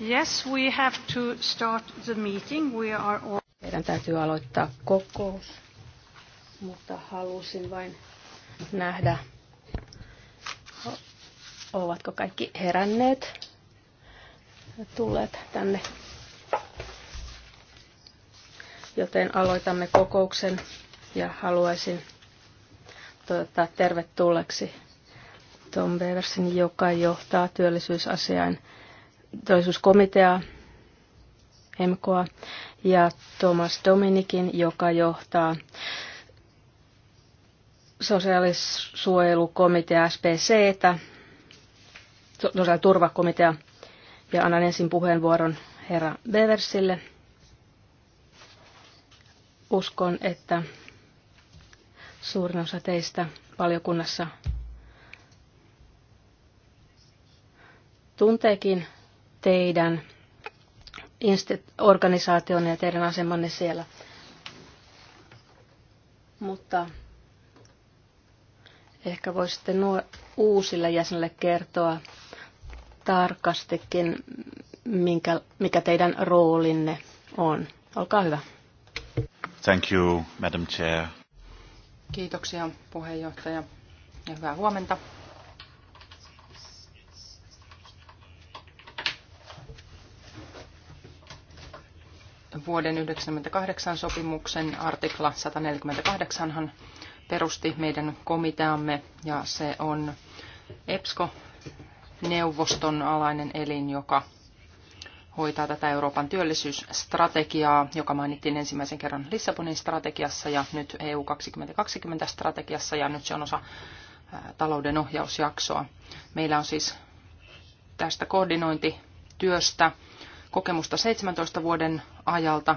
Yes, we have to start the meeting. We are all... Meidän täytyy aloittaa kokous, mutta halusin vain nähdä, ovatko kaikki heränneet tulleet tänne. Joten aloitamme kokouksen ja haluaisin toivottaa tervetulleeksi Tom Beversin, joka johtaa työllisyysasiain toisuuskomitea MKa ja Thomas Dominikin, joka johtaa sosiaalisuojelukomitea tosiaan turvakomitea ja annan ensin puheenvuoron herra Beversille. Uskon, että suurin osa teistä valiokunnassa tunteekin teidän organisaation ja teidän asemanne siellä. Mutta ehkä voisitte nuo uusille jäsenille kertoa tarkastikin, minkä, mikä teidän roolinne on. Olkaa hyvä. Thank you, Madam Chair. Kiitoksia puheenjohtaja ja hyvää huomenta. vuoden 1998 sopimuksen artikla 148 perusti meidän komiteamme ja se on EPSCO-neuvoston alainen elin, joka hoitaa tätä Euroopan työllisyysstrategiaa, joka mainittiin ensimmäisen kerran Lissabonin strategiassa ja nyt EU 2020 strategiassa ja nyt se on osa talouden ohjausjaksoa. Meillä on siis tästä koordinointityöstä kokemusta 17 vuoden ajalta.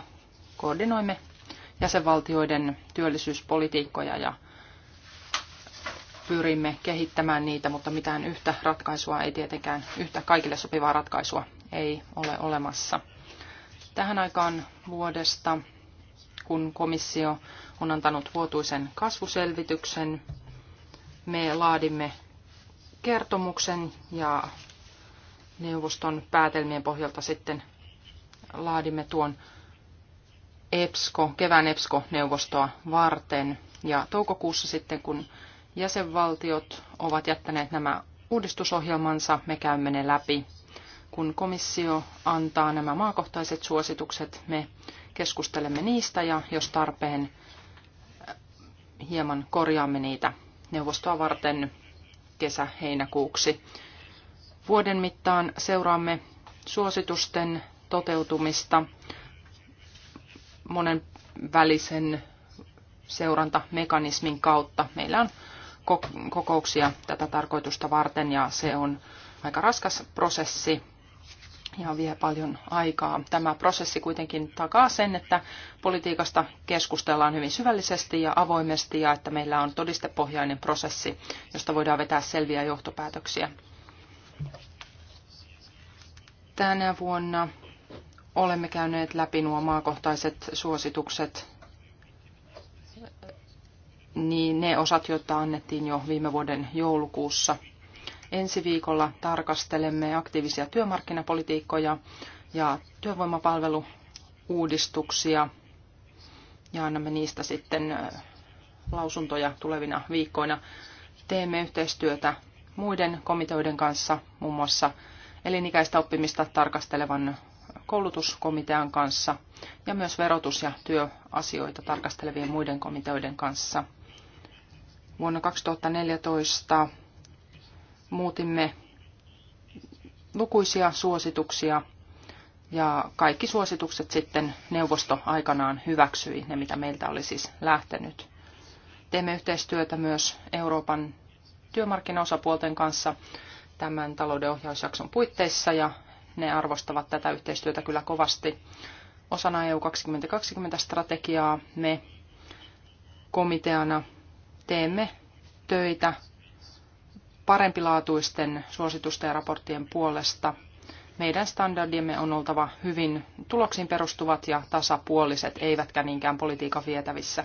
Koordinoimme jäsenvaltioiden työllisyyspolitiikkoja ja pyrimme kehittämään niitä, mutta mitään yhtä ratkaisua ei tietenkään, yhtä kaikille sopivaa ratkaisua ei ole olemassa. Tähän aikaan vuodesta, kun komissio on antanut vuotuisen kasvuselvityksen, me laadimme kertomuksen ja neuvoston päätelmien pohjalta sitten laadimme tuon EPSCO, kevään EPSCO-neuvostoa varten. Ja toukokuussa sitten, kun jäsenvaltiot ovat jättäneet nämä uudistusohjelmansa, me käymme ne läpi. Kun komissio antaa nämä maakohtaiset suositukset, me keskustelemme niistä ja jos tarpeen hieman korjaamme niitä neuvostoa varten kesä-heinäkuuksi. Vuoden mittaan seuraamme suositusten toteutumista monen välisen seurantamekanismin kautta. Meillä on kokouksia tätä tarkoitusta varten ja se on aika raskas prosessi ja vie paljon aikaa. Tämä prosessi kuitenkin takaa sen, että politiikasta keskustellaan hyvin syvällisesti ja avoimesti ja että meillä on todistepohjainen prosessi, josta voidaan vetää selviä johtopäätöksiä. Tänä vuonna olemme käyneet läpi nuo maakohtaiset suositukset, niin ne osat, joita annettiin jo viime vuoden joulukuussa. Ensi viikolla tarkastelemme aktiivisia työmarkkinapolitiikkoja ja työvoimapalveluuudistuksia ja annamme niistä sitten lausuntoja tulevina viikkoina. Teemme yhteistyötä muiden komiteoiden kanssa, muun muassa elinikäistä oppimista tarkastelevan koulutuskomitean kanssa ja myös verotus- ja työasioita tarkastelevien muiden komiteoiden kanssa. Vuonna 2014 muutimme lukuisia suosituksia ja kaikki suositukset sitten neuvosto aikanaan hyväksyi, ne mitä meiltä oli siis lähtenyt. Teemme yhteistyötä myös Euroopan työmarkkinaosapuolten kanssa tämän talouden ohjausjakson puitteissa ja ne arvostavat tätä yhteistyötä kyllä kovasti. Osana EU 2020-strategiaa me komiteana teemme töitä parempilaatuisten suositusten ja raporttien puolesta. Meidän standardiemme on oltava hyvin tuloksiin perustuvat ja tasapuoliset, eivätkä niinkään politiikan vietävissä.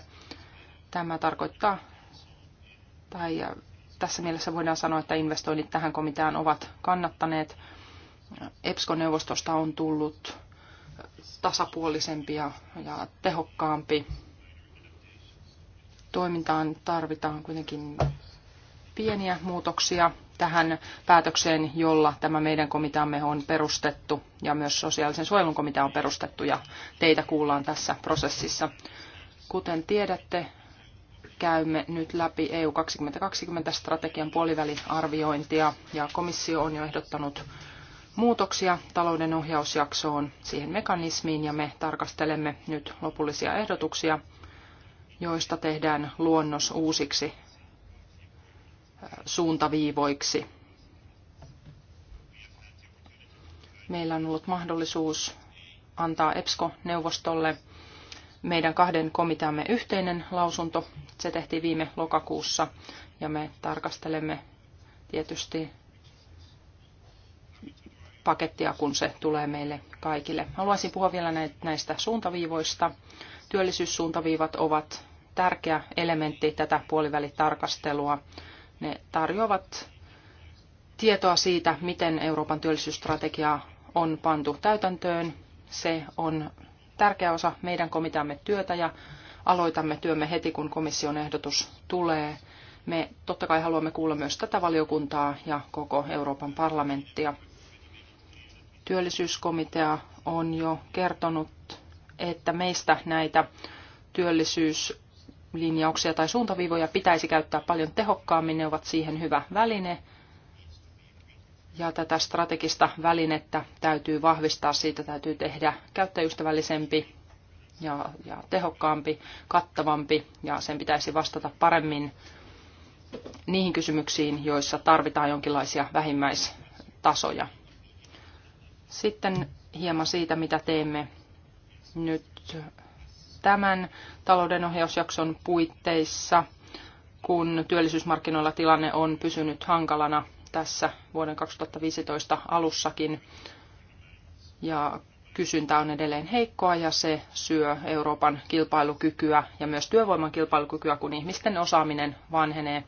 Tämä tarkoittaa tai tässä mielessä voidaan sanoa, että investoinnit tähän komiteaan ovat kannattaneet. EPSCO-neuvostosta on tullut tasapuolisempi ja, ja tehokkaampi. Toimintaan tarvitaan kuitenkin pieniä muutoksia tähän päätökseen, jolla tämä meidän komiteamme on perustettu ja myös sosiaalisen suojelun komitea on perustettu ja teitä kuullaan tässä prosessissa. Kuten tiedätte, käymme nyt läpi EU 2020-strategian puoliväliarviointia ja komissio on jo ehdottanut muutoksia talouden ohjausjaksoon, siihen mekanismiin ja me tarkastelemme nyt lopullisia ehdotuksia, joista tehdään luonnos uusiksi suuntaviivoiksi. Meillä on ollut mahdollisuus antaa EPSCO-neuvostolle meidän kahden komiteamme yhteinen lausunto. Se tehtiin viime lokakuussa ja me tarkastelemme tietysti pakettia, kun se tulee meille kaikille. Haluaisin puhua vielä näistä suuntaviivoista. Työllisyyssuuntaviivat ovat tärkeä elementti tätä puolivälitarkastelua. Ne tarjoavat tietoa siitä, miten Euroopan työllisyysstrategiaa on pantu täytäntöön. Se on tärkeä osa meidän komiteamme työtä ja aloitamme työmme heti, kun komission ehdotus tulee. Me totta kai haluamme kuulla myös tätä valiokuntaa ja koko Euroopan parlamenttia. Työllisyyskomitea on jo kertonut, että meistä näitä työllisyyslinjauksia tai suuntaviivoja pitäisi käyttää paljon tehokkaammin. Ne ovat siihen hyvä väline ja tätä strategista välinettä täytyy vahvistaa, siitä täytyy tehdä käyttäjystävällisempi ja, ja tehokkaampi, kattavampi ja sen pitäisi vastata paremmin niihin kysymyksiin, joissa tarvitaan jonkinlaisia vähimmäistasoja. Sitten hieman siitä, mitä teemme nyt tämän taloudenohjausjakson puitteissa, kun työllisyysmarkkinoilla tilanne on pysynyt hankalana – tässä vuoden 2015 alussakin. Ja kysyntä on edelleen heikkoa ja se syö Euroopan kilpailukykyä ja myös työvoiman kilpailukykyä, kun ihmisten osaaminen vanhenee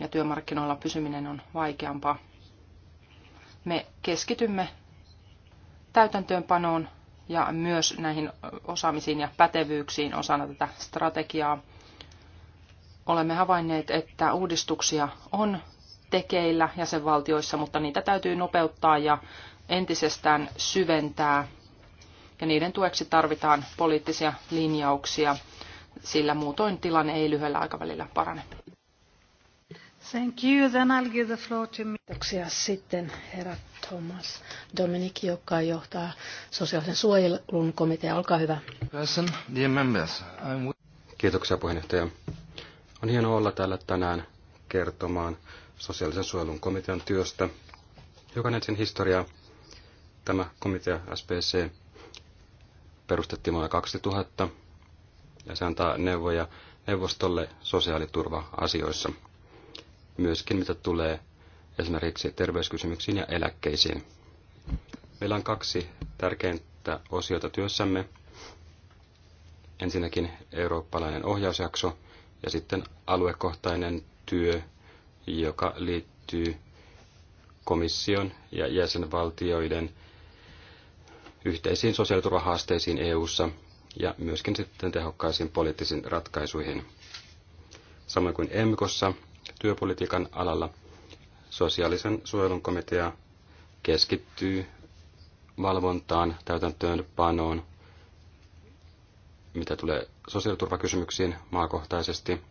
ja työmarkkinoilla pysyminen on vaikeampaa. Me keskitymme täytäntöönpanoon ja myös näihin osaamisiin ja pätevyyksiin osana tätä strategiaa. Olemme havainneet, että uudistuksia on tekeillä jäsenvaltioissa, mutta niitä täytyy nopeuttaa ja entisestään syventää. Ja niiden tueksi tarvitaan poliittisia linjauksia, sillä muutoin tilanne ei lyhyellä aikavälillä parane. Thank you. Then I'll give the floor to me. Kiitoksia sitten herra Thomas Dominik, joka johtaa sosiaalisen suojelun komitea. Olkaa hyvä. Person, dear members, I'm... Kiitoksia puheenjohtaja. On hienoa olla täällä tänään kertomaan sosiaalisen suojelun komitean työstä. Jokainen sen historiaa. Tämä komitea SPC perustettiin vuonna 2000 ja se antaa neuvoja neuvostolle sosiaaliturva-asioissa. Myöskin mitä tulee esimerkiksi terveyskysymyksiin ja eläkkeisiin. Meillä on kaksi tärkeintä osiota työssämme. Ensinnäkin eurooppalainen ohjausjakso ja sitten aluekohtainen työ joka liittyy komission ja jäsenvaltioiden yhteisiin sosiaaliturvahaasteisiin EU:ssa ja myöskin sitten tehokkaisiin poliittisiin ratkaisuihin. Samoin kuin EMKossa työpolitiikan alalla sosiaalisen suojelun komitea keskittyy valvontaan, täytäntöönpanoon, mitä tulee sosiaaliturvakysymyksiin maakohtaisesti –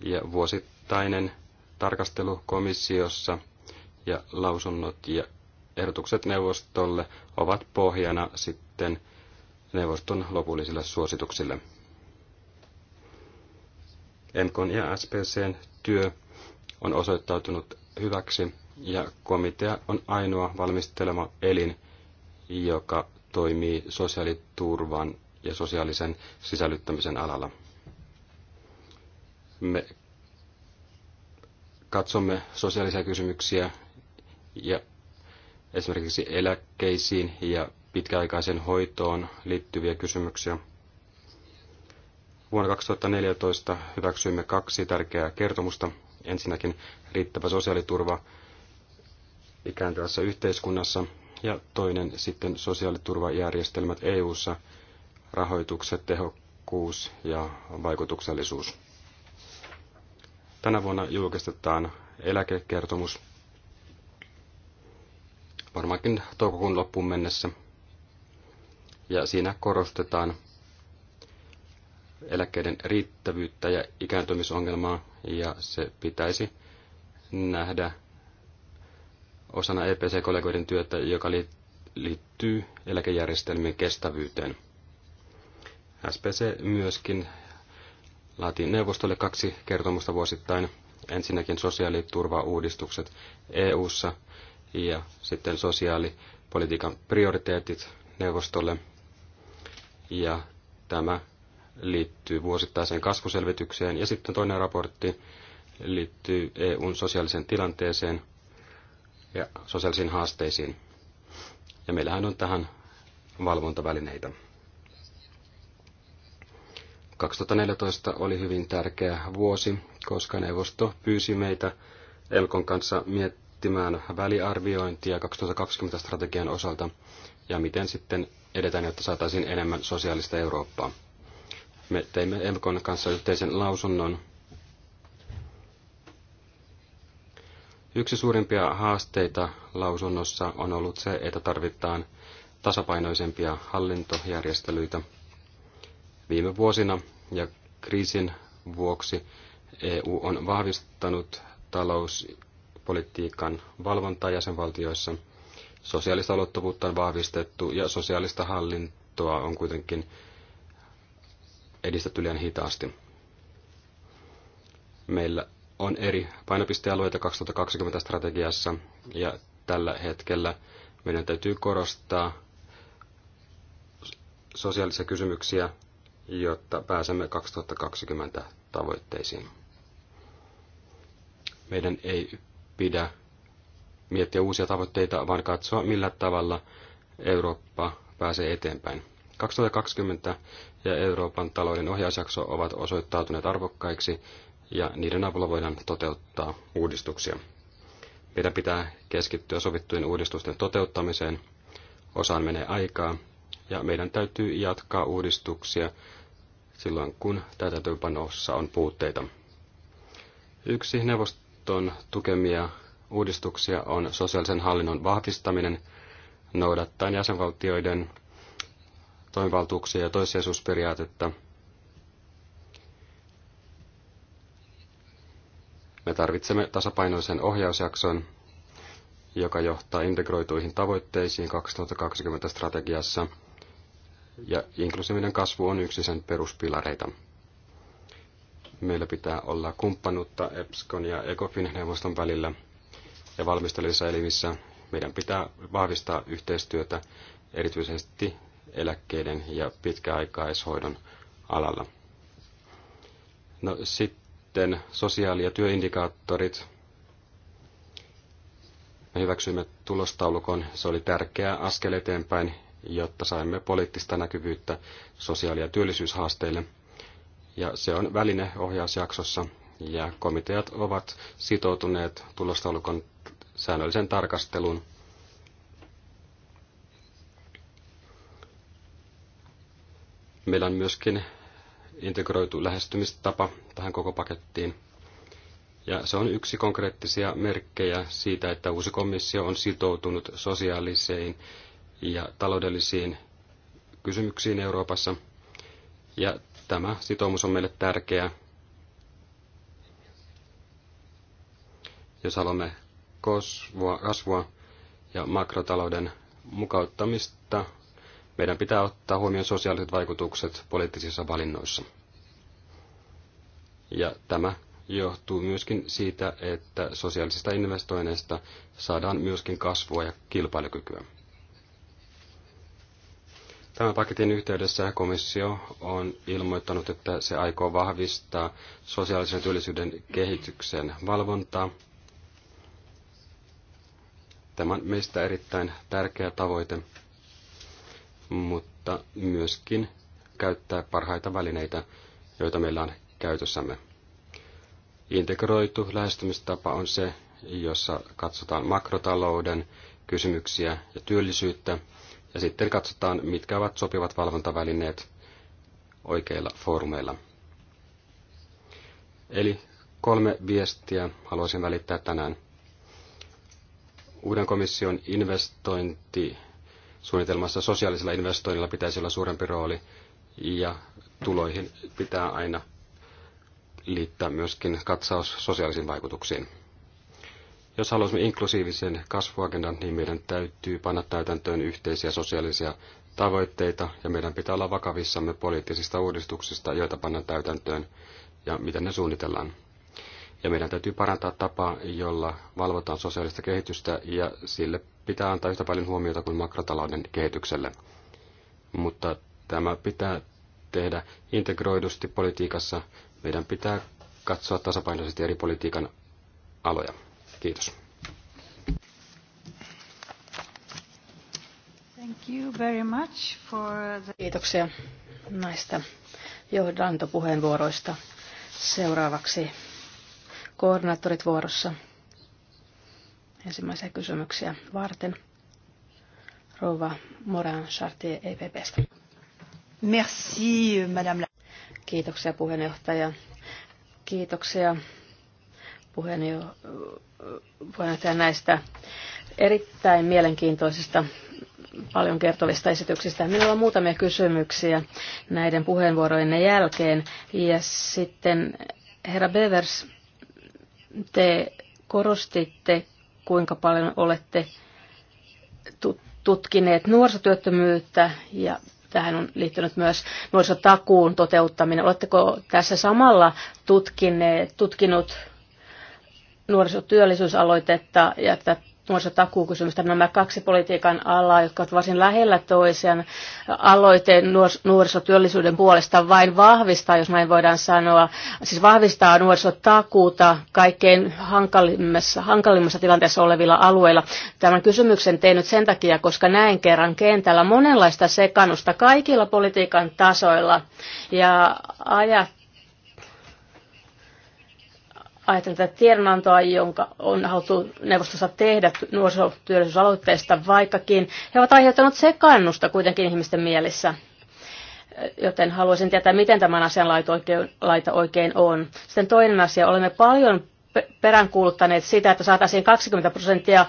ja vuosittainen tarkastelu komissiossa ja lausunnot ja ehdotukset neuvostolle ovat pohjana sitten neuvoston lopullisille suosituksille. MKn ja SPCn työ on osoittautunut hyväksi ja komitea on ainoa valmistelema elin, joka toimii sosiaaliturvan ja sosiaalisen sisällyttämisen alalla. Me katsomme sosiaalisia kysymyksiä ja esimerkiksi eläkkeisiin ja pitkäaikaisen hoitoon liittyviä kysymyksiä. Vuonna 2014 hyväksyimme kaksi tärkeää kertomusta. Ensinnäkin riittävä sosiaaliturva ikääntyvässä yhteiskunnassa ja toinen sitten sosiaaliturvajärjestelmät EU:ssa, rahoitukset, tehokkuus ja vaikutuksellisuus. Tänä vuonna julkistetaan eläkekertomus varmaankin toukokuun loppuun mennessä. Ja siinä korostetaan eläkkeiden riittävyyttä ja ikääntymisongelmaa, ja se pitäisi nähdä osana EPC-kollegoiden työtä, joka liittyy eläkejärjestelmien kestävyyteen. SPC myöskin laatii neuvostolle kaksi kertomusta vuosittain. Ensinnäkin sosiaaliturvauudistukset EU-ssa ja sitten sosiaalipolitiikan prioriteetit neuvostolle. Ja tämä liittyy vuosittaiseen kasvuselvitykseen. Ja sitten toinen raportti liittyy EUn sosiaaliseen tilanteeseen ja sosiaalisiin haasteisiin. Ja meillähän on tähän valvontavälineitä. 2014 oli hyvin tärkeä vuosi, koska neuvosto pyysi meitä Elkon kanssa miettimään väliarviointia 2020 strategian osalta ja miten sitten edetään, jotta saataisiin enemmän sosiaalista Eurooppaa. Me teimme Elkon kanssa yhteisen lausunnon. Yksi suurimpia haasteita lausunnossa on ollut se, että tarvitaan tasapainoisempia hallintojärjestelyitä – Viime vuosina ja kriisin vuoksi EU on vahvistanut talouspolitiikan valvontaa jäsenvaltioissa. Sosiaalista ulottuvuutta on vahvistettu ja sosiaalista hallintoa on kuitenkin edistetty liian hitaasti. Meillä on eri painopistealueita 2020 strategiassa ja tällä hetkellä meidän täytyy korostaa sosiaalisia kysymyksiä jotta pääsemme 2020 tavoitteisiin. Meidän ei pidä miettiä uusia tavoitteita, vaan katsoa, millä tavalla Eurooppa pääsee eteenpäin. 2020 ja Euroopan talouden ohjausjakso ovat osoittautuneet arvokkaiksi ja niiden avulla voidaan toteuttaa uudistuksia. Meidän pitää keskittyä sovittujen uudistusten toteuttamiseen. Osaan menee aikaa ja meidän täytyy jatkaa uudistuksia silloin, kun täytäntöönpanossa on puutteita. Yksi neuvoston tukemia uudistuksia on sosiaalisen hallinnon vahvistaminen noudattaen jäsenvaltioiden toimivaltuuksia ja toissijaisuusperiaatetta. Me tarvitsemme tasapainoisen ohjausjakson, joka johtaa integroituihin tavoitteisiin 2020 strategiassa – ja inklusiivinen kasvu on yksi sen peruspilareita. Meillä pitää olla kumppanuutta EPSCON ja ECOFIN neuvoston välillä ja valmistelevissa elimissä. Meidän pitää vahvistaa yhteistyötä erityisesti eläkkeiden ja pitkäaikaishoidon alalla. No sitten sosiaali- ja työindikaattorit. Me hyväksyimme tulostaulukon. Se oli tärkeä askel eteenpäin jotta saimme poliittista näkyvyyttä sosiaali- ja työllisyyshaasteille. Ja se on väline ohjausjaksossa, ja komiteat ovat sitoutuneet tulostaulukon säännöllisen tarkastelun. Meillä on myöskin integroitu lähestymistapa tähän koko pakettiin. Ja se on yksi konkreettisia merkkejä siitä, että uusi komissio on sitoutunut sosiaalisiin ja taloudellisiin kysymyksiin Euroopassa. Ja tämä sitoumus on meille tärkeä, jos haluamme kasvua, kasvua ja makrotalouden mukauttamista. Meidän pitää ottaa huomioon sosiaaliset vaikutukset poliittisissa valinnoissa. Ja tämä johtuu myöskin siitä, että sosiaalisista investoinneista saadaan myöskin kasvua ja kilpailukykyä. Tämän paketin yhteydessä komissio on ilmoittanut, että se aikoo vahvistaa sosiaalisen työllisyyden kehityksen valvontaa. Tämä on meistä erittäin tärkeä tavoite, mutta myöskin käyttää parhaita välineitä, joita meillä on käytössämme. Integroitu lähestymistapa on se, jossa katsotaan makrotalouden kysymyksiä ja työllisyyttä ja sitten katsotaan, mitkä ovat sopivat valvontavälineet oikeilla foorumeilla. Eli kolme viestiä haluaisin välittää tänään. Uuden komission investointisuunnitelmassa sosiaalisella investoinnilla pitäisi olla suurempi rooli ja tuloihin pitää aina liittää myöskin katsaus sosiaalisiin vaikutuksiin. Jos haluaisimme inklusiivisen kasvuagendan, niin meidän täytyy panna täytäntöön yhteisiä sosiaalisia tavoitteita ja meidän pitää olla vakavissamme poliittisista uudistuksista, joita pannaan täytäntöön ja miten ne suunnitellaan. Ja meidän täytyy parantaa tapaa, jolla valvotaan sosiaalista kehitystä ja sille pitää antaa yhtä paljon huomiota kuin makrotalouden kehitykselle. Mutta tämä pitää tehdä integroidusti politiikassa. Meidän pitää katsoa tasapainoisesti eri politiikan aloja. Kiitos. Thank you very much for the... Kiitoksia näistä johdantopuheenvuoroista. Seuraavaksi koordinaattorit vuorossa ensimmäisiä kysymyksiä varten. Rouva Moran Chartier EPPstä. Merci, madame la... Kiitoksia puheenjohtaja. Kiitoksia puheenjohtaja näistä erittäin mielenkiintoisista paljon kertovista esityksistä. Minulla on muutamia kysymyksiä näiden puheenvuorojen jälkeen. Ja sitten herra Bevers, te korostitte, kuinka paljon olette tutkineet nuorisotyöttömyyttä ja tähän on liittynyt myös nuorisotakuun toteuttaminen. Oletteko tässä samalla tutkineet, tutkinut nuorisotyöllisyysaloitetta ja tätä nuorisotakuukysymystä. Nämä kaksi politiikan alaa, jotka ovat varsin lähellä toisiaan, aloite nuorisotyöllisyyden puolesta vain vahvistaa, jos näin voidaan sanoa, siis vahvistaa nuorisotakuuta kaikkein hankalimmassa, hankalimmassa tilanteessa olevilla alueilla. Tämän kysymyksen tein nyt sen takia, koska näin kerran kentällä monenlaista sekannusta kaikilla politiikan tasoilla ja ajat ajatellaan tätä tiedonantoa, jonka on haluttu neuvostossa tehdä nuorisotyöllisyysaloitteesta, vaikkakin he ovat aiheuttaneet sekannusta kuitenkin ihmisten mielissä. Joten haluaisin tietää, miten tämän asian laita oikein on. Sitten toinen asia, olemme paljon peräänkuuluttaneet sitä, että saataisiin 20 prosenttia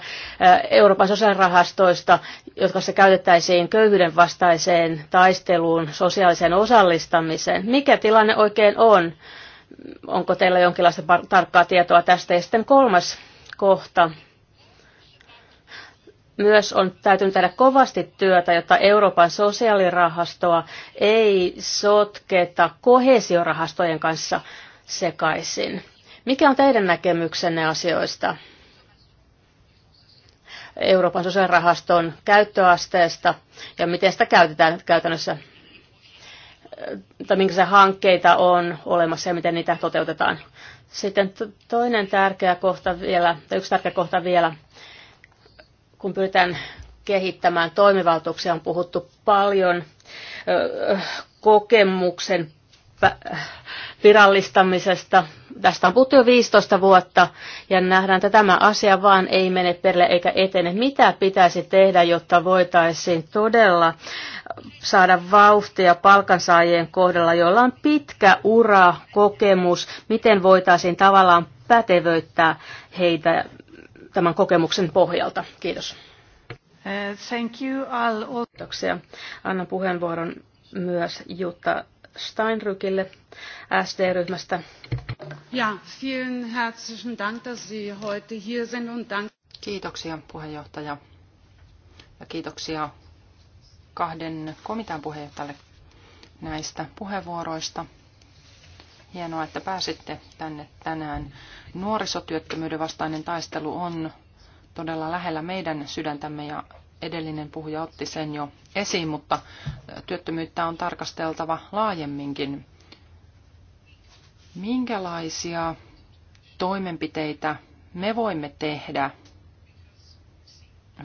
Euroopan sosiaalirahastoista, jotka se käytettäisiin köyhyyden vastaiseen taisteluun, sosiaaliseen osallistamiseen. Mikä tilanne oikein on? Onko teillä jonkinlaista tarkkaa tietoa tästä? Ja sitten kolmas kohta. Myös on täytynyt tehdä kovasti työtä, jotta Euroopan sosiaalirahastoa ei sotketa kohesiorahastojen kanssa sekaisin. Mikä on teidän näkemyksenne asioista? Euroopan sosiaalirahaston käyttöasteesta ja miten sitä käytetään käytännössä tai se hankkeita on olemassa ja miten niitä toteutetaan. Sitten toinen tärkeä kohta vielä, tai yksi tärkeä kohta vielä, kun pyritään kehittämään toimivaltuuksia, on puhuttu paljon kokemuksen virallistamisesta. Tästä on puhuttu jo 15 vuotta ja nähdään, että tämä asia vaan ei mene perille eikä etene. Mitä pitäisi tehdä, jotta voitaisiin todella saada vauhtia palkansaajien kohdalla, joilla on pitkä ura, kokemus, miten voitaisiin tavallaan pätevöittää heitä tämän kokemuksen pohjalta. Kiitos. Uh, thank you. I'll... Kiitoksia. Annan puheenvuoron myös Jutta Steinrykille SD-ryhmästä. Ja, vielen herzlichen Dank, dass Sie heute hier sind und dank. Kiitoksia puheenjohtaja ja kiitoksia kahden komitean puheenjohtajalle näistä puheenvuoroista. Hienoa, että pääsitte tänne tänään. Nuorisotyöttömyyden vastainen taistelu on todella lähellä meidän sydäntämme ja edellinen puhuja otti sen jo esiin, mutta työttömyyttä on tarkasteltava laajemminkin. Minkälaisia toimenpiteitä me voimme tehdä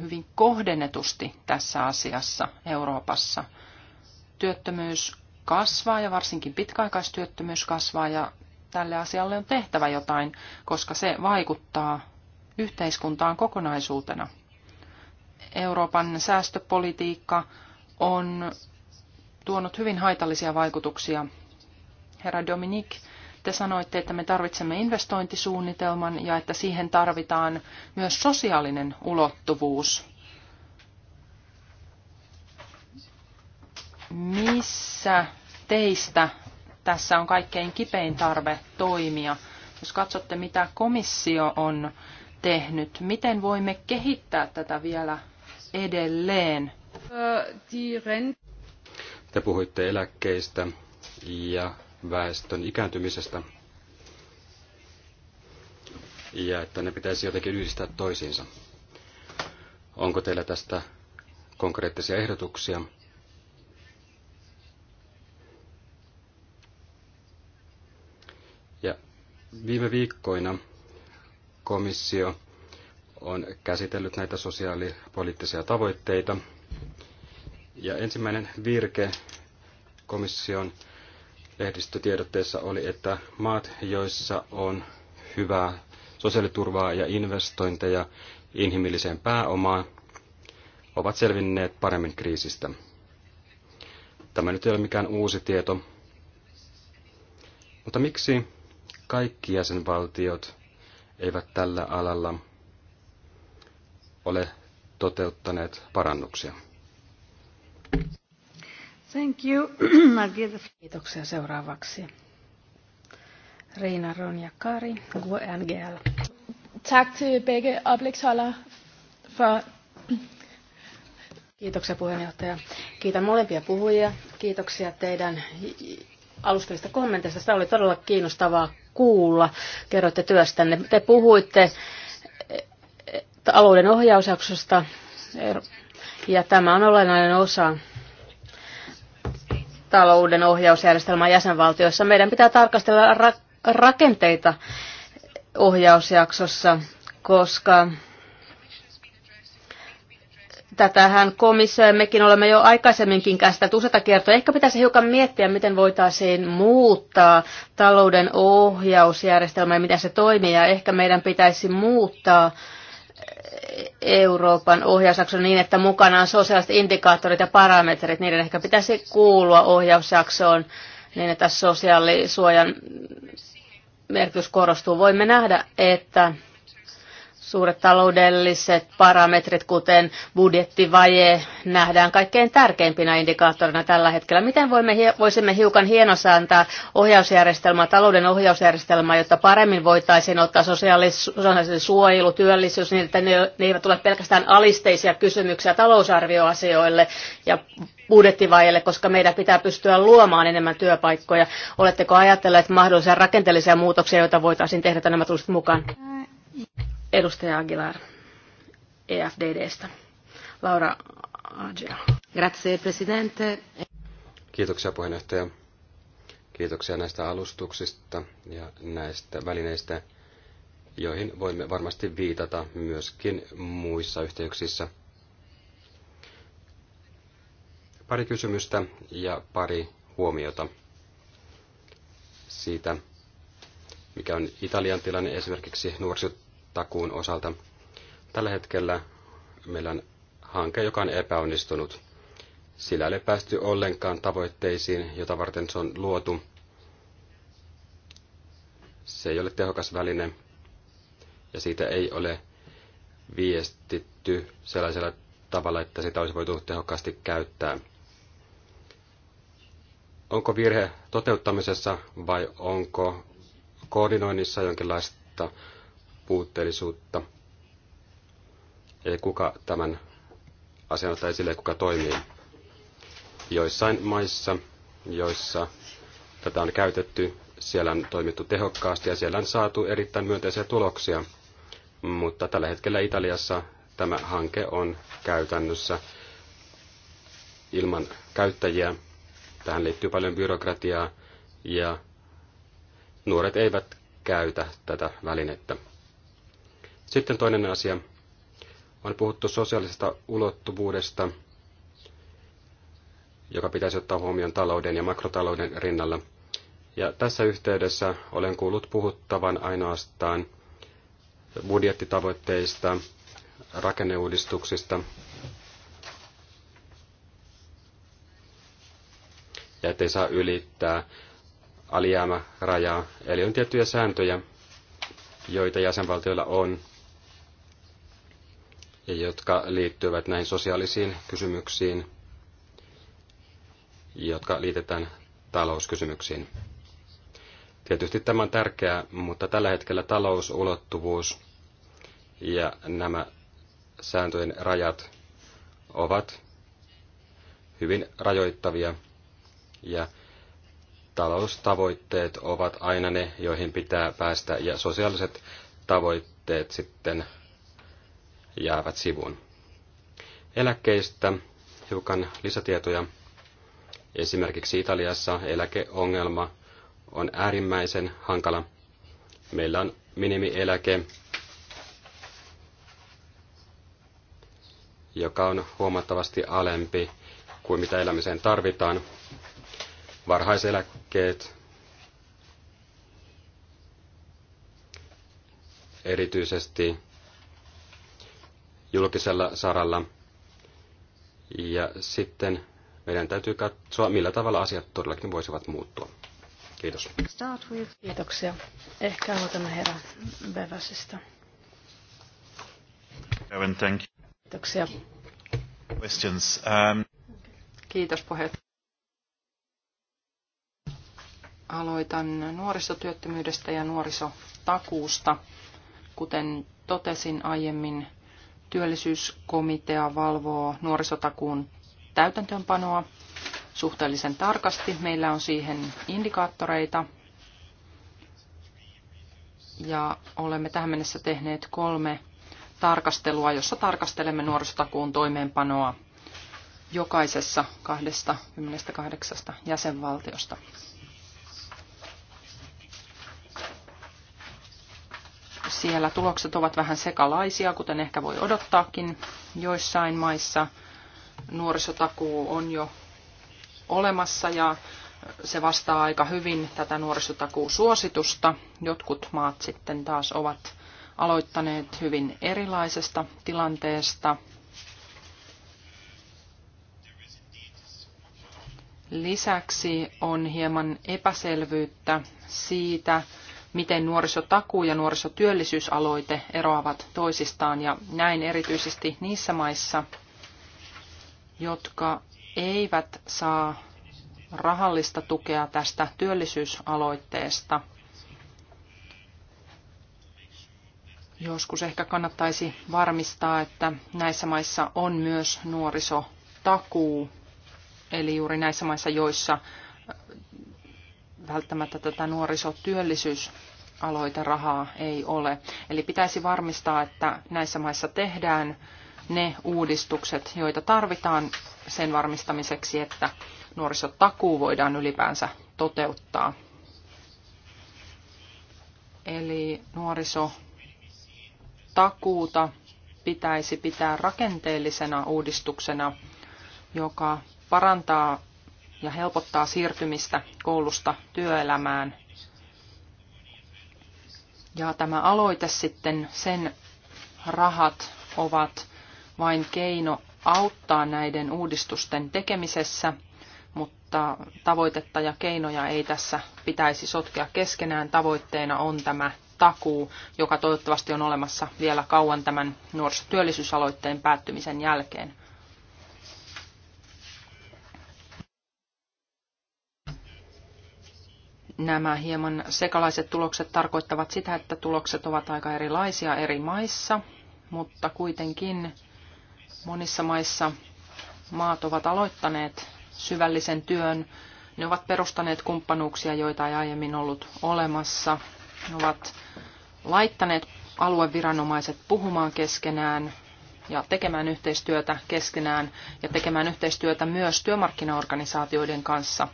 hyvin kohdennetusti tässä asiassa Euroopassa? Työttömyys kasvaa ja varsinkin pitkäaikaistyöttömyys kasvaa ja tälle asialle on tehtävä jotain, koska se vaikuttaa yhteiskuntaan kokonaisuutena. Euroopan säästöpolitiikka on tuonut hyvin haitallisia vaikutuksia. Herra Dominik, te sanoitte, että me tarvitsemme investointisuunnitelman ja että siihen tarvitaan myös sosiaalinen ulottuvuus. Missä teistä tässä on kaikkein kipein tarve toimia? Jos katsotte, mitä komissio on tehnyt, miten voimme kehittää tätä vielä edelleen. Te puhuitte eläkkeistä ja väestön ikääntymisestä ja että ne pitäisi jotenkin yhdistää toisiinsa. Onko teillä tästä konkreettisia ehdotuksia? Ja viime viikkoina komissio on käsitellyt näitä sosiaalipoliittisia tavoitteita. Ja ensimmäinen virke komission lehdistötiedotteessa oli, että maat, joissa on hyvää sosiaaliturvaa ja investointeja inhimilliseen pääomaan, ovat selvinneet paremmin kriisistä. Tämä nyt ei ole mikään uusi tieto. Mutta miksi kaikki jäsenvaltiot eivät tällä alalla ole toteuttaneet parannuksia. Thank you. Kiitoksia seuraavaksi. Reina Ronja Kari, GNGL. Tack till begge oplægsholdere för. Kiitoksia puheenjohtaja. Kiitän molempia puhujia. Kiitoksia teidän alustavista kommenteista. Sitä oli todella kiinnostavaa kuulla. Kerroitte työstänne. Te puhuitte talouden ohjausjaksosta ja tämä on olennainen osa talouden ohjausjärjestelmää jäsenvaltioissa. Meidän pitää tarkastella ra- rakenteita ohjausjaksossa, koska tätähän komissio ja mekin olemme jo aikaisemminkin käsitelty useita kertoja. Ehkä pitäisi hiukan miettiä, miten voitaisiin muuttaa talouden ohjausjärjestelmää ja miten se toimii. Ja ehkä meidän pitäisi muuttaa äh, Euroopan ohjausjakso niin, että mukana on sosiaaliset indikaattorit ja parametrit. Niiden ehkä pitäisi kuulua ohjausjaksoon niin, että sosiaalisuojan merkitys korostuu. Voimme nähdä, että Suuret taloudelliset parametrit, kuten budjettivaje, nähdään kaikkein tärkeimpinä indikaattorina tällä hetkellä. Miten voimme, voisimme hiukan hienosantaa ohjausjärjestelmää, talouden ohjausjärjestelmää, jotta paremmin voitaisiin ottaa sosiaalisen suojelu, työllisyys, niin että ne, ne eivät tule pelkästään alisteisia kysymyksiä talousarvioasioille ja budjettivajeelle, koska meidän pitää pystyä luomaan enemmän työpaikkoja. Oletteko ajatelleet mahdollisia rakenteellisia muutoksia, joita voitaisiin tehdä, että nämä tulisivat mukaan? Edustaja Aguilar EFDDstä. Laura Agea. Grazie, presidente. Kiitoksia puheenjohtaja. Kiitoksia näistä alustuksista ja näistä välineistä, joihin voimme varmasti viitata myöskin muissa yhteyksissä. Pari kysymystä ja pari huomiota siitä, mikä on Italian tilanne esimerkiksi nuorisot takuun osalta. Tällä hetkellä meillä on hanke, joka on epäonnistunut. Sillä ei ole päästy ollenkaan tavoitteisiin, jota varten se on luotu. Se ei ole tehokas väline ja siitä ei ole viestitty sellaisella tavalla, että sitä olisi voitu tehokkaasti käyttää. Onko virhe toteuttamisessa vai onko koordinoinnissa jonkinlaista puutteellisuutta. Eli kuka tämän asian ottaa esille, kuka toimii. Joissain maissa, joissa tätä on käytetty, siellä on toimittu tehokkaasti ja siellä on saatu erittäin myönteisiä tuloksia. Mutta tällä hetkellä Italiassa tämä hanke on käytännössä ilman käyttäjiä. Tähän liittyy paljon byrokratiaa ja nuoret eivät käytä tätä välinettä. Sitten toinen asia. On puhuttu sosiaalisesta ulottuvuudesta, joka pitäisi ottaa huomioon talouden ja makrotalouden rinnalla. Ja tässä yhteydessä olen kuullut puhuttavan ainoastaan budjettitavoitteista, rakenneuudistuksista ja ettei saa ylittää alijäämärajaa. Eli on tiettyjä sääntöjä, joita jäsenvaltioilla on jotka liittyvät näihin sosiaalisiin kysymyksiin, jotka liitetään talouskysymyksiin. Tietysti tämä on tärkeää, mutta tällä hetkellä talousulottuvuus ja nämä sääntöjen rajat ovat hyvin rajoittavia ja taloustavoitteet ovat aina ne, joihin pitää päästä ja sosiaaliset tavoitteet sitten jäävät sivuun. Eläkkeistä hiukan lisätietoja. Esimerkiksi Italiassa eläkeongelma on äärimmäisen hankala. Meillä on minimieläke, joka on huomattavasti alempi kuin mitä elämiseen tarvitaan. Varhaiseläkkeet, erityisesti julkisella saralla. Ja sitten meidän täytyy katsoa, millä tavalla asiat todellakin voisivat muuttua. Kiitos. Kiitoksia. Ehkä aloitamme herra Bevasista. Kiitoksia. Questions. Um... Kiitos puheet. Aloitan nuorisotyöttömyydestä ja nuorisotakuusta. Kuten totesin aiemmin, Työllisyyskomitea valvoo nuorisotakuun täytäntöönpanoa suhteellisen tarkasti. Meillä on siihen indikaattoreita ja olemme tähän mennessä tehneet kolme tarkastelua, jossa tarkastelemme nuorisotakuun toimeenpanoa jokaisessa 28 jäsenvaltiosta. Siellä tulokset ovat vähän sekalaisia, kuten ehkä voi odottaakin. Joissain maissa nuorisotakuu on jo olemassa ja se vastaa aika hyvin tätä nuorisotakuusuositusta. Jotkut maat sitten taas ovat aloittaneet hyvin erilaisesta tilanteesta. Lisäksi on hieman epäselvyyttä siitä, miten nuorisotakuu ja nuorisotyöllisyysaloite eroavat toisistaan ja näin erityisesti niissä maissa, jotka eivät saa rahallista tukea tästä työllisyysaloitteesta. Joskus ehkä kannattaisi varmistaa, että näissä maissa on myös nuorisotakuu, eli juuri näissä maissa, joissa välttämättä tätä nuorisotyöllisyys rahaa ei ole. Eli pitäisi varmistaa, että näissä maissa tehdään ne uudistukset, joita tarvitaan sen varmistamiseksi, että nuorisotakuu voidaan ylipäänsä toteuttaa. Eli nuorisotakuuta pitäisi pitää rakenteellisena uudistuksena, joka parantaa ja helpottaa siirtymistä koulusta työelämään. Ja tämä aloite sitten, sen rahat ovat vain keino auttaa näiden uudistusten tekemisessä, mutta tavoitetta ja keinoja ei tässä pitäisi sotkea keskenään. Tavoitteena on tämä takuu, joka toivottavasti on olemassa vielä kauan tämän nuorisotyöllisyysaloitteen päättymisen jälkeen. Nämä hieman sekalaiset tulokset tarkoittavat sitä, että tulokset ovat aika erilaisia eri maissa, mutta kuitenkin monissa maissa maat ovat aloittaneet syvällisen työn. Ne ovat perustaneet kumppanuuksia, joita ei aiemmin ollut olemassa. Ne ovat laittaneet alueviranomaiset puhumaan keskenään ja tekemään yhteistyötä keskenään ja tekemään yhteistyötä myös työmarkkinaorganisaatioiden kanssa –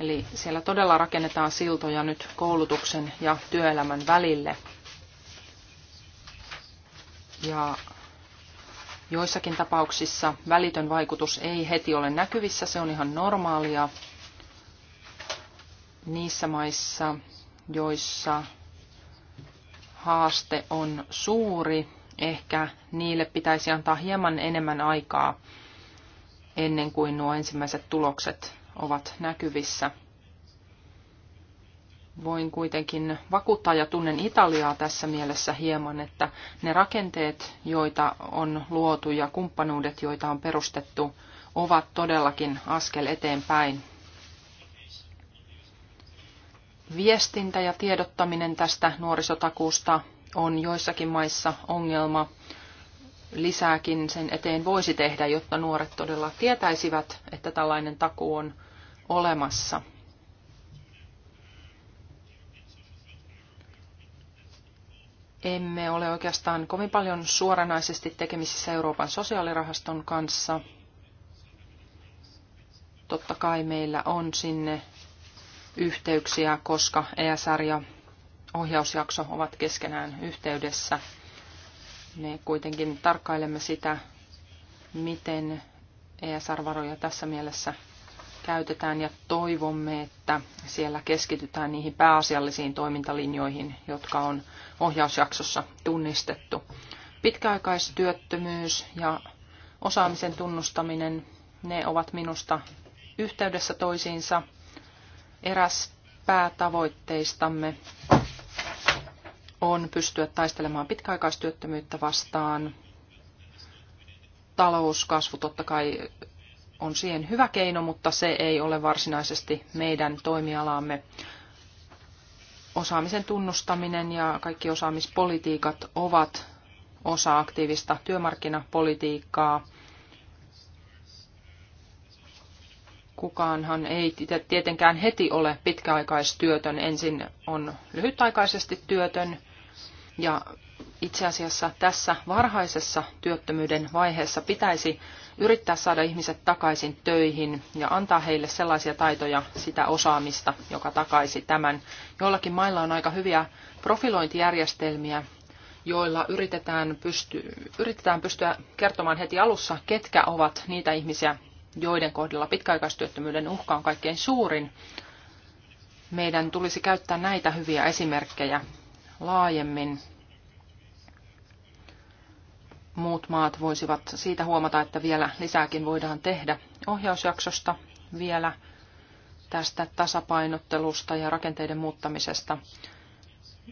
Eli siellä todella rakennetaan siltoja nyt koulutuksen ja työelämän välille. Ja joissakin tapauksissa välitön vaikutus ei heti ole näkyvissä, se on ihan normaalia. Niissä maissa, joissa haaste on suuri, ehkä niille pitäisi antaa hieman enemmän aikaa ennen kuin nuo ensimmäiset tulokset ovat näkyvissä. Voin kuitenkin vakuuttaa ja tunnen Italiaa tässä mielessä hieman, että ne rakenteet, joita on luotu ja kumppanuudet, joita on perustettu, ovat todellakin askel eteenpäin. Viestintä ja tiedottaminen tästä nuorisotakuusta on joissakin maissa ongelma lisääkin sen eteen voisi tehdä, jotta nuoret todella tietäisivät, että tällainen takuu on olemassa. Emme ole oikeastaan kovin paljon suoranaisesti tekemisissä Euroopan sosiaalirahaston kanssa. Totta kai meillä on sinne yhteyksiä, koska ESR ja ohjausjakso ovat keskenään yhteydessä – me kuitenkin tarkkailemme sitä, miten ESR-varoja tässä mielessä käytetään ja toivomme, että siellä keskitytään niihin pääasiallisiin toimintalinjoihin, jotka on ohjausjaksossa tunnistettu. Pitkäaikaistyöttömyys ja osaamisen tunnustaminen, ne ovat minusta yhteydessä toisiinsa. Eräs päätavoitteistamme on pystyä taistelemaan pitkäaikaistyöttömyyttä vastaan. Talouskasvu totta kai on siihen hyvä keino, mutta se ei ole varsinaisesti meidän toimialaamme. Osaamisen tunnustaminen ja kaikki osaamispolitiikat ovat osa aktiivista työmarkkinapolitiikkaa. Kukaanhan ei tietenkään heti ole pitkäaikaistyötön. Ensin on lyhytaikaisesti työtön, ja itse asiassa tässä varhaisessa työttömyyden vaiheessa pitäisi yrittää saada ihmiset takaisin töihin ja antaa heille sellaisia taitoja, sitä osaamista, joka takaisi tämän. Joillakin mailla on aika hyviä profilointijärjestelmiä, joilla yritetään, pysty, yritetään pystyä kertomaan heti alussa, ketkä ovat niitä ihmisiä, joiden kohdalla pitkäaikaistyöttömyyden uhka on kaikkein suurin. Meidän tulisi käyttää näitä hyviä esimerkkejä laajemmin. Muut maat voisivat siitä huomata, että vielä lisääkin voidaan tehdä ohjausjaksosta vielä tästä tasapainottelusta ja rakenteiden muuttamisesta.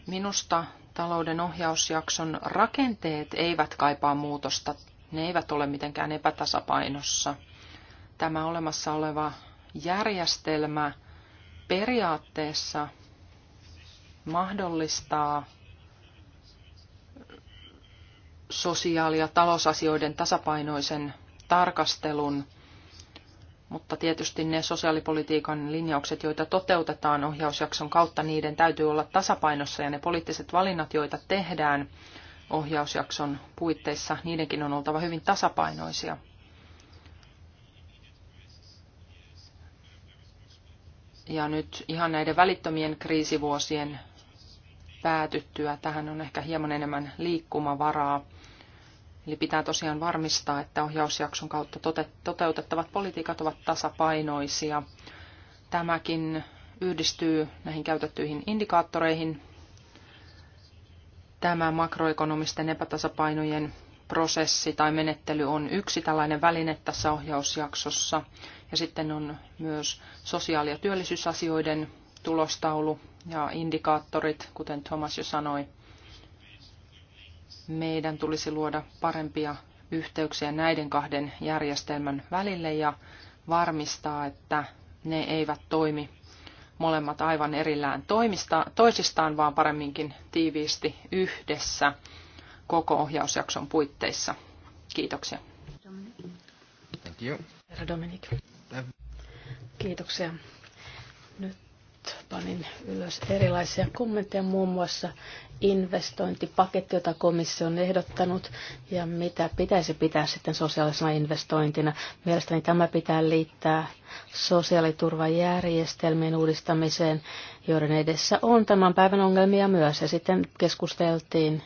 Minusta talouden ohjausjakson rakenteet eivät kaipaa muutosta. Ne eivät ole mitenkään epätasapainossa. Tämä olemassa oleva järjestelmä periaatteessa mahdollistaa sosiaali- ja talousasioiden tasapainoisen tarkastelun, mutta tietysti ne sosiaalipolitiikan linjaukset, joita toteutetaan ohjausjakson kautta, niiden täytyy olla tasapainossa ja ne poliittiset valinnat, joita tehdään ohjausjakson puitteissa, niidenkin on oltava hyvin tasapainoisia. Ja nyt ihan näiden välittömien kriisivuosien päätyttyä. Tähän on ehkä hieman enemmän liikkumavaraa. Eli pitää tosiaan varmistaa, että ohjausjakson kautta toteutettavat politiikat ovat tasapainoisia. Tämäkin yhdistyy näihin käytettyihin indikaattoreihin. Tämä makroekonomisten epätasapainojen prosessi tai menettely on yksi tällainen väline tässä ohjausjaksossa. Ja sitten on myös sosiaali- ja työllisyysasioiden tulostaulu ja indikaattorit, kuten Thomas jo sanoi. Meidän tulisi luoda parempia yhteyksiä näiden kahden järjestelmän välille ja varmistaa, että ne eivät toimi molemmat aivan erillään toimista, toisistaan, vaan paremminkin tiiviisti yhdessä koko ohjausjakson puitteissa. Kiitoksia. Thank you. Herra Kiitoksia. Nyt panin ylös erilaisia kommentteja, muun muassa investointipaketti, jota komissio on ehdottanut, ja mitä pitäisi pitää sitten sosiaalisena investointina. Mielestäni tämä pitää liittää sosiaaliturvajärjestelmien uudistamiseen, joiden edessä on tämän päivän ongelmia myös. Ja sitten keskusteltiin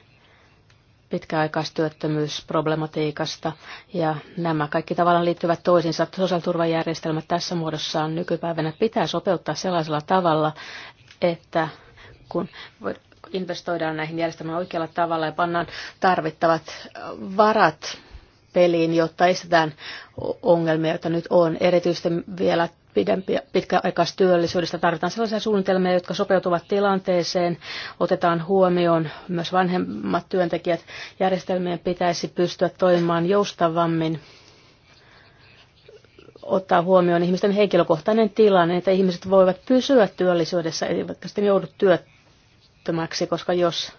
pitkäaikaistyöttömyysproblematiikasta. Ja nämä kaikki tavallaan liittyvät toisiinsa. Sosiaaliturvajärjestelmä tässä muodossaan nykypäivänä pitää sopeuttaa sellaisella tavalla, että kun investoidaan näihin järjestelmään oikealla tavalla ja pannaan tarvittavat varat peliin, jotta estetään ongelmia, joita nyt on. Erityisesti vielä pitkäaikaistyöllisyydestä. Tarvitaan sellaisia suunnitelmia, jotka sopeutuvat tilanteeseen, otetaan huomioon myös vanhemmat työntekijät. Järjestelmien pitäisi pystyä toimimaan joustavammin ottaa huomioon ihmisten henkilökohtainen tilanne, että ihmiset voivat pysyä työllisyydessä, eivätkä sitten joudu työttömäksi, koska jos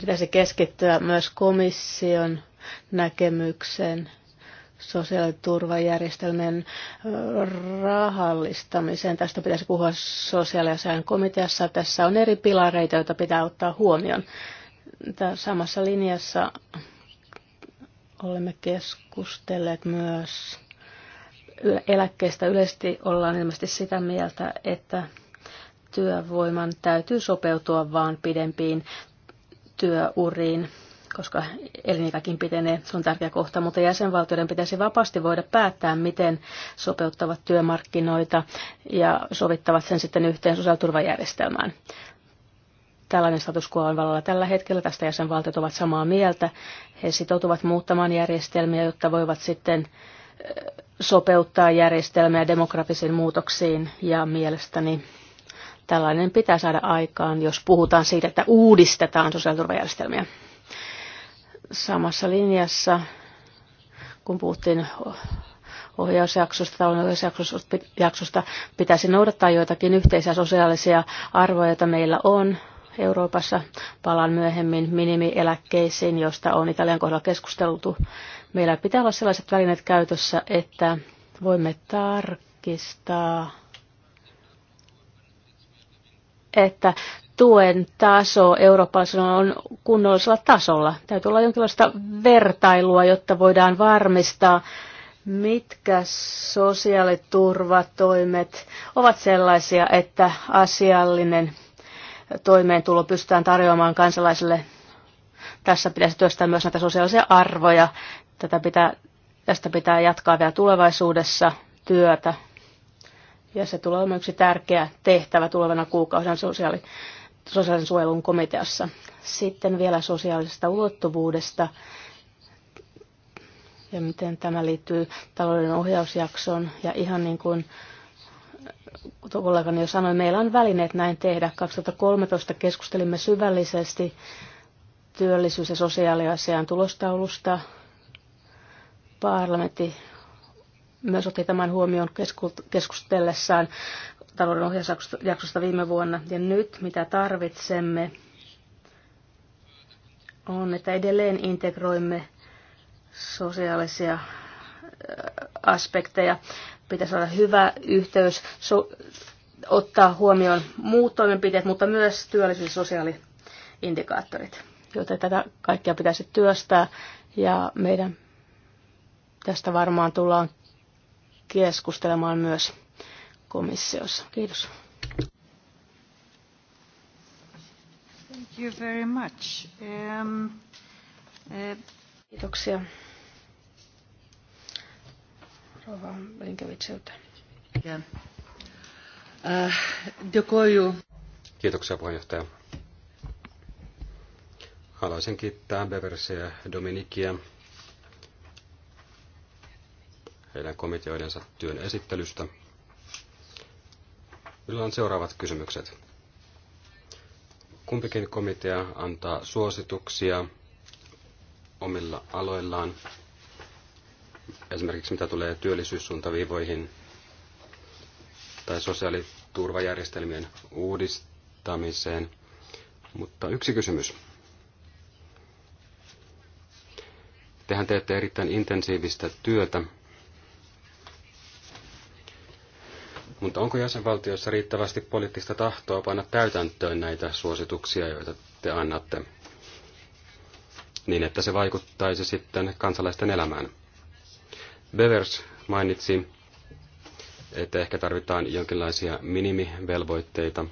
Pitäisi keskittyä myös komission näkemykseen sosiaaliturvajärjestelmien rahallistamiseen. Tästä pitäisi puhua sosiaaliasian komiteassa. Tässä on eri pilareita, joita pitää ottaa huomioon. Tämä samassa linjassa olemme keskustelleet myös eläkkeestä. Yleisesti ollaan ilmeisesti sitä mieltä, että työvoiman täytyy sopeutua vaan pidempiin työuriin, koska elinikäkin pitenee, se on tärkeä kohta, mutta jäsenvaltioiden pitäisi vapaasti voida päättää, miten sopeuttavat työmarkkinoita ja sovittavat sen sitten yhteen sosiaaliturvajärjestelmään. Tällainen status quo on vallalla tällä hetkellä, tästä jäsenvaltiot ovat samaa mieltä. He sitoutuvat muuttamaan järjestelmiä, jotta voivat sitten sopeuttaa järjestelmää demografisiin muutoksiin ja mielestäni Tällainen pitää saada aikaan, jos puhutaan siitä, että uudistetaan sosiaaliturvajärjestelmiä. Samassa linjassa, kun puhuttiin ohjausjaksosta tai ohjausjaksosta pitäisi noudattaa joitakin yhteisiä sosiaalisia arvoja, joita meillä on Euroopassa. Palaan myöhemmin minimieläkkeisiin, josta on Italian kohdalla keskusteltu. Meillä pitää olla sellaiset välineet käytössä, että voimme tarkistaa että tuen taso Euroopassa on kunnollisella tasolla. Täytyy olla jonkinlaista vertailua, jotta voidaan varmistaa, mitkä sosiaaliturvatoimet ovat sellaisia, että asiallinen toimeentulo pystytään tarjoamaan kansalaisille. Tässä pitäisi työstää myös näitä sosiaalisia arvoja. Tätä pitää, tästä pitää jatkaa vielä tulevaisuudessa työtä ja se tulee olemaan yksi tärkeä tehtävä tulevana kuukausina sosiaali- sosiaalisen suojelun komiteassa. Sitten vielä sosiaalisesta ulottuvuudesta ja miten tämä liittyy talouden ohjausjaksoon. Ja ihan niin kuin kollegani jo sanoi, meillä on välineet näin tehdä. 2013 keskustelimme syvällisesti työllisyys- ja sosiaaliasian tulostaulusta. Parlamentti myös otti tämän huomioon keskustellessaan talouden ohjausjaksosta viime vuonna. Ja nyt mitä tarvitsemme on, että edelleen integroimme sosiaalisia äh, aspekteja. Pitäisi olla hyvä yhteys, so, ottaa huomioon muut toimenpiteet, mutta myös työllisyys- ja sosiaaliindikaattorit. Joten tätä kaikkea pitäisi työstää ja meidän tästä varmaan tullaan keskustelemaan myös komissiossa. Kiitos. Thank you very much. Um, uh... Kiitoksia. Rova Blinkevitsiltä. Yeah. Uh, Kiitoksia puheenjohtaja. Haluaisin kiittää Beversiä ja Dominikia heidän komiteoidensa työn esittelystä. Minulla on seuraavat kysymykset. Kumpikin komitea antaa suosituksia omilla aloillaan, esimerkiksi mitä tulee työllisyyssuuntaviivoihin tai sosiaaliturvajärjestelmien uudistamiseen. Mutta yksi kysymys. Tehän teette erittäin intensiivistä työtä Mutta onko jäsenvaltioissa riittävästi poliittista tahtoa panna täytäntöön näitä suosituksia, joita te annatte, niin että se vaikuttaisi sitten kansalaisten elämään? Bevers mainitsi, että ehkä tarvitaan jonkinlaisia minimivelvoitteita,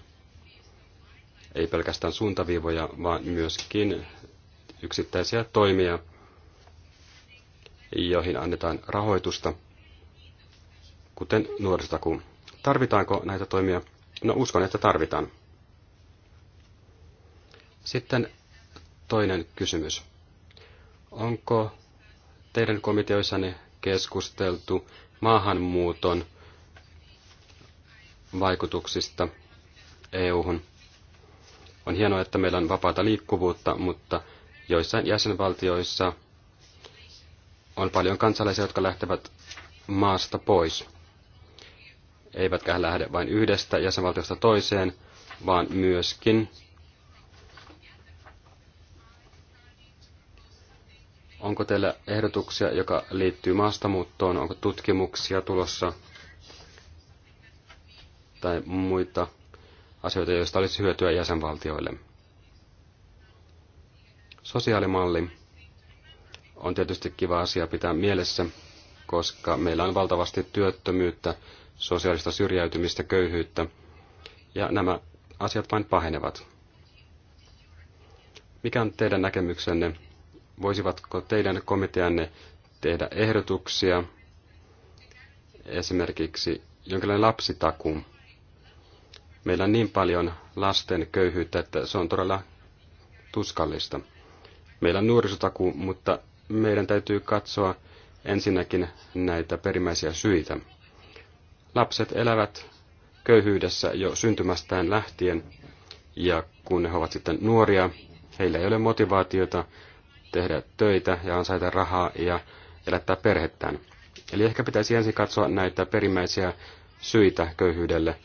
ei pelkästään suuntaviivoja, vaan myöskin yksittäisiä toimia, joihin annetaan rahoitusta, kuten nuorisotakuun. Tarvitaanko näitä toimia? No uskon, että tarvitaan. Sitten toinen kysymys. Onko teidän komiteoissanne keskusteltu maahanmuuton vaikutuksista EU-hun? On hienoa, että meillä on vapaata liikkuvuutta, mutta joissain jäsenvaltioissa on paljon kansalaisia, jotka lähtevät maasta pois eivätkä he lähde vain yhdestä jäsenvaltiosta toiseen, vaan myöskin Onko teillä ehdotuksia, joka liittyy maastamuuttoon? Onko tutkimuksia tulossa tai muita asioita, joista olisi hyötyä jäsenvaltioille? Sosiaalimalli on tietysti kiva asia pitää mielessä, koska meillä on valtavasti työttömyyttä sosiaalista syrjäytymistä, köyhyyttä, ja nämä asiat vain pahenevat. Mikä on teidän näkemyksenne? Voisivatko teidän komiteanne tehdä ehdotuksia, esimerkiksi jonkinlainen lapsitaku? Meillä on niin paljon lasten köyhyyttä, että se on todella tuskallista. Meillä on nuorisotaku, mutta meidän täytyy katsoa ensinnäkin näitä perimmäisiä syitä. Lapset elävät köyhyydessä jo syntymästään lähtien, ja kun he ovat sitten nuoria, heillä ei ole motivaatiota tehdä töitä ja ansaita rahaa ja elättää perhettään. Eli ehkä pitäisi ensin katsoa näitä perimmäisiä syitä köyhyydelle.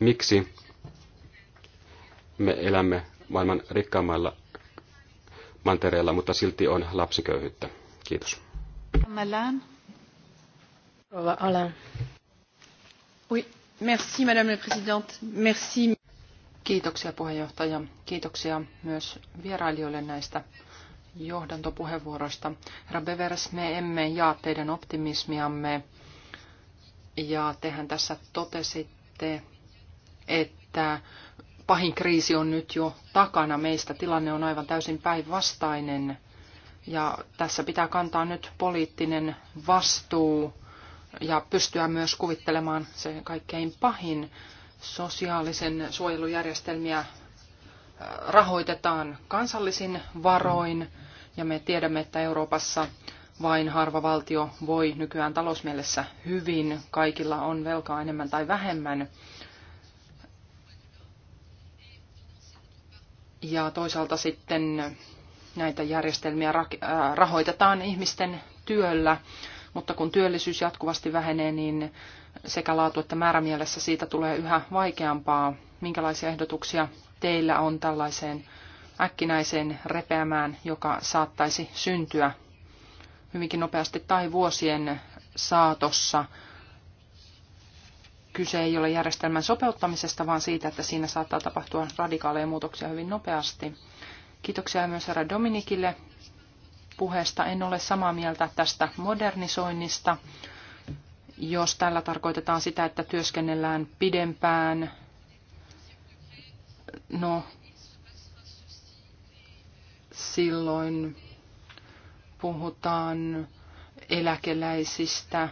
Miksi me elämme maailman rikkaimmalla mantereella, mutta silti on lapsiköyhyyttä? Kiitos. Alan. Oui, merci, madame la présidente. Kiitoksia puheenjohtaja. Kiitoksia myös vierailijoille näistä johdantopuheenvuoroista. Herra Bevers, me emme jaa teidän optimismiamme ja tehän tässä totesitte, että pahin kriisi on nyt jo takana meistä. Tilanne on aivan täysin päinvastainen ja tässä pitää kantaa nyt poliittinen vastuu ja pystyä myös kuvittelemaan se kaikkein pahin. Sosiaalisen suojelujärjestelmiä rahoitetaan kansallisin varoin ja me tiedämme, että Euroopassa vain harva valtio voi nykyään talousmielessä hyvin. Kaikilla on velkaa enemmän tai vähemmän. Ja toisaalta sitten näitä järjestelmiä rahoitetaan ihmisten työllä mutta kun työllisyys jatkuvasti vähenee, niin sekä laatu että määrämielessä siitä tulee yhä vaikeampaa. Minkälaisia ehdotuksia teillä on tällaiseen äkkinäiseen repeämään, joka saattaisi syntyä hyvinkin nopeasti tai vuosien saatossa? Kyse ei ole järjestelmän sopeuttamisesta, vaan siitä, että siinä saattaa tapahtua radikaaleja muutoksia hyvin nopeasti. Kiitoksia myös herra Dominikille puheesta. En ole samaa mieltä tästä modernisoinnista, jos tällä tarkoitetaan sitä, että työskennellään pidempään. No, silloin puhutaan eläkeläisistä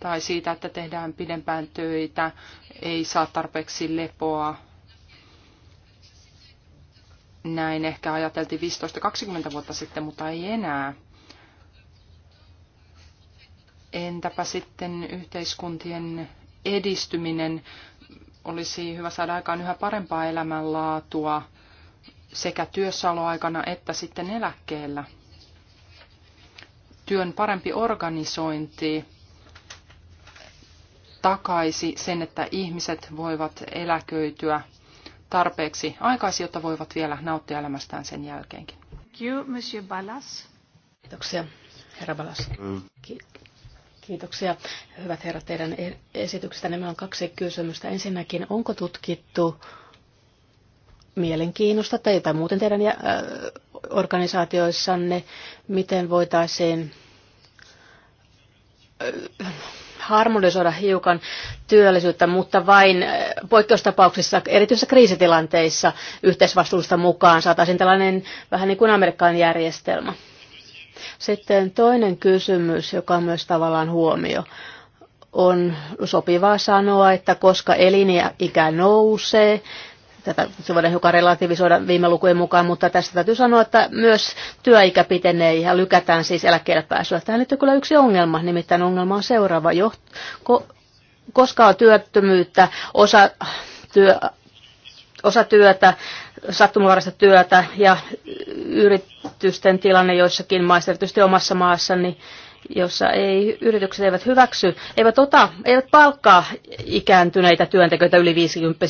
tai siitä, että tehdään pidempään töitä, ei saa tarpeeksi lepoa näin ehkä ajateltiin 15-20 vuotta sitten, mutta ei enää. Entäpä sitten yhteiskuntien edistyminen? Olisi hyvä saada aikaan yhä parempaa elämänlaatua sekä työssäoloaikana että sitten eläkkeellä. Työn parempi organisointi takaisi sen, että ihmiset voivat eläköityä tarpeeksi aikaisin, jotta voivat vielä nauttia elämästään sen jälkeenkin. Kiitoksia, Kiitoksia, herra Balas. Kiitoksia, hyvät herrat, teidän e- esityksestänne. Meillä on kaksi kysymystä. Ensinnäkin, onko tutkittu mielenkiinnosta tai muuten teidän organisaatioissanne, miten voitaisiin harmonisoida hiukan työllisyyttä, mutta vain eh, poikkeustapauksissa, erityisissä kriisitilanteissa yhteisvastuusta mukaan saataisiin tällainen vähän niin kuin Amerikan järjestelmä. Sitten toinen kysymys, joka on myös tavallaan huomio, on sopivaa sanoa, että koska elinikä nousee, Tätä se voidaan hiukan relativisoida viime lukujen mukaan, mutta tästä täytyy sanoa, että myös työikä pitenee ja lykätään siis eläkkeelle pääsyä. Tähän on kyllä yksi ongelma, nimittäin ongelma on seuraava. Joht- koska on työttömyyttä, osa, työ, osa työtä, sattumavaraista työtä ja yritysten tilanne joissakin maissa, erityisesti omassa maassa, niin jossa ei, yritykset eivät hyväksy, eivät, ota, eivät palkkaa ikääntyneitä työntekijöitä yli 50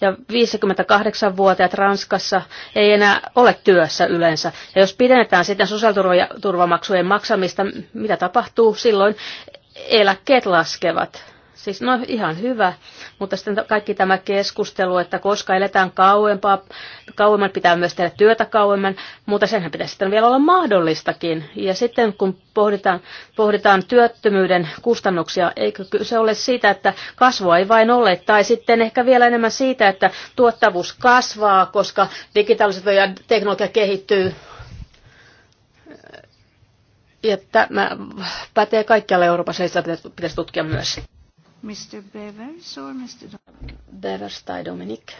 ja 58-vuotiaat Ranskassa ei enää ole työssä yleensä. Ja jos pidennetään sitten sosiaaliturvamaksujen maksamista, mitä tapahtuu silloin? Eläkkeet laskevat Siis no ihan hyvä, mutta sitten kaikki tämä keskustelu, että koska eletään kauempaa, kauemman pitää myös tehdä työtä kauemman, mutta senhän pitäisi sitten vielä olla mahdollistakin. Ja sitten kun pohditaan, pohditaan työttömyyden kustannuksia, eikö se ole siitä, että kasvua ei vain ole, tai sitten ehkä vielä enemmän siitä, että tuottavuus kasvaa, koska digitaaliset ja teknologia kehittyy ja tämä pätee kaikkialla Euroopassa, ja sitä pitäisi tutkia myös. Mr. Bevers or Mr. Dominic? Bevers tai Dominic.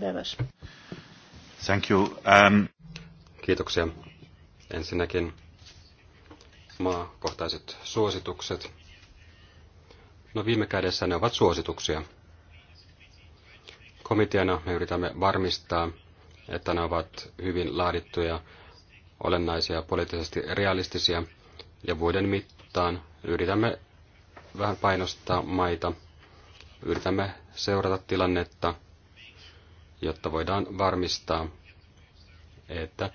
Bevers. Thank you. Um... Kiitoksia. Ensinnäkin maakohtaiset suositukset. No viime kädessä ne ovat suosituksia. Komiteana me yritämme varmistaa, että ne ovat hyvin laadittuja, olennaisia, poliittisesti realistisia ja vuoden mittaan yritämme vähän painostaa maita. Yritämme seurata tilannetta, jotta voidaan varmistaa, että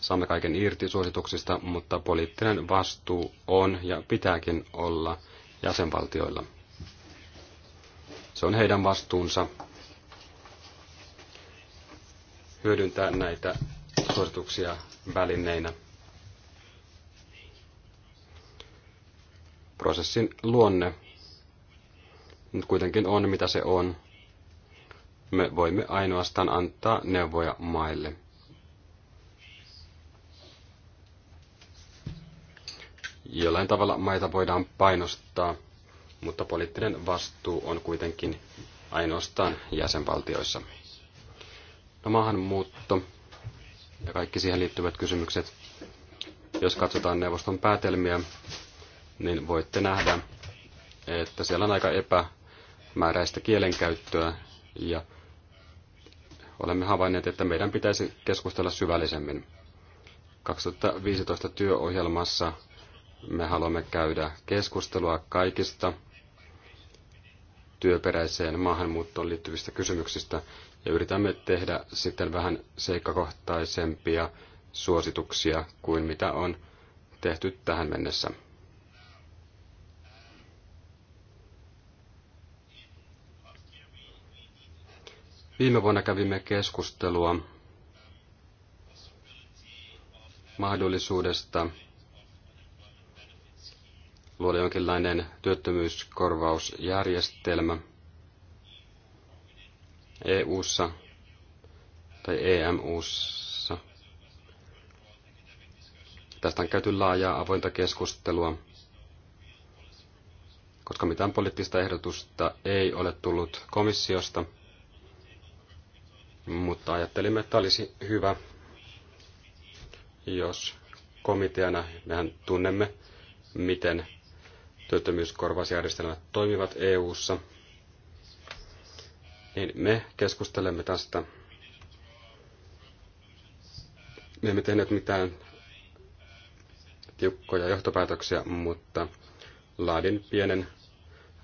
saamme kaiken irti suosituksista, mutta poliittinen vastuu on ja pitääkin olla jäsenvaltioilla. Se on heidän vastuunsa hyödyntää näitä suosituksia välineinä. prosessin luonne nyt kuitenkin on mitä se on. Me voimme ainoastaan antaa neuvoja maille. Jollain tavalla maita voidaan painostaa, mutta poliittinen vastuu on kuitenkin ainoastaan jäsenvaltioissa. No, maahanmuutto ja kaikki siihen liittyvät kysymykset. Jos katsotaan neuvoston päätelmiä, niin voitte nähdä, että siellä on aika epämääräistä kielenkäyttöä ja olemme havainneet, että meidän pitäisi keskustella syvällisemmin. 2015 työohjelmassa me haluamme käydä keskustelua kaikista työperäiseen maahanmuuttoon liittyvistä kysymyksistä ja yritämme tehdä sitten vähän seikkakohtaisempia suosituksia kuin mitä on tehty tähän mennessä. Viime vuonna kävimme keskustelua mahdollisuudesta luoda jonkinlainen työttömyyskorvausjärjestelmä EU-ssa tai EMUssa. Tästä on käyty laajaa avointa keskustelua, koska mitään poliittista ehdotusta ei ole tullut komissiosta – mutta ajattelimme, että olisi hyvä, jos komiteana mehän tunnemme, miten työttömyyskorvausjärjestelmät toimivat EU:ssa, niin me keskustelemme tästä. Me emme tehneet mitään tiukkoja johtopäätöksiä, mutta laadin pienen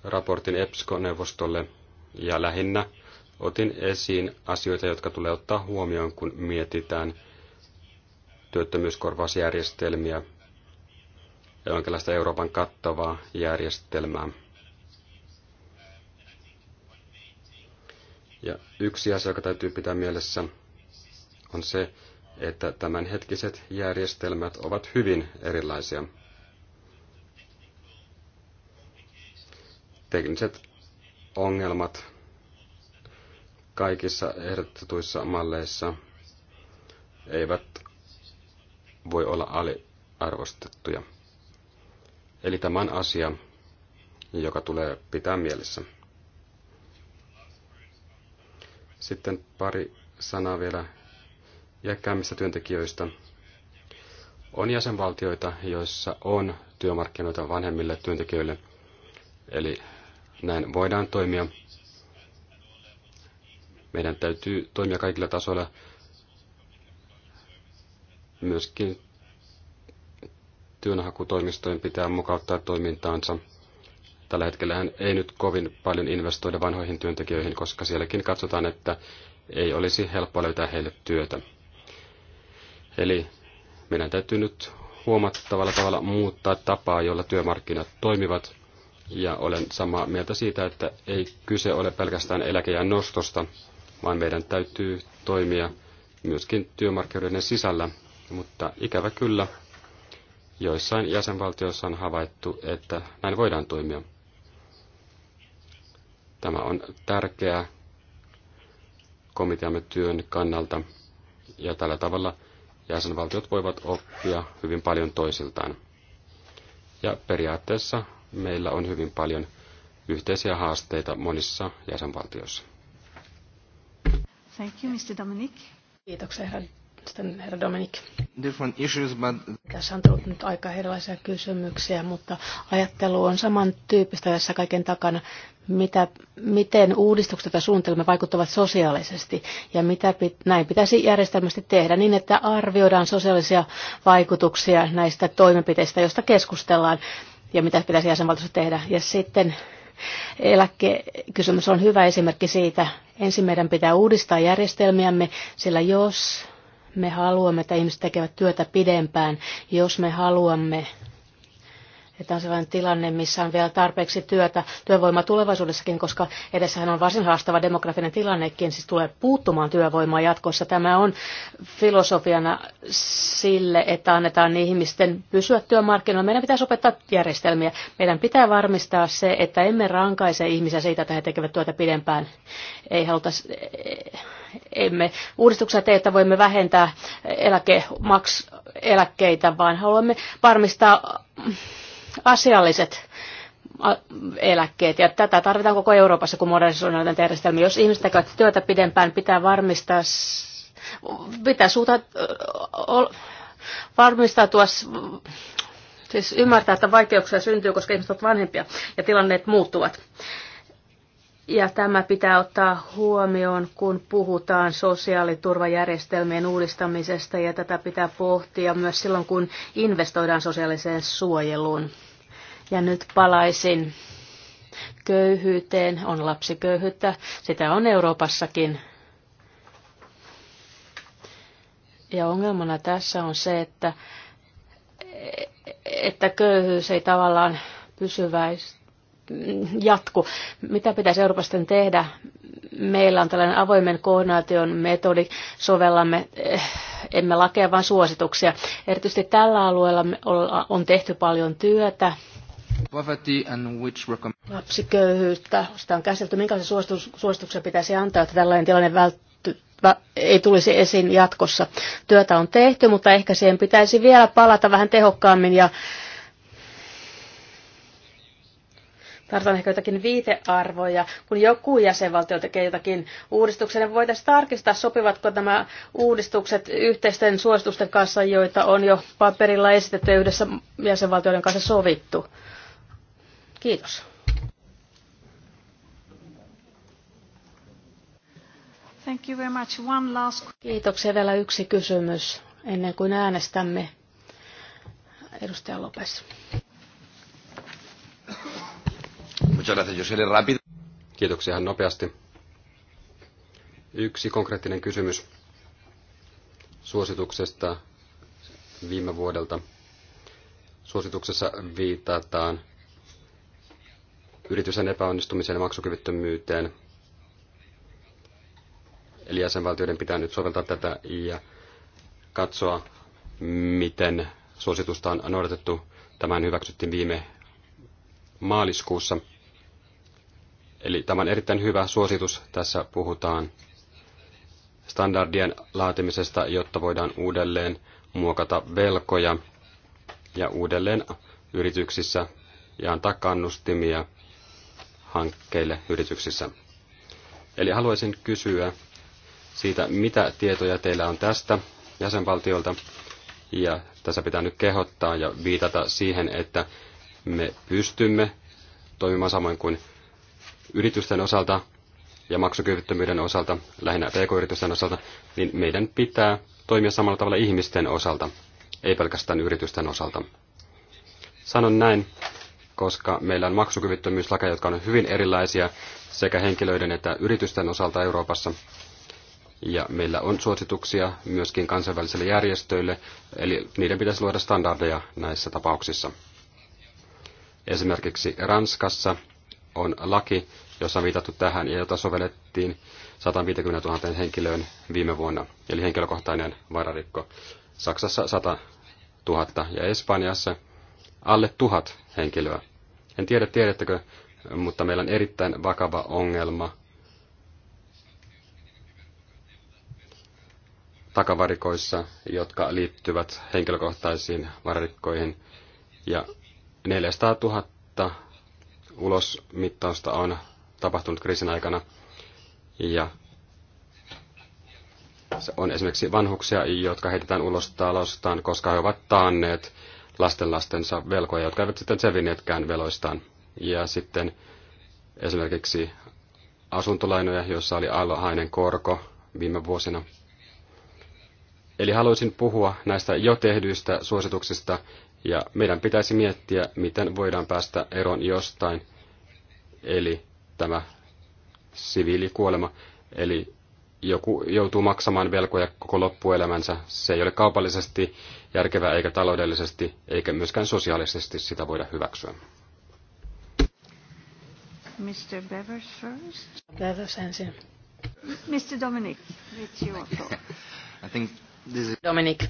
raportin EPSCO-neuvostolle ja lähinnä otin esiin asioita, jotka tulee ottaa huomioon, kun mietitään työttömyyskorvausjärjestelmiä ja jonkinlaista Euroopan kattavaa järjestelmää. Ja yksi asia, joka täytyy pitää mielessä, on se, että tämänhetkiset järjestelmät ovat hyvin erilaisia. Tekniset ongelmat kaikissa ehdotetuissa malleissa eivät voi olla aliarvostettuja. Eli tämä on asia, joka tulee pitää mielessä. Sitten pari sanaa vielä iäkkäämmistä työntekijöistä. On jäsenvaltioita, joissa on työmarkkinoita vanhemmille työntekijöille, eli näin voidaan toimia, meidän täytyy toimia kaikilla tasoilla myöskin työnhakutoimistojen pitää mukauttaa toimintaansa. Tällä hetkellä ei nyt kovin paljon investoida vanhoihin työntekijöihin, koska sielläkin katsotaan, että ei olisi helppo löytää heille työtä. Eli meidän täytyy nyt huomattavalla tavalla muuttaa tapaa, jolla työmarkkinat toimivat. Ja olen samaa mieltä siitä, että ei kyse ole pelkästään eläkejään nostosta, vaan meidän täytyy toimia myöskin työmarkkinoiden sisällä, mutta ikävä kyllä joissain jäsenvaltioissa on havaittu, että näin voidaan toimia. Tämä on tärkeää komiteamme työn kannalta ja tällä tavalla jäsenvaltiot voivat oppia hyvin paljon toisiltaan. Ja periaatteessa meillä on hyvin paljon yhteisiä haasteita monissa jäsenvaltioissa. Thank you, Mr. Dominic. Kiitoksia, herra, herra Dominic. Different issues, but... Tässä on tullut nyt aika erilaisia kysymyksiä, mutta ajattelu on samantyyppistä tässä kaiken takana. Mitä, miten uudistukset ja suunnitelmat vaikuttavat sosiaalisesti ja mitä pit, näin pitäisi järjestelmästi tehdä niin, että arvioidaan sosiaalisia vaikutuksia näistä toimenpiteistä, joista keskustellaan ja mitä pitäisi jäsenvaltiossa tehdä. Ja sitten Eläkekysymys on hyvä esimerkki siitä. Ensin meidän pitää uudistaa järjestelmiämme, sillä jos me haluamme, että ihmiset tekevät työtä pidempään, jos me haluamme että on sellainen tilanne, missä on vielä tarpeeksi työtä, työvoimaa tulevaisuudessakin, koska edessähän on varsin haastava demografinen tilannekin, siis tulee puuttumaan työvoimaa jatkossa. Tämä on filosofiana sille, että annetaan ihmisten pysyä työmarkkinoilla. Meidän pitää opettaa järjestelmiä. Meidän pitää varmistaa se, että emme rankaise ihmisiä siitä, että he tekevät työtä pidempään. Ei haluta, emme uudistuksia tee, että voimme vähentää eläke, maks, eläkkeitä, vaan haluamme varmistaa asialliset eläkkeet. Ja tätä tarvitaan koko Euroopassa, kun modernisoidaan näitä järjestelmiä. Jos ihmiset tekevät työtä pidempään, pitää varmistaa, pitää suuta, tuossa, siis ymmärtää, että vaikeuksia syntyy, koska ihmiset ovat vanhempia ja tilanneet muuttuvat. Ja tämä pitää ottaa huomioon, kun puhutaan sosiaaliturvajärjestelmien uudistamisesta ja tätä pitää pohtia myös silloin, kun investoidaan sosiaaliseen suojeluun. Ja nyt palaisin köyhyyteen. On lapsiköyhyyttä. Sitä on Euroopassakin. Ja ongelmana tässä on se, että, että köyhyys ei tavallaan pysyväistä jatku. Mitä pitäisi Euroopassa tehdä? Meillä on tällainen avoimen koordinaation metodi, sovellamme, eh, emme lakea vaan suosituksia. Erityisesti tällä alueella on tehty paljon työtä. Lapsiköyhyyttä, sitä on käsitelty. Minkälaisia suosituksia pitäisi antaa, että tällainen tilanne välttää? ei tulisi esiin jatkossa. Työtä on tehty, mutta ehkä siihen pitäisi vielä palata vähän tehokkaammin ja tarvitaan ehkä jotakin viitearvoja. Kun joku jäsenvaltio tekee jotakin uudistuksen, niin voitaisiin tarkistaa, sopivatko nämä uudistukset yhteisten suositusten kanssa, joita on jo paperilla esitetty ja yhdessä jäsenvaltioiden kanssa sovittu. Kiitos. Thank you very much. One last... Kiitoksia. Vielä yksi kysymys ennen kuin äänestämme. Edustaja Lopes. Muchas gracias, yo rápido. Kiitoksia ihan nopeasti. Yksi konkreettinen kysymys suosituksesta viime vuodelta. Suosituksessa viitataan yritysten epäonnistumiseen ja maksukyvyttömyyteen. Eli jäsenvaltioiden pitää nyt soveltaa tätä ja katsoa, miten suositusta on noudatettu. Tämän hyväksyttiin viime maaliskuussa. Eli tämä on erittäin hyvä suositus. Tässä puhutaan standardien laatimisesta, jotta voidaan uudelleen muokata velkoja ja uudelleen yrityksissä ja antaa kannustimia hankkeille yrityksissä. Eli haluaisin kysyä siitä, mitä tietoja teillä on tästä jäsenvaltiolta. Ja tässä pitää nyt kehottaa ja viitata siihen, että me pystymme toimimaan samoin kuin yritysten osalta ja maksukyvyttömyyden osalta, lähinnä pk-yritysten osalta, niin meidän pitää toimia samalla tavalla ihmisten osalta, ei pelkästään yritysten osalta. Sanon näin, koska meillä on maksukyvyttömyyslakeja, jotka on hyvin erilaisia sekä henkilöiden että yritysten osalta Euroopassa. Ja meillä on suosituksia myöskin kansainvälisille järjestöille, eli niiden pitäisi luoda standardeja näissä tapauksissa. Esimerkiksi Ranskassa on laki, jossa on viitattu tähän ja jota sovellettiin 150 000 henkilöön viime vuonna, eli henkilökohtainen vararikko. Saksassa 100 000 ja Espanjassa alle 1000 henkilöä. En tiedä, tiedättekö, mutta meillä on erittäin vakava ongelma takavarikoissa, jotka liittyvät henkilökohtaisiin vararikkoihin. Ja 400 000 ulosmittausta on tapahtunut kriisin aikana. Ja on esimerkiksi vanhuksia, jotka heitetään ulos talostaan, koska he ovat taanneet lastenlastensa velkoja, jotka eivät sitten selvinneetkään veloistaan. Ja sitten esimerkiksi asuntolainoja, joissa oli alhainen korko viime vuosina. Eli haluaisin puhua näistä jo tehdyistä suosituksista, ja meidän pitäisi miettiä, miten voidaan päästä eroon jostain, eli tämä siviilikuolema, eli joku joutuu maksamaan velkoja koko loppuelämänsä. Se ei ole kaupallisesti järkevää eikä taloudellisesti eikä myöskään sosiaalisesti sitä voida hyväksyä. Mr. Bevers first. Bevers ensin. Mr. Dominic, it's your thought. I think this is Dominic.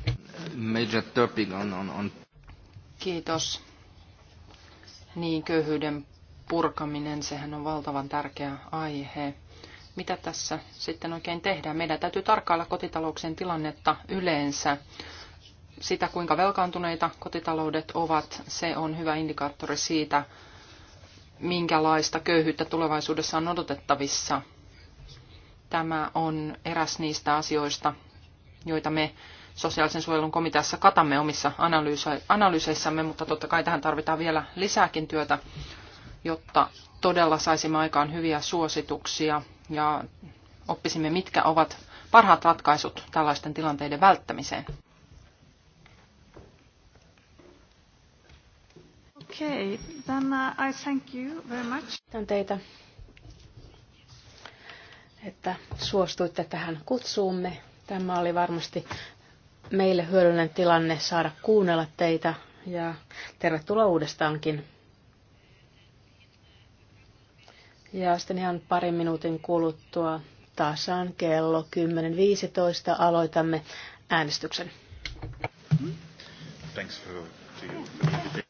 major topic on, on, on... Kiitos. Niin, köyhyyden purkaminen, sehän on valtavan tärkeä aihe. Mitä tässä sitten oikein tehdään? Meidän täytyy tarkkailla kotitalouksien tilannetta yleensä. Sitä, kuinka velkaantuneita kotitaloudet ovat, se on hyvä indikaattori siitä, minkälaista köyhyyttä tulevaisuudessa on odotettavissa. Tämä on eräs niistä asioista, joita me sosiaalisen suojelun komiteassa katamme omissa analyyseissamme, mutta totta kai tähän tarvitaan vielä lisääkin työtä jotta todella saisimme aikaan hyviä suosituksia ja oppisimme, mitkä ovat parhaat ratkaisut tällaisten tilanteiden välttämiseen. Okay, then uh, I thank you very much. Kiitän teitä, että suostuitte tähän kutsuumme. Tämä oli varmasti meille hyödyllinen tilanne saada kuunnella teitä ja tervetuloa uudestaankin. Ja sitten ihan parin minuutin kuluttua tasan kello 10.15 aloitamme äänestyksen. Thanks for, to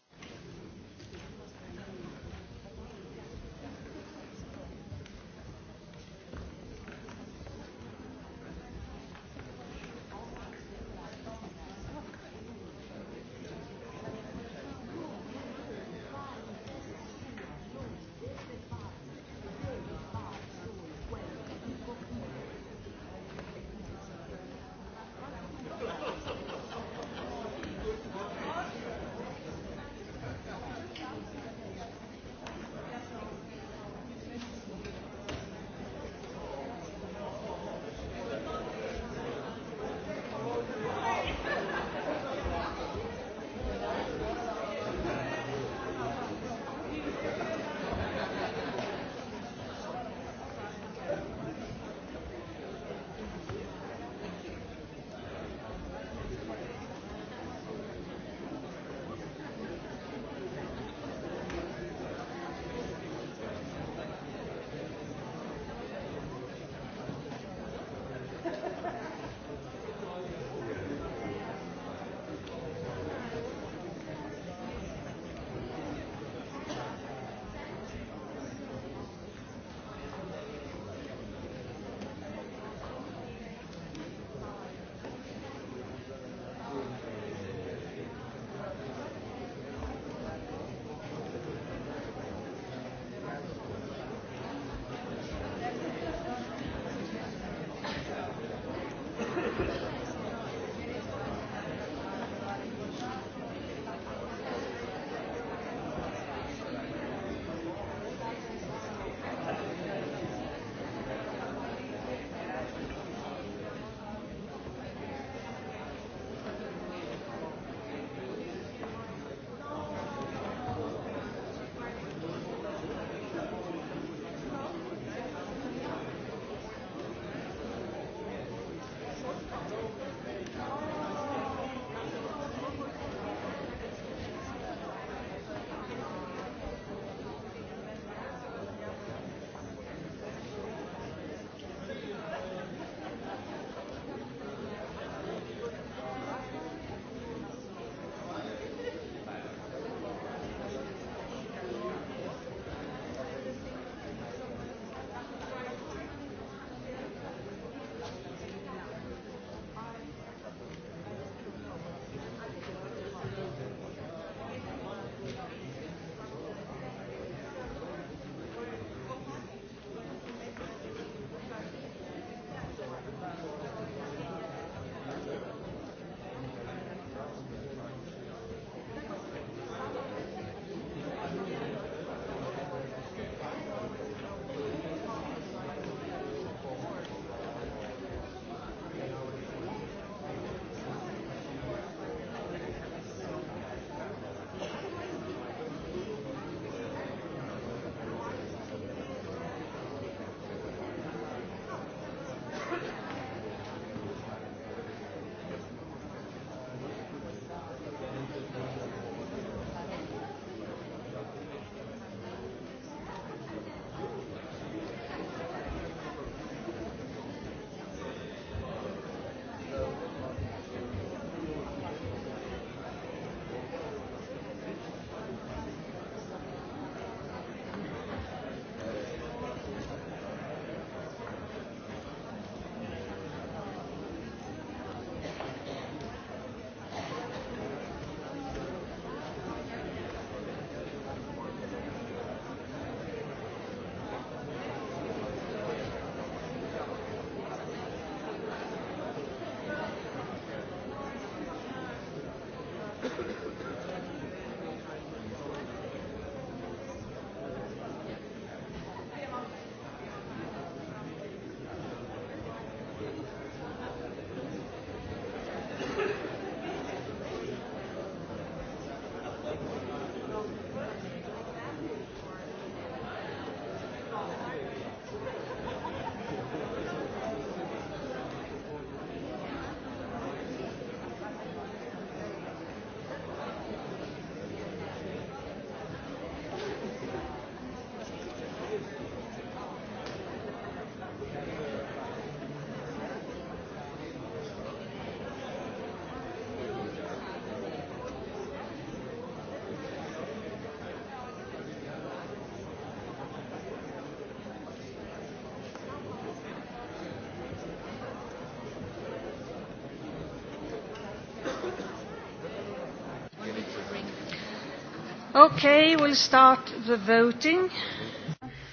Okay, we'll start the voting.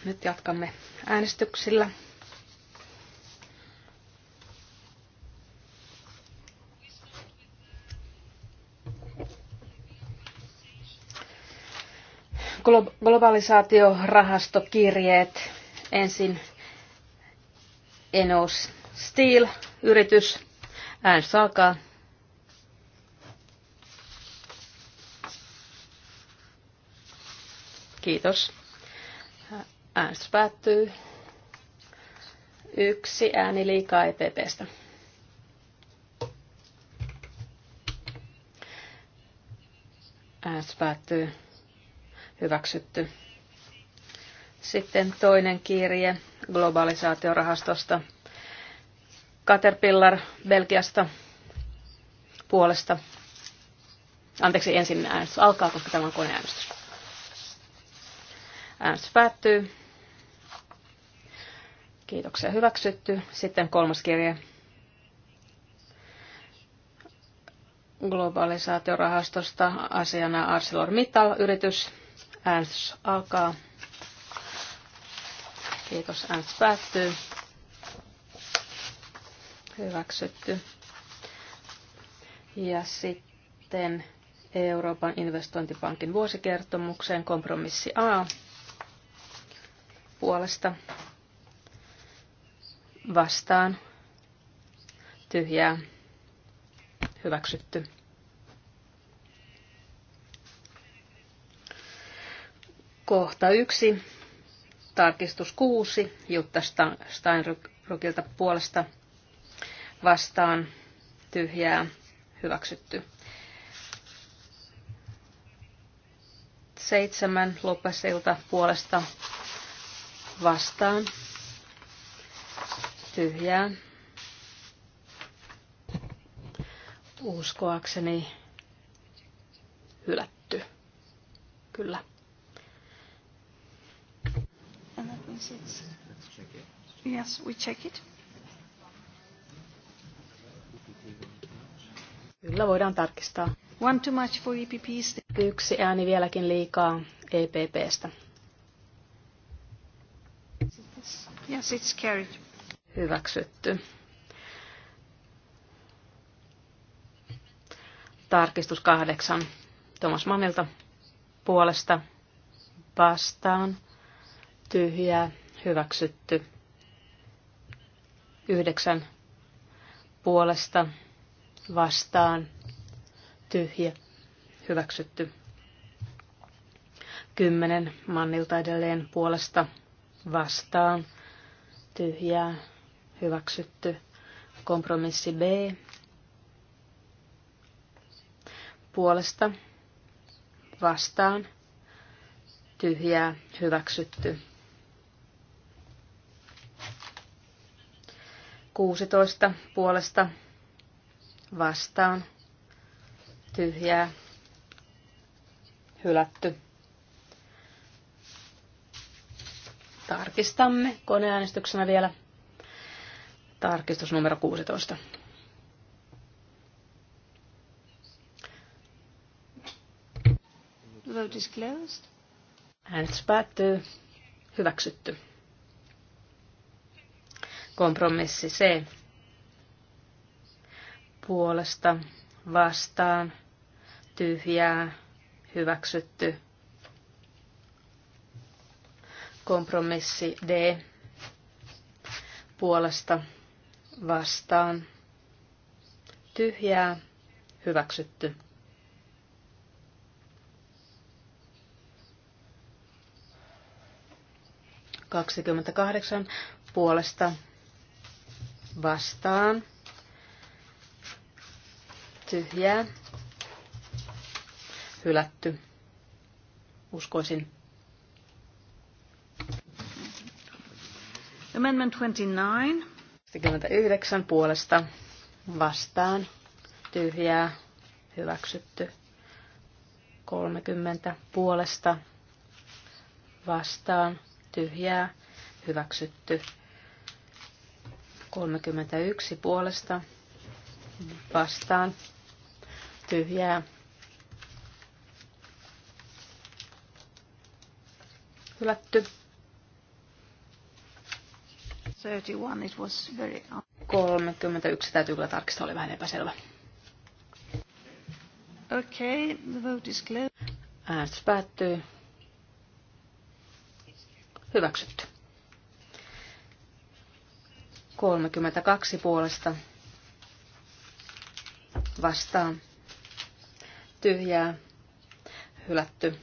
Nyt jatkamme äänestyksillä. globalisaatiorahastokirjeet. Ensin Enos Steel, yritys. Äänestys alkaa. Kiitos. Äänestys päättyy. Yksi ääni liikaa EPPstä. Äänestys päättyy. Hyväksytty. Sitten toinen kirje globalisaatiorahastosta. Caterpillar Belgiasta puolesta. Anteeksi, ensin äänestys alkaa, koska tämä on koneäänestys. Äänestys päättyy. Kiitoksia. Hyväksytty. Sitten kolmas kirje. Globalisaatiorahastosta asiana ArcelorMittal-yritys. Äänestys alkaa. Kiitos. Äänestys päättyy. Hyväksytty. Ja sitten Euroopan investointipankin vuosikertomukseen kompromissi A puolesta vastaan tyhjää hyväksytty. Kohta yksi, tarkistus kuusi, Jutta Steinrukilta puolesta vastaan tyhjää hyväksytty. Seitsemän lopesilta puolesta vastaan tyhjää. Uskoakseni hylätty. Kyllä. And that means it's... Yes, we check it. Kyllä voidaan tarkistaa. One too much for EPPs. Yksi ääni vieläkin liikaa EPPstä. Yes, it's carried. Hyväksytty. Tarkistus kahdeksan. Thomas Mannilta puolesta vastaan. Tyhjää. Hyväksytty. Yhdeksän puolesta vastaan. Tyhjä. Hyväksytty. Kymmenen Mannilta edelleen puolesta vastaan tyhjää, hyväksytty. Kompromissi B, puolesta, vastaan, tyhjää, hyväksytty. 16 puolesta vastaan, tyhjää, hylätty. Tarkistamme koneäänestyksenä vielä. Tarkistus numero 16. vote is closed. Äänestys päättyy. Hyväksytty. Kompromissi C. Puolesta, vastaan, tyhjää, hyväksytty Kompromissi D puolesta vastaan. Tyhjää hyväksytty. kahdeksan puolesta vastaan. Tyhjää. Hylätty. Uskoisin. Amendment 29. puolesta vastaan. Tyhjää. Hyväksytty. 30 puolesta vastaan. Tyhjää. Hyväksytty. 31 puolesta vastaan. Tyhjää. Hylätty. 31, it was very... 31 täytyy kyllä tarkistaa, oli vähän epäselvä. Okay, the vote is closed. Äänestys päättyy. Hyväksytty. 32 puolesta vastaan. Tyhjää. Hylätty.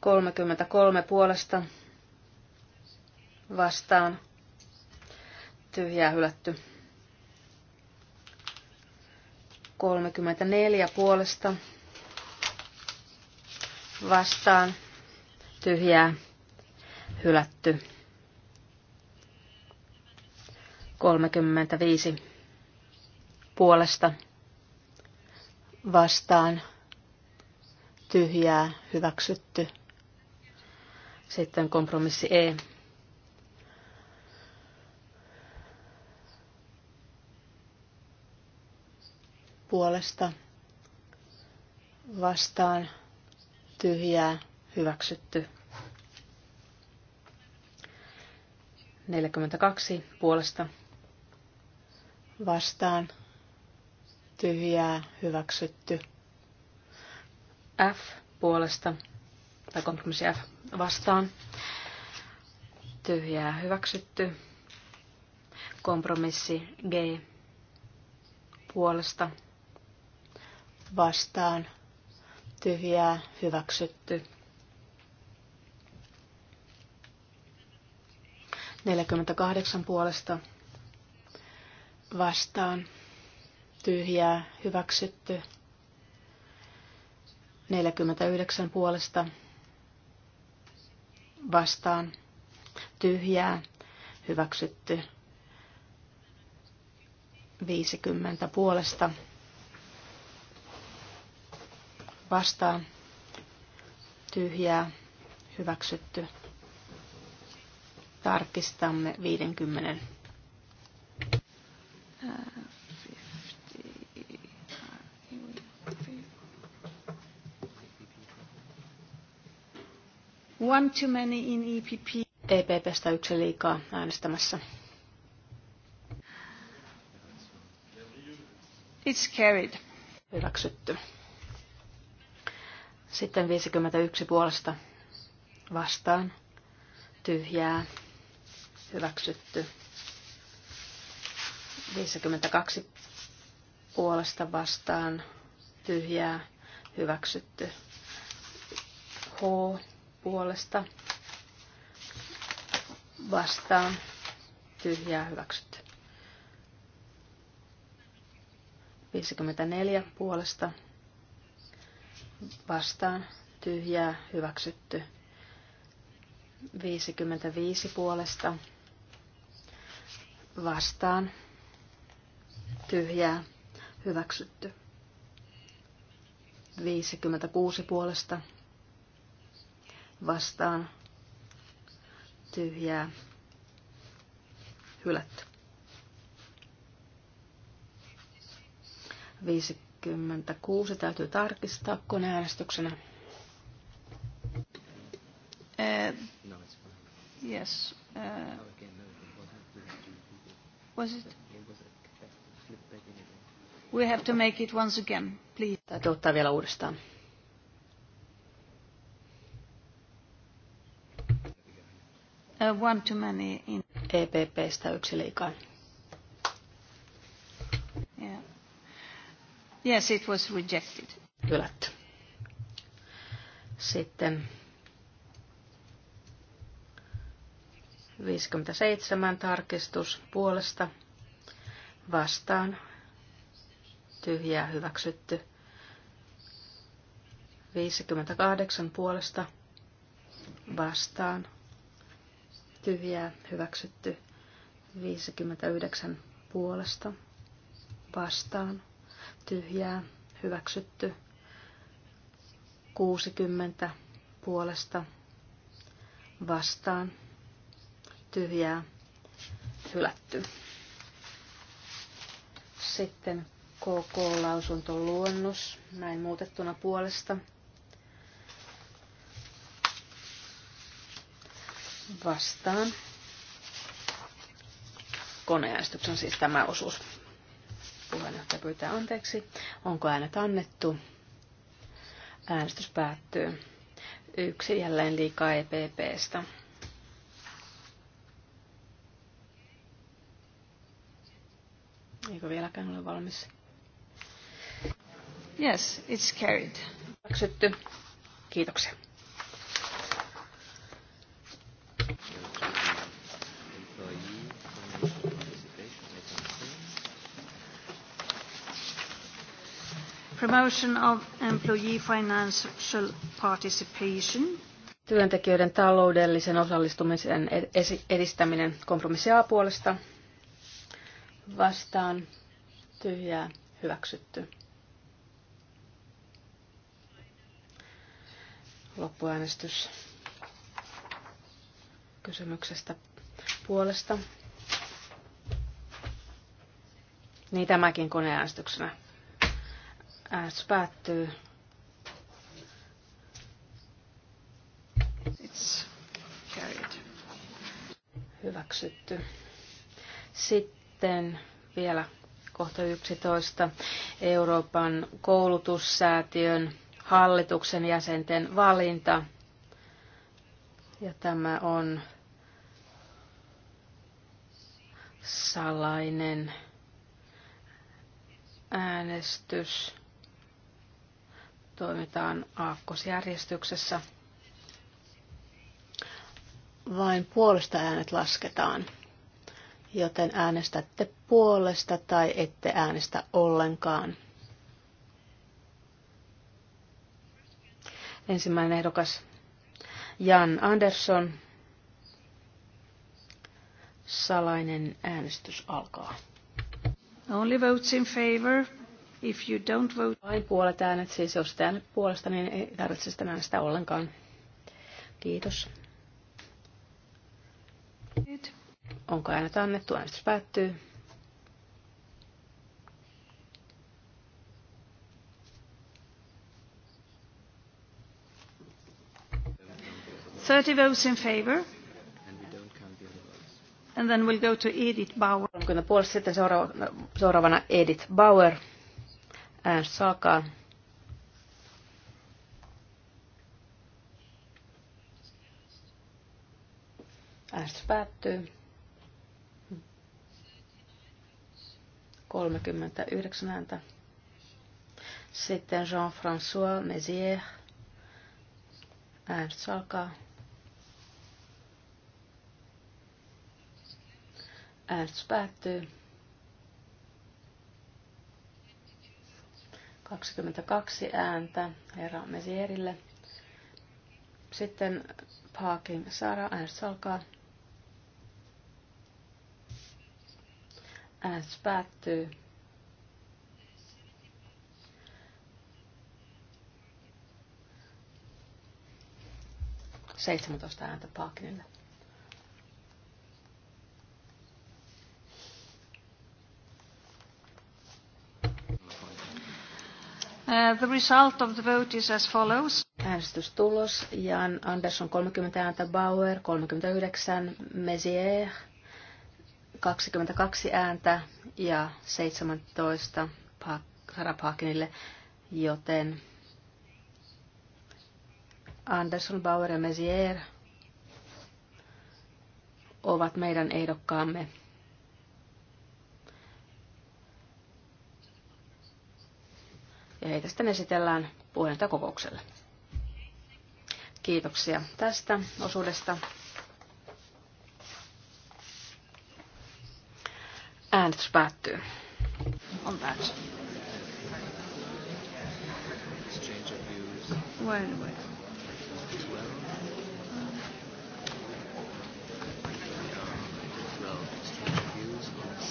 33 puolesta vastaan tyhjää hylätty. 34 puolesta vastaan tyhjää hylätty. 35 puolesta vastaan tyhjää hyväksytty. Sitten kompromissi E puolesta vastaan tyhjää hyväksytty. 42 puolesta vastaan tyhjää hyväksytty. F puolesta tai kompromissi F vastaan tyhjää hyväksytty. Kompromissi G puolesta vastaan tyhjää hyväksytty. 48 puolesta vastaan tyhjää hyväksytty. 49 puolesta vastaan tyhjää hyväksytty. 50 puolesta vastaan tyhjää hyväksytty. Tarkistamme 50. One too many in EPP. EPPstä yksi liikaa äänestämässä. It's carried. Hyväksytty. Sitten 51 puolesta vastaan. Tyhjää. Hyväksytty. 52 puolesta vastaan. Tyhjää. Hyväksytty. H puolesta vastaan. Tyhjää. Hyväksytty. 54 puolesta vastaan tyhjää hyväksytty. 55 puolesta vastaan tyhjää hyväksytty. 56 puolesta vastaan tyhjää hylätty. 56 26 täytyy tarkistaa koneäänestyksenä. Uh, yes. Uh, was it? We have to make it once again, please. Täytyy ottaa vielä uudestaan. Uh, one too many in... EPPstä yksi liikaa. Yes, it was rejected. Hylätty. Sitten 57 tarkistus puolesta vastaan tyhjää hyväksytty. 58 puolesta vastaan tyhjää hyväksytty. 59 puolesta vastaan tyhjää hyväksytty 60 puolesta vastaan tyhjää hylätty. Sitten KK-lausuntoluonnos näin muutettuna puolesta vastaan koneäänestyksen siis tämä osuus Puheenjohtaja pyytää anteeksi. Onko äänet annettu? Äänestys päättyy. Yksi jälleen liikaa EPPstä. Eikö vieläkään ole valmis? Yes, it's carried. Hyväksytty. Kiitoksia. promotion of employee financial participation. Työntekijöiden taloudellisen osallistumisen edistäminen kompromissia puolesta vastaan tyhjää hyväksytty. Loppuäänestys kysymyksestä puolesta. Niin tämäkin koneäänestyksenä Äänestys päättyy. It's carried. Hyväksytty. Sitten vielä kohta 11 Euroopan koulutussäätiön hallituksen jäsenten valinta. Ja tämä on salainen äänestys toimitaan aakkosjärjestyksessä. Vain puolesta äänet lasketaan, joten äänestätte puolesta tai ette äänestä ollenkaan. Ensimmäinen ehdokas Jan Andersson. Salainen äänestys alkaa. Only votes in favor. If you don't vote... Vain puolet äänet, siis jos te äänet puolesta, niin ei tarvitse sitä äänestää ollenkaan. Kiitos. Nyt. Onko äänet annettu? Äänestys päättyy. Thirty votes in favour. And then we'll go to Edith Bauer. Puolesta sitten seuraavana Edith Bauer. Äänestys alkaa. Äänestys päättyy. 39 ääntä. Sitten Jean-François Mézier. Äänestys alkaa. Äänestys päättyy. 22 ääntä herra Mesierille. Sitten Parking Sara, äänestys alkaa. Äänestys päättyy. Seitsemäntoista ääntä Parkinille. Uh, the result of the vote is as follows. Äänestystulos. Jan Andersson 30 ääntä, Bauer 39, Mezier 22 ääntä ja 17 Harapakinille, joten Andersson, Bauer ja Mezier ovat meidän ehdokkaamme. ja heitä sitten esitellään puheenjohtajakokoukselle. Kiitoksia tästä osuudesta. Äänestys päättyy. On päätös.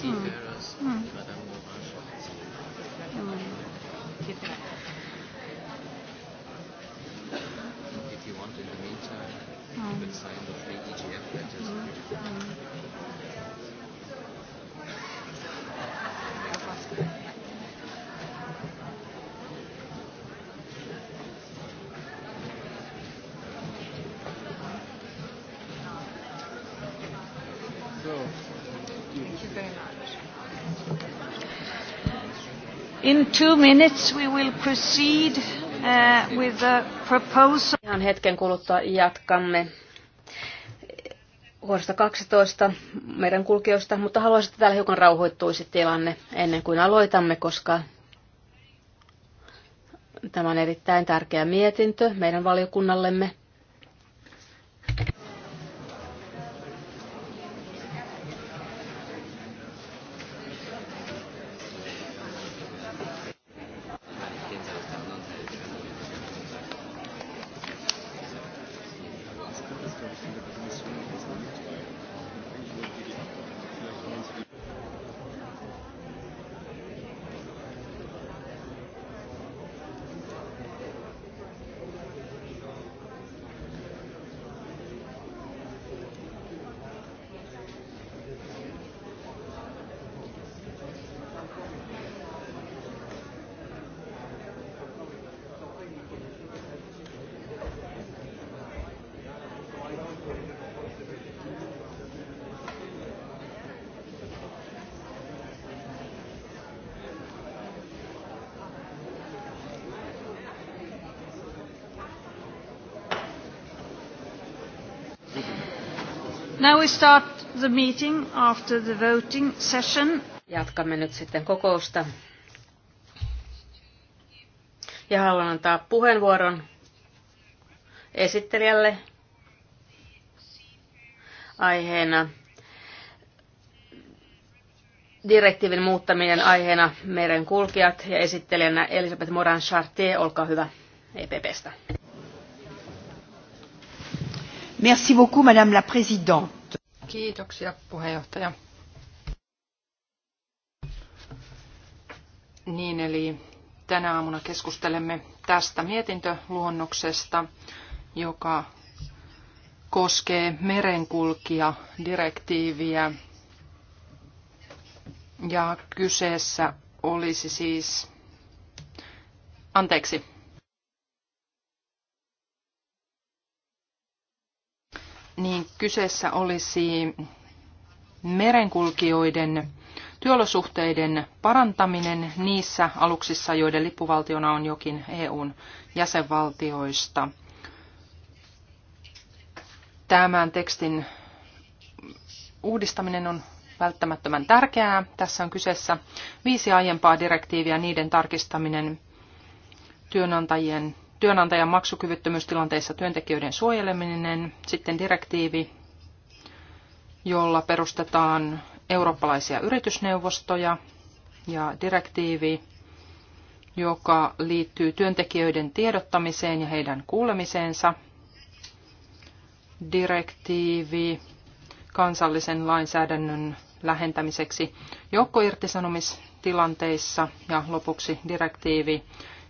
Mm. Mm. out in the meantime mm. with sign of the EGF letters. Mm. Mm. In two minutes we will proceed uh, with the proposal. Ihan hetken kuluttua jatkamme vuodesta 12 meidän kulkeusta, mutta haluaisin, että täällä hiukan rauhoittuisi tilanne ennen kuin aloitamme, koska tämä on erittäin tärkeä mietintö meidän valiokunnallemme. Now we start the meeting after the voting session. Jatkamme nyt sitten kokousta. Ja haluan antaa puheenvuoron esittelijälle aiheena direktiivin muuttaminen aiheena merenkulkijat ja esittelijänä Elisabeth Moran Chartier, olkaa hyvä EPPstä. Merci beaucoup, Madame la Présidente. Kiitoksia, puheenjohtaja. Niin, eli tänä aamuna keskustelemme tästä mietintöluonnoksesta, joka koskee merenkulkijadirektiiviä. Ja kyseessä olisi siis, anteeksi, niin kyseessä olisi merenkulkijoiden työolosuhteiden parantaminen niissä aluksissa, joiden lippuvaltiona on jokin EUn jäsenvaltioista. Tämän tekstin uudistaminen on välttämättömän tärkeää. Tässä on kyseessä viisi aiempaa direktiiviä, niiden tarkistaminen työnantajien työnantajan maksukyvyttömyystilanteissa työntekijöiden suojeleminen, sitten direktiivi, jolla perustetaan eurooppalaisia yritysneuvostoja ja direktiivi, joka liittyy työntekijöiden tiedottamiseen ja heidän kuulemiseensa, direktiivi kansallisen lainsäädännön lähentämiseksi joukkoirtisanomistilanteissa ja lopuksi direktiivi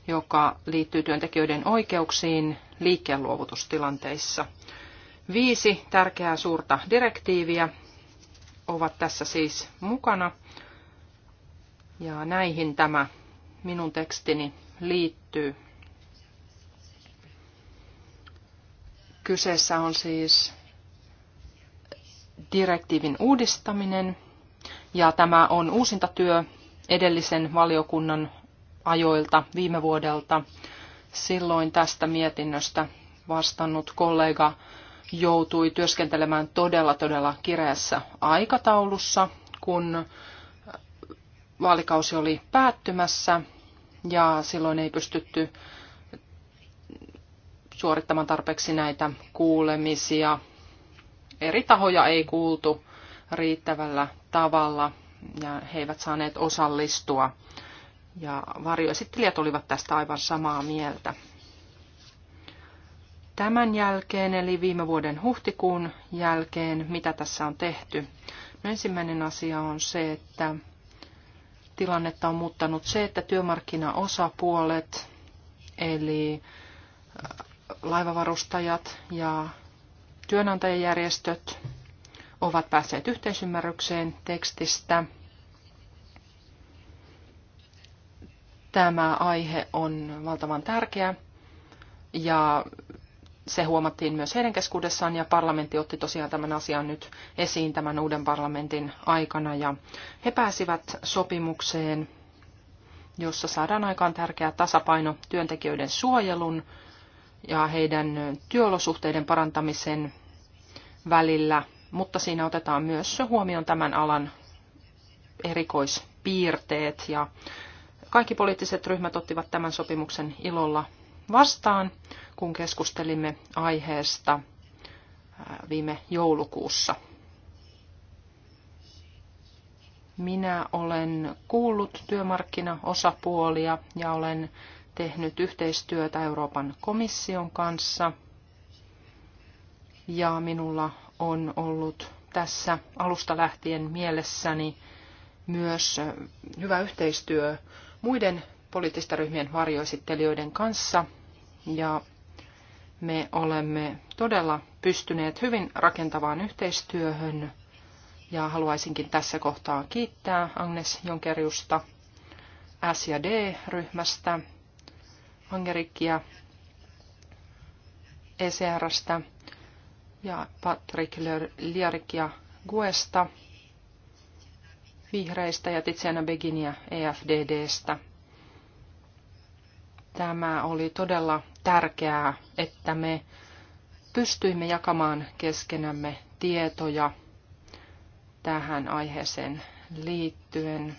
joka liittyy työntekijöiden oikeuksiin liikkeenluovutustilanteissa. Viisi tärkeää suurta direktiiviä ovat tässä siis mukana. Ja näihin tämä minun tekstini liittyy. Kyseessä on siis direktiivin uudistaminen ja tämä on uusintatyö edellisen valiokunnan ajoilta viime vuodelta. Silloin tästä mietinnöstä vastannut kollega joutui työskentelemään todella todella kireässä aikataulussa, kun vaalikausi oli päättymässä ja silloin ei pystytty suorittamaan tarpeeksi näitä kuulemisia. Eri tahoja ei kuultu riittävällä tavalla ja he eivät saaneet osallistua ja varjoesittelijät olivat tästä aivan samaa mieltä. Tämän jälkeen, eli viime vuoden huhtikuun jälkeen, mitä tässä on tehty? No ensimmäinen asia on se, että tilannetta on muuttanut se, että työmarkkinaosapuolet, eli äh, laivavarustajat ja työnantajajärjestöt ovat päässeet yhteisymmärrykseen tekstistä – Tämä aihe on valtavan tärkeä ja se huomattiin myös heidän keskuudessaan ja parlamentti otti tosiaan tämän asian nyt esiin tämän uuden parlamentin aikana ja he pääsivät sopimukseen, jossa saadaan aikaan tärkeä tasapaino työntekijöiden suojelun ja heidän työolosuhteiden parantamisen välillä, mutta siinä otetaan myös huomioon tämän alan erikoispiirteet ja kaikki poliittiset ryhmät ottivat tämän sopimuksen ilolla vastaan, kun keskustelimme aiheesta viime joulukuussa. Minä olen kuullut työmarkkinaosapuolia ja olen tehnyt yhteistyötä Euroopan komission kanssa. Ja minulla on ollut tässä alusta lähtien mielessäni myös hyvä yhteistyö muiden poliittisten ryhmien varjoesittelijöiden kanssa ja me olemme todella pystyneet hyvin rakentavaan yhteistyöhön ja haluaisinkin tässä kohtaa kiittää Agnes Jonkeriusta S- ja D-ryhmästä, Angerikia, ECRstä ja Patrick Liarikia, Guesta – vihreistä ja Tiziana Beginia EFDDstä. Tämä oli todella tärkeää, että me pystyimme jakamaan keskenämme tietoja tähän aiheeseen liittyen.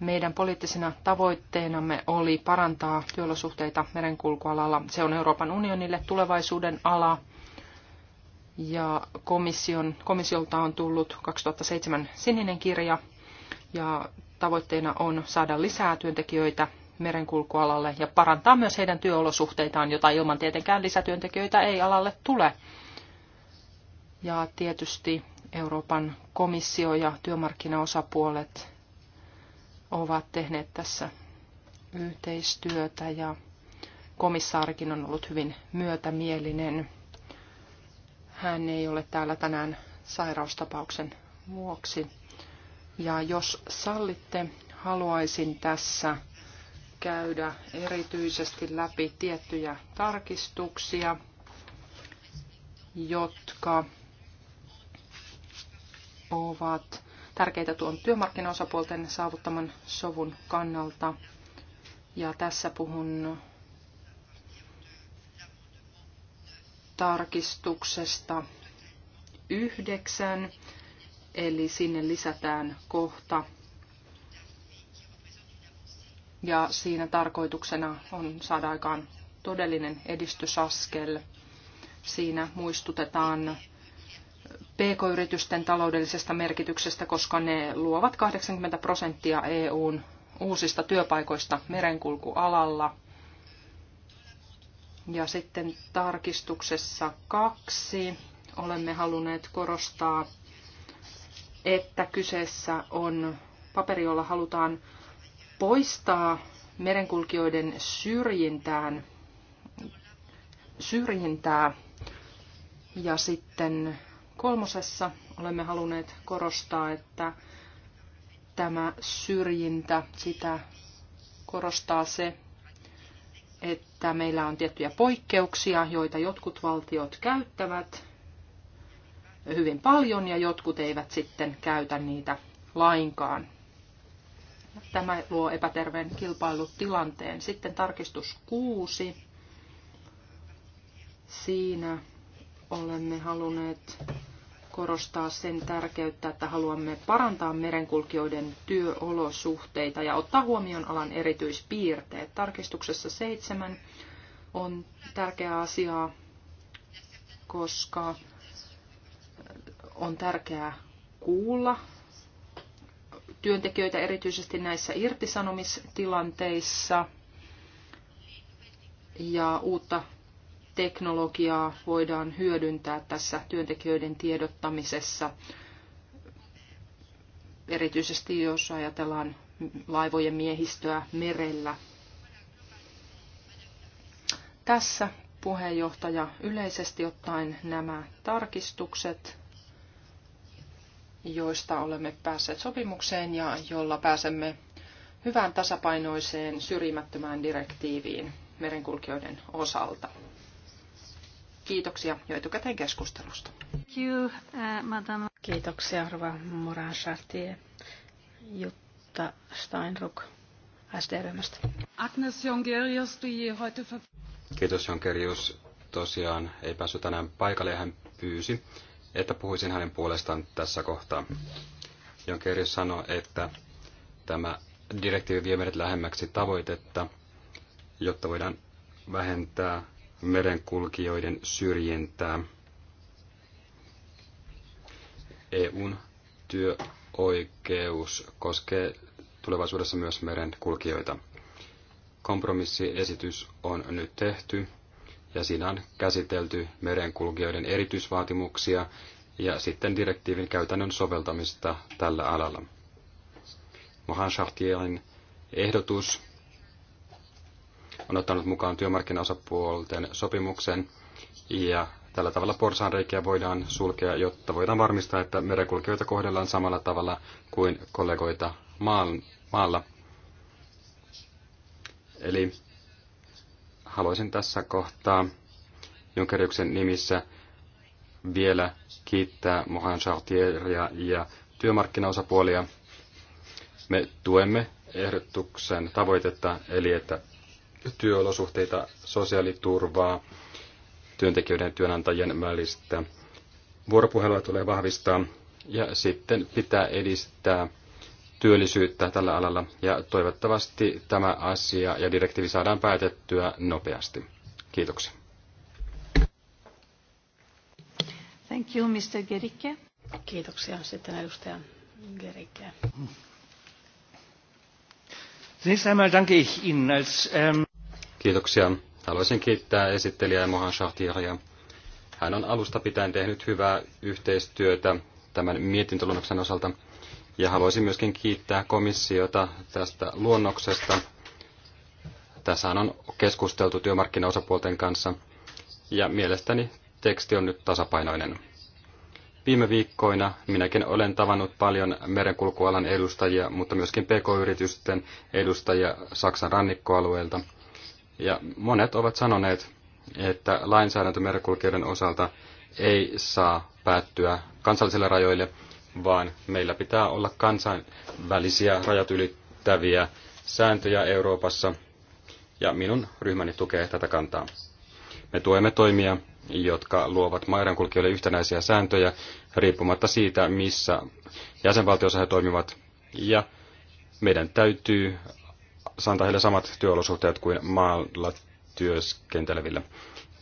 Meidän poliittisena tavoitteenamme oli parantaa työolosuhteita merenkulkualalla. Se on Euroopan unionille tulevaisuuden ala ja komission, komissiolta on tullut 2007 sininen kirja ja tavoitteena on saada lisää työntekijöitä merenkulkualalle ja parantaa myös heidän työolosuhteitaan, jota ilman tietenkään lisätyöntekijöitä ei alalle tule. Ja tietysti Euroopan komissio ja työmarkkinaosapuolet ovat tehneet tässä yhteistyötä ja komissaarikin on ollut hyvin myötämielinen. Hän ei ole täällä tänään sairaustapauksen vuoksi. Ja jos sallitte, haluaisin tässä käydä erityisesti läpi tiettyjä tarkistuksia, jotka ovat tärkeitä tuon työmarkkinaosapuolten saavuttaman sovun kannalta. Ja tässä puhun tarkistuksesta yhdeksän, eli sinne lisätään kohta. Ja siinä tarkoituksena on saada aikaan todellinen edistysaskel. Siinä muistutetaan PK-yritysten taloudellisesta merkityksestä, koska ne luovat 80 prosenttia EUn uusista työpaikoista merenkulkualalla – ja sitten tarkistuksessa kaksi olemme halunneet korostaa, että kyseessä on paperi, jolla halutaan poistaa merenkulkijoiden syrjintään, syrjintää. Ja sitten kolmosessa olemme halunneet korostaa, että tämä syrjintä, sitä korostaa se, että meillä on tiettyjä poikkeuksia, joita jotkut valtiot käyttävät hyvin paljon ja jotkut eivät sitten käytä niitä lainkaan. Tämä luo epäterveen kilpailutilanteen. Sitten tarkistus 6. Siinä olemme halunneet korostaa sen tärkeyttä, että haluamme parantaa merenkulkijoiden työolosuhteita ja ottaa huomioon alan erityispiirteet. Tarkistuksessa seitsemän on tärkeää asiaa, koska on tärkeää kuulla työntekijöitä erityisesti näissä irtisanomistilanteissa ja uutta teknologiaa voidaan hyödyntää tässä työntekijöiden tiedottamisessa, erityisesti jos ajatellaan laivojen miehistöä merellä. Tässä puheenjohtaja yleisesti ottaen nämä tarkistukset, joista olemme päässeet sopimukseen ja jolla pääsemme hyvään tasapainoiseen syrjimättömään direktiiviin merenkulkijoiden osalta. Kiitoksia jo etukäteen keskustelusta. Uh, Kiitoksia, Arva Moran Chartier. Jutta Steinruck SD-ryhmästä. Agnes Jongerius, Kiitos Jonkerius. Tosiaan ei päässyt tänään paikalle ja hän pyysi, että puhuisin hänen puolestaan tässä kohtaa. Jonkerius sanoi, että tämä direktiivi vie meidät lähemmäksi tavoitetta, jotta voidaan vähentää merenkulkijoiden syrjintää. EUn työoikeus koskee tulevaisuudessa myös merenkulkijoita. Kompromissiesitys on nyt tehty ja siinä on käsitelty merenkulkijoiden erityisvaatimuksia ja sitten direktiivin käytännön soveltamista tällä alalla. Mohan Chartierin ehdotus on ottanut mukaan työmarkkinaosapuolten sopimuksen ja tällä tavalla porsaanreikiä voidaan sulkea, jotta voidaan varmistaa, että merenkulkijoita kohdellaan samalla tavalla kuin kollegoita maalla. Eli haluaisin tässä kohtaa Junkeriuksen nimissä vielä kiittää Mohan Chartieria ja työmarkkinaosapuolia. Me tuemme ehdotuksen tavoitetta, eli että työolosuhteita, sosiaaliturvaa, työntekijöiden ja työnantajien välistä. Vuoropuhelua tulee vahvistaa ja sitten pitää edistää työllisyyttä tällä alalla ja toivottavasti tämä asia ja direktiivi saadaan päätettyä nopeasti. Kiitoksia. Thank you, Mr. Gericke. Kiitoksia. Sitten edustaja Gericke. Zunächst einmal danke ich Ihnen als ähm Kiitoksia. Haluaisin kiittää esittelijää Mohan Shahtiria. Hän on alusta pitäen tehnyt hyvää yhteistyötä tämän mietintöluonnoksen osalta. Ja haluaisin myöskin kiittää komissiota tästä luonnoksesta. Tässä on keskusteltu työmarkkinaosapuolten kanssa ja mielestäni teksti on nyt tasapainoinen. Viime viikkoina minäkin olen tavannut paljon merenkulkualan edustajia, mutta myöskin pk-yritysten edustajia Saksan rannikkoalueelta – ja monet ovat sanoneet, että lainsäädäntö merenkulkijoiden osalta ei saa päättyä kansallisille rajoille, vaan meillä pitää olla kansainvälisiä rajat ylittäviä sääntöjä Euroopassa, ja minun ryhmäni tukee tätä kantaa. Me tuemme toimia, jotka luovat merenkulkijoille yhtenäisiä sääntöjä riippumatta siitä, missä jäsenvaltiossa he toimivat, ja meidän täytyy antaa heille samat työolosuhteet kuin maalla työskenteleville.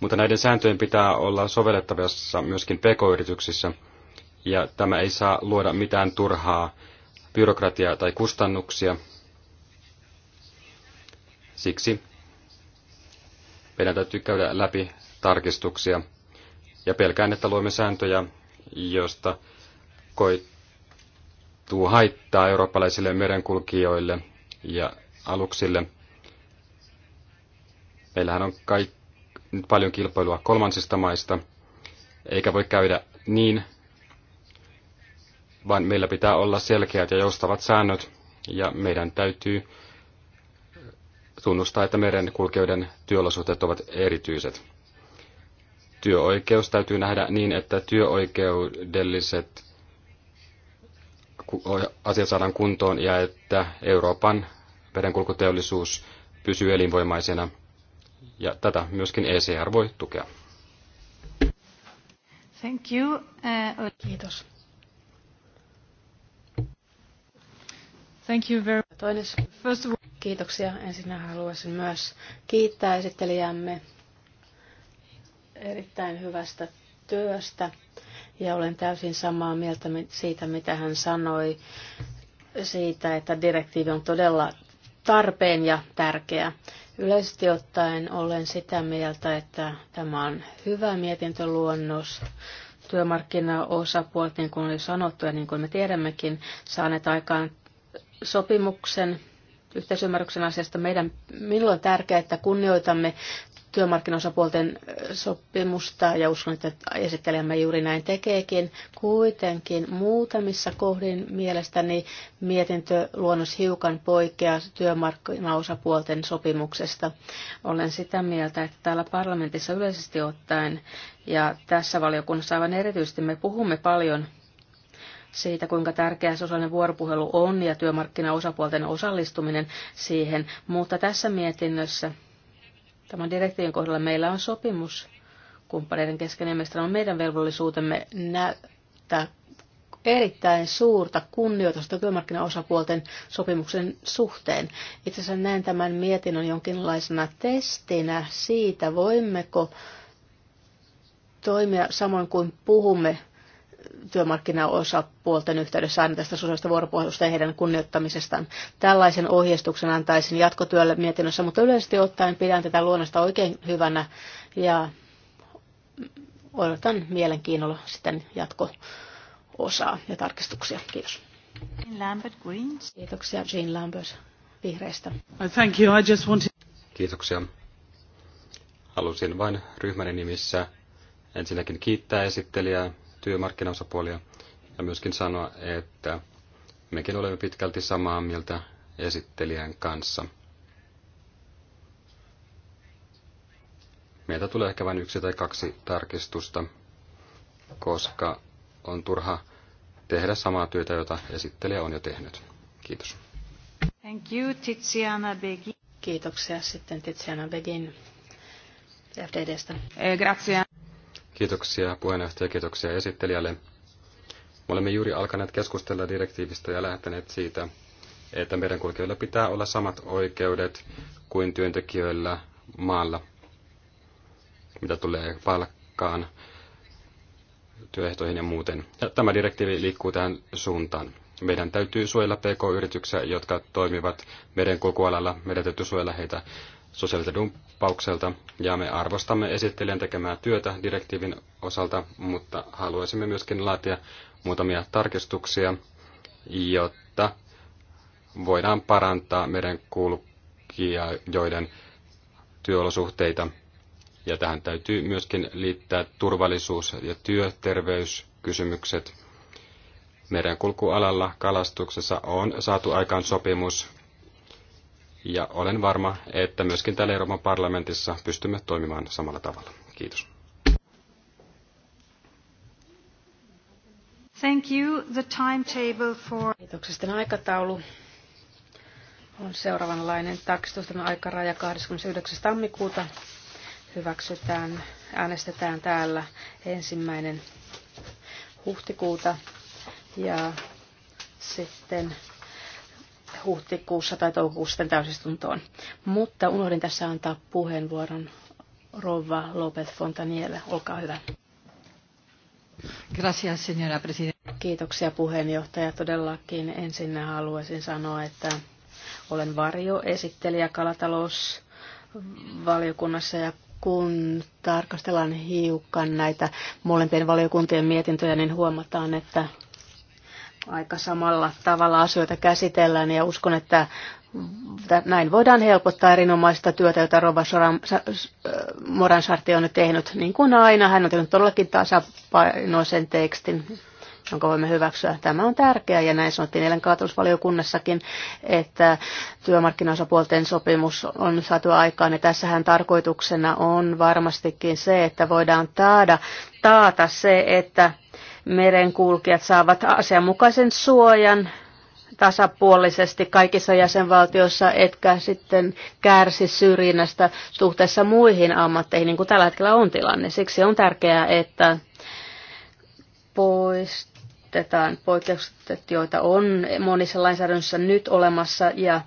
Mutta näiden sääntöjen pitää olla sovellettavissa myöskin pk-yrityksissä, ja tämä ei saa luoda mitään turhaa byrokratiaa tai kustannuksia. Siksi meidän täytyy käydä läpi tarkistuksia. Ja pelkään, että luomme sääntöjä, joista koittuu haittaa eurooppalaisille merenkulkijoille ja aluksille. Meillähän on kaik- nyt paljon kilpailua kolmansista maista, eikä voi käydä niin, vaan meillä pitää olla selkeät ja joustavat säännöt, ja meidän täytyy tunnustaa, että merenkulkijoiden työolosuhteet ovat erityiset. Työoikeus täytyy nähdä niin, että työoikeudelliset asiat saadaan kuntoon ja että Euroopan merenkulkuteollisuus pysyy elinvoimaisena, ja tätä myöskin ECR voi tukea. Thank you. Uh, Kiitos. Thank you very much. First of all... Kiitoksia. Ensinnä haluaisin myös kiittää esittelijämme erittäin hyvästä työstä ja olen täysin samaa mieltä siitä, mitä hän sanoi siitä, että direktiivi on todella tarpeen ja tärkeä. Yleisesti ottaen olen sitä mieltä, että tämä on hyvä mietintöluonnos. Työmarkkinaosapuolet, niin kuin oli sanottu ja niin kuin me tiedämmekin, saaneet aikaan sopimuksen yhteisymmärryksen asiasta. Meidän, minulla on tärkeää, että kunnioitamme työmarkkinaosapuolten sopimusta ja uskon, että esittelemme juuri näin tekeekin. Kuitenkin muutamissa kohdin mielestäni mietintö luonnos hiukan poikkeaa työmarkkinaosapuolten sopimuksesta. Olen sitä mieltä, että täällä parlamentissa yleisesti ottaen ja tässä valiokunnassa aivan erityisesti me puhumme paljon siitä, kuinka tärkeää sosiaalinen vuoropuhelu on ja työmarkkinaosapuolten osallistuminen siihen, mutta tässä mietinnössä Tämän direktiivin kohdalla meillä on sopimus kumppaneiden kesken ja meistä on meidän velvollisuutemme näyttää erittäin suurta kunnioitusta työmarkkinaosapuolten sopimuksen suhteen. Itse asiassa näen tämän mietinnön jonkinlaisena testinä siitä, voimmeko toimia samoin kuin puhumme työmarkkinaosapuolten yhteydessä aina tästä sosiaalista vuoropuhelusta ja heidän kunnioittamisestaan. Tällaisen ohjeistuksen antaisin jatkotyölle mietinnössä, mutta yleisesti ottaen pidän tätä luonnosta oikein hyvänä ja odotan mielenkiinnolla sitten jatko-osaa ja tarkistuksia. Kiitos. Lambert Greens. Kiitoksia Jean Lambert vihreistä. Thank you. I just wanted... Kiitoksia. Halusin vain ryhmäni nimissä ensinnäkin kiittää esittelijää työmarkkinaosapuolia ja myöskin sanoa, että mekin olemme pitkälti samaa mieltä esittelijän kanssa. Meiltä tulee ehkä vain yksi tai kaksi tarkistusta, koska on turha tehdä samaa työtä, jota esittelijä on jo tehnyt. Kiitos. Thank you, Tiziana Begin. Kiitoksia sitten Tiziana Begin. FDDstä. Eh, grazie. Kiitoksia puheenjohtaja, kiitoksia esittelijälle. Me olemme juuri alkaneet keskustella direktiivistä ja lähteneet siitä, että merenkulkijoilla pitää olla samat oikeudet kuin työntekijöillä maalla, mitä tulee palkkaan, työehtoihin ja muuten. Ja tämä direktiivi liikkuu tähän suuntaan. Meidän täytyy suojella PK-yrityksiä, jotka toimivat merenkulkualalla. Meidän täytyy suojella heitä sosiaalista dumppaukselta ja me arvostamme esittelijän tekemää työtä direktiivin osalta, mutta haluaisimme myöskin laatia muutamia tarkistuksia, jotta voidaan parantaa merenkulkijoiden työolosuhteita. Ja tähän täytyy myöskin liittää turvallisuus- ja työterveyskysymykset. Merenkulkualalla kalastuksessa on saatu aikaan sopimus ja olen varma, että myöskin täällä Euroopan parlamentissa pystymme toimimaan samalla tavalla. Kiitos. Thank you. The timetable for... Kiitoksesta aikataulu on seuraavanlainen. Tarkistusten aikaraja 29. tammikuuta hyväksytään, äänestetään täällä ensimmäinen huhtikuuta ja sitten huhtikuussa tai toukokuussa sitten täysistuntoon. Mutta unohdin tässä antaa puheenvuoron Rova lopet Fontanielle. Olkaa hyvä. Gracias, señora presidenta. Kiitoksia puheenjohtaja. Todellakin ensin haluaisin sanoa, että olen varjoesittelijä kalatalousvaliokunnassa ja kun tarkastellaan hiukan näitä molempien valiokuntien mietintöjä, niin huomataan, että aika samalla tavalla asioita käsitellään ja uskon, että näin voidaan helpottaa erinomaista työtä, jota Rova äh, Moransarti on nyt tehnyt. Niin kuin aina, hän on tehnyt todellakin tasapainoisen tekstin, jonka voimme hyväksyä. Tämä on tärkeää, ja näin sanottiin eilen kaatollisvaliokunnassakin, että työmarkkinaosapuolten sopimus on saatu aikaan, ja tässähän tarkoituksena on varmastikin se, että voidaan taada, taata se, että merenkulkijat saavat asianmukaisen suojan tasapuolisesti kaikissa jäsenvaltioissa, etkä sitten kärsi syrjinnästä suhteessa muihin ammatteihin, niin kuin tällä hetkellä on tilanne. Siksi on tärkeää, että poistetaan poikkeukset, joita on monissa lainsäädännössä nyt olemassa, ja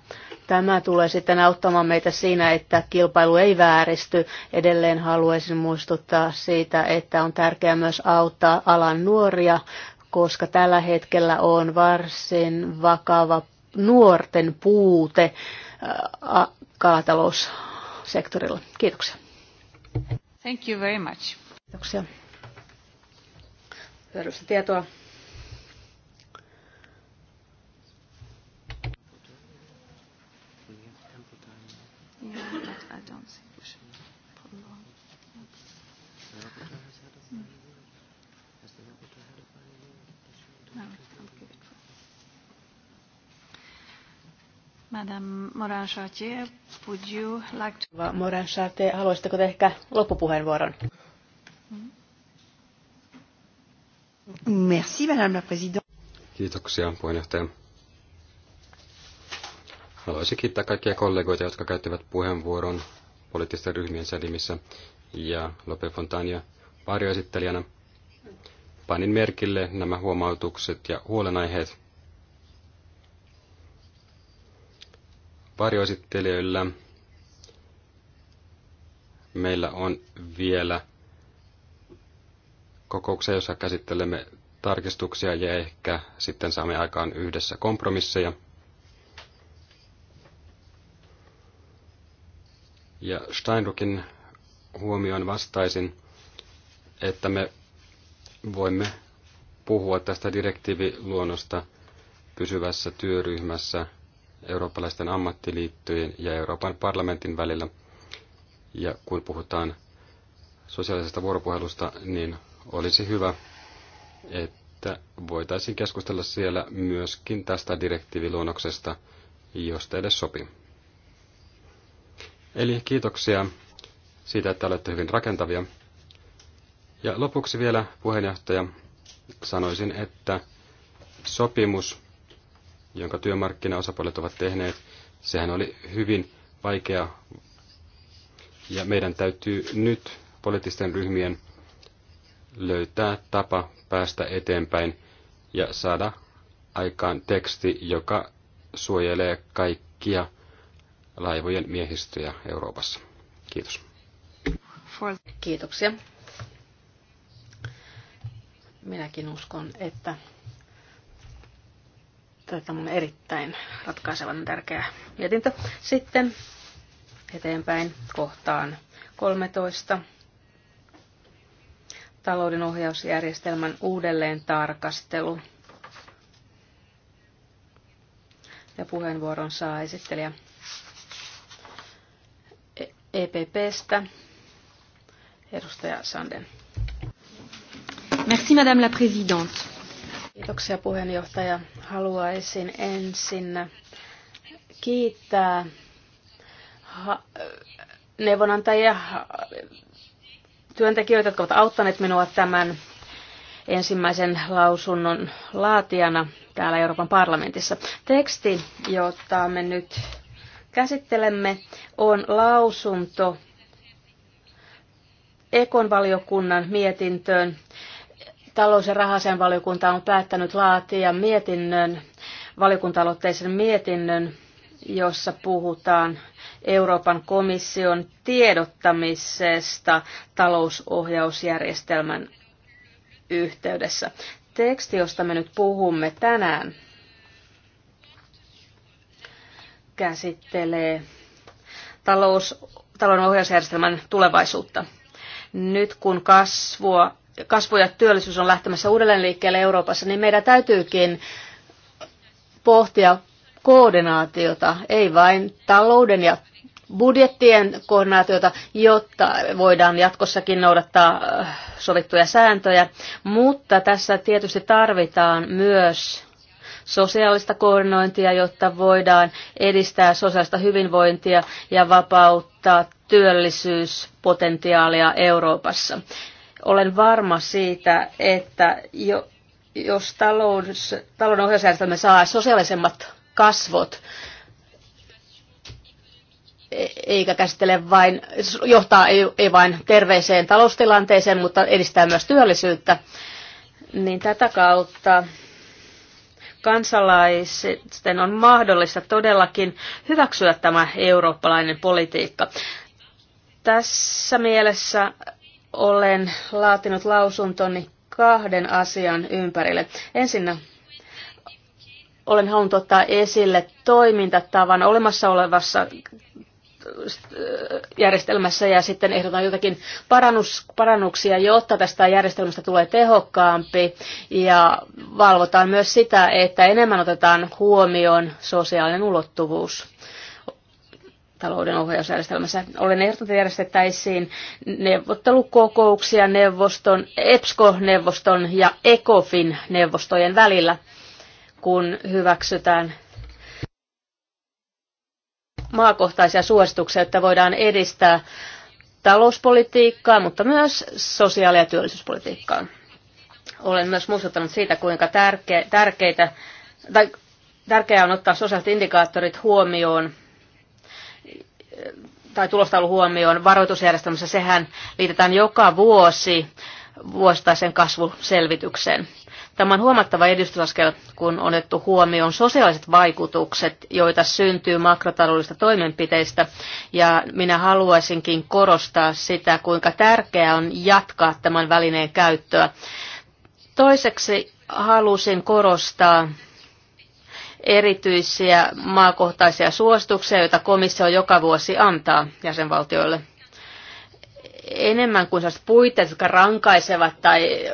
Tämä tulee sitten auttamaan meitä siinä, että kilpailu ei vääristy. Edelleen haluaisin muistuttaa siitä, että on tärkeää myös auttaa alan nuoria, koska tällä hetkellä on varsin vakava nuorten puute äh, kalataloussektorilla. Kiitoksia. Thank you very much. Kiitoksia. Perustetietoa. Madame Moran Chartier, would you like to... Moran Chartier, haluaisitteko te ehkä loppupuheenvuoron? Merci, Madame la Présidente. Kiitoksia, puheenjohtaja. Haluaisin kiittää kaikkia kollegoita, jotka käyttivät puheenvuoron poliittisten ryhmien nimissä ja Lope Fontania varjoesittelijänä. Panin merkille nämä huomautukset ja huolenaiheet, varjoesittelijöillä meillä on vielä kokouksia, jossa käsittelemme tarkistuksia ja ehkä sitten saamme aikaan yhdessä kompromisseja. Ja Steinruckin huomioon vastaisin, että me voimme puhua tästä direktiiviluonnosta pysyvässä työryhmässä eurooppalaisten ammattiliittojen ja Euroopan parlamentin välillä. Ja kun puhutaan sosiaalisesta vuoropuhelusta, niin olisi hyvä, että voitaisiin keskustella siellä myöskin tästä direktiiviluonnoksesta, jos teille sopii. Eli kiitoksia siitä, että olette hyvin rakentavia. Ja lopuksi vielä puheenjohtaja sanoisin, että sopimus jonka työmarkkinaosapuolet ovat tehneet, sehän oli hyvin vaikea. Ja meidän täytyy nyt poliittisten ryhmien löytää tapa päästä eteenpäin ja saada aikaan teksti, joka suojelee kaikkia laivojen miehistöjä Euroopassa. Kiitos. Kiitoksia. Minäkin uskon, että Tämä on erittäin ratkaisevan tärkeä mietintö. Sitten eteenpäin kohtaan 13. Talouden ohjausjärjestelmän uudelleen tarkastelu. Ja puheenvuoron saa esittelijä EPPstä, edustaja Sanden. Merci, Madame la Présidente. Kiitoksia puheenjohtaja. Haluaisin ensin kiittää neuvonantajia, työntekijöitä, jotka ovat auttaneet minua tämän ensimmäisen lausunnon laatijana täällä Euroopan parlamentissa. Teksti, jota me nyt käsittelemme, on lausunto Ekon valiokunnan mietintöön Talous- ja rahasen valiokunta on päättänyt laatia mietinnön, valiokuntaloitteisen mietinnön, jossa puhutaan Euroopan komission tiedottamisesta talousohjausjärjestelmän yhteydessä. Teksti, josta me nyt puhumme tänään, käsittelee talous, talouden ohjausjärjestelmän tulevaisuutta. Nyt kun kasvua kasvu ja työllisyys on lähtemässä uudelleen liikkeelle Euroopassa, niin meidän täytyykin pohtia koordinaatiota, ei vain talouden ja budjettien koordinaatiota, jotta voidaan jatkossakin noudattaa äh, sovittuja sääntöjä, mutta tässä tietysti tarvitaan myös sosiaalista koordinointia, jotta voidaan edistää sosiaalista hyvinvointia ja vapauttaa työllisyyspotentiaalia Euroopassa olen varma siitä, että jo, jos talous, talouden ohjausjärjestelmä saa sosiaalisemmat kasvot, e, eikä käsittele vain, johtaa ei, ei vain terveeseen taloustilanteeseen, mutta edistää myös työllisyyttä, niin tätä kautta kansalaisten on mahdollista todellakin hyväksyä tämä eurooppalainen politiikka. Tässä mielessä olen laatinut lausuntoni kahden asian ympärille. Ensinnä olen halunnut ottaa esille toimintatavan olemassa olevassa äh, järjestelmässä ja sitten ehdotan jotakin parannus, parannuksia, jotta tästä järjestelmästä tulee tehokkaampi ja valvotaan myös sitä, että enemmän otetaan huomioon sosiaalinen ulottuvuus talouden ohjausjärjestelmässä. Olen ehdottanut, että järjestettäisiin neuvottelukokouksia neuvoston, EPSCO-neuvoston ja ECOFIN-neuvostojen välillä, kun hyväksytään maakohtaisia suosituksia, että voidaan edistää talouspolitiikkaa, mutta myös sosiaali- ja työllisyyspolitiikkaa. Olen myös muistuttanut siitä, kuinka tärkeä tärkeitä, tai tärkeää on ottaa sosiaaliset indikaattorit huomioon tai tulostaulu huomioon varoitusjärjestelmässä, sehän liitetään joka vuosi vuosittaisen kasvuselvitykseen. Tämä on huomattava edistysaskel, kun on otettu huomioon sosiaaliset vaikutukset, joita syntyy makrotaloudellisista toimenpiteistä. Ja minä haluaisinkin korostaa sitä, kuinka tärkeää on jatkaa tämän välineen käyttöä. Toiseksi halusin korostaa erityisiä maakohtaisia suosituksia, joita komissio joka vuosi antaa jäsenvaltioille enemmän kuin sellaiset puitteet, jotka rankaisevat tai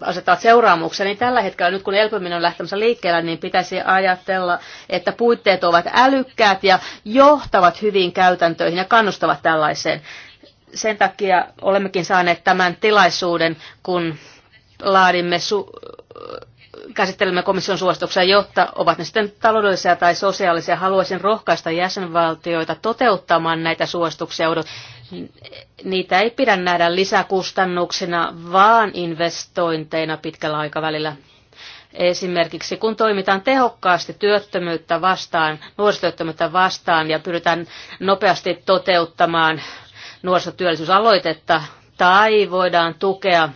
asettavat seuraamuksia, niin tällä hetkellä nyt kun elpyminen on lähtemässä liikkeellä, niin pitäisi ajatella, että puitteet ovat älykkäät ja johtavat hyvin käytäntöihin ja kannustavat tällaiseen. Sen takia olemmekin saaneet tämän tilaisuuden, kun laadimme su- käsittelemme komission suosituksia, jotta ovat ne sitten taloudellisia tai sosiaalisia. Haluaisin rohkaista jäsenvaltioita toteuttamaan näitä suosituksia. Niitä ei pidä nähdä lisäkustannuksina, vaan investointeina pitkällä aikavälillä. Esimerkiksi kun toimitaan tehokkaasti työttömyyttä vastaan, nuorisotyöttömyyttä vastaan ja pyritään nopeasti toteuttamaan nuorisotyöllisyysaloitetta, tai voidaan tukea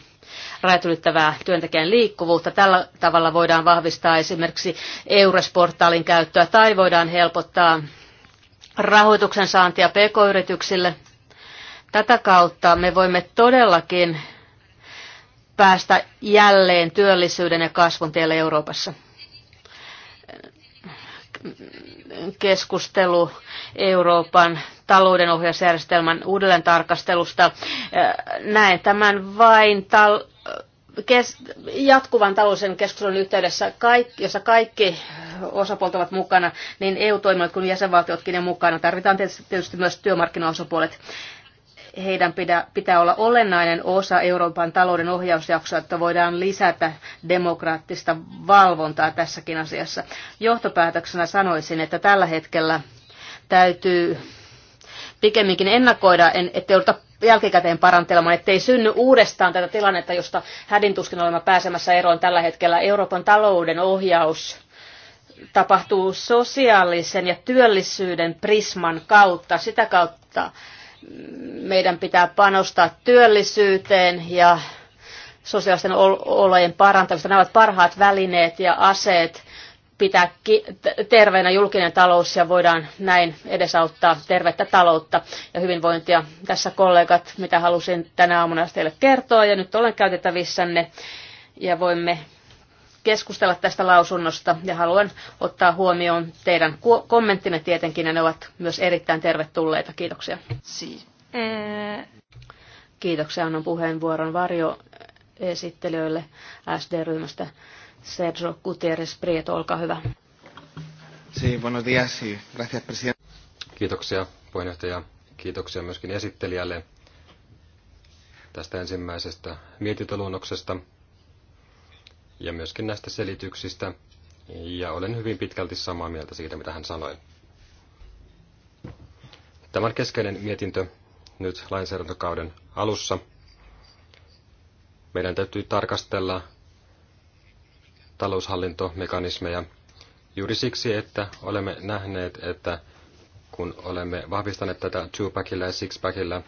rajat ylittävää työntekijän liikkuvuutta. Tällä tavalla voidaan vahvistaa esimerkiksi Eures-portaalin käyttöä tai voidaan helpottaa rahoituksen saantia pk-yrityksille. Tätä kautta me voimme todellakin päästä jälleen työllisyyden ja kasvun tielle Euroopassa keskustelu Euroopan taloudenohjausjärjestelmän uudelleen tarkastelusta. Näen tämän vain tal- kes, jatkuvan talousen keskustelun yhteydessä, kaikki, jossa kaikki osapuolet ovat mukana, niin EU-toimijat kuin jäsenvaltiotkin ja mukana. Tarvitaan tietysti myös työmarkkinaosapuolet. Heidän pitää, pitää olla olennainen osa Euroopan talouden ohjausjaksoa, että voidaan lisätä demokraattista valvontaa tässäkin asiassa. Johtopäätöksenä sanoisin, että tällä hetkellä täytyy pikemminkin ennakoida, en, että jouduta jälkikäteen parantelemaan, ettei synny uudestaan tätä tilannetta, josta hädintuskin olemme pääsemässä eroon tällä hetkellä. Euroopan talouden ohjaus tapahtuu sosiaalisen ja työllisyyden prisman kautta. Sitä kautta meidän pitää panostaa työllisyyteen ja sosiaalisten olojen parantamista. Nämä ovat parhaat välineet ja aseet pitää terveenä julkinen talous ja voidaan näin edesauttaa tervettä taloutta ja hyvinvointia. Tässä kollegat, mitä halusin tänä aamuna teille kertoa ja nyt olen käytettävissänne ja voimme keskustella tästä lausunnosta ja haluan ottaa huomioon teidän kommenttinne tietenkin ja ne ovat myös erittäin tervetulleita. Kiitoksia. Kiitoksia annan puheenvuoron varjoesittelijöille SD-ryhmästä. Sergio Gutierrez Prieto, olkaa hyvä. Sí, buenos días y gracias, presidente. Kiitoksia puheenjohtaja. Kiitoksia myöskin esittelijälle tästä ensimmäisestä mietintöluonnoksesta ja myöskin näistä selityksistä. Ja olen hyvin pitkälti samaa mieltä siitä, mitä hän sanoi. Tämä on keskeinen mietintö nyt lainsäädäntökauden alussa. Meidän täytyy tarkastella taloushallintomekanismeja juuri siksi, että olemme nähneet, että kun olemme vahvistaneet tätä two-packillä ja six-packillä,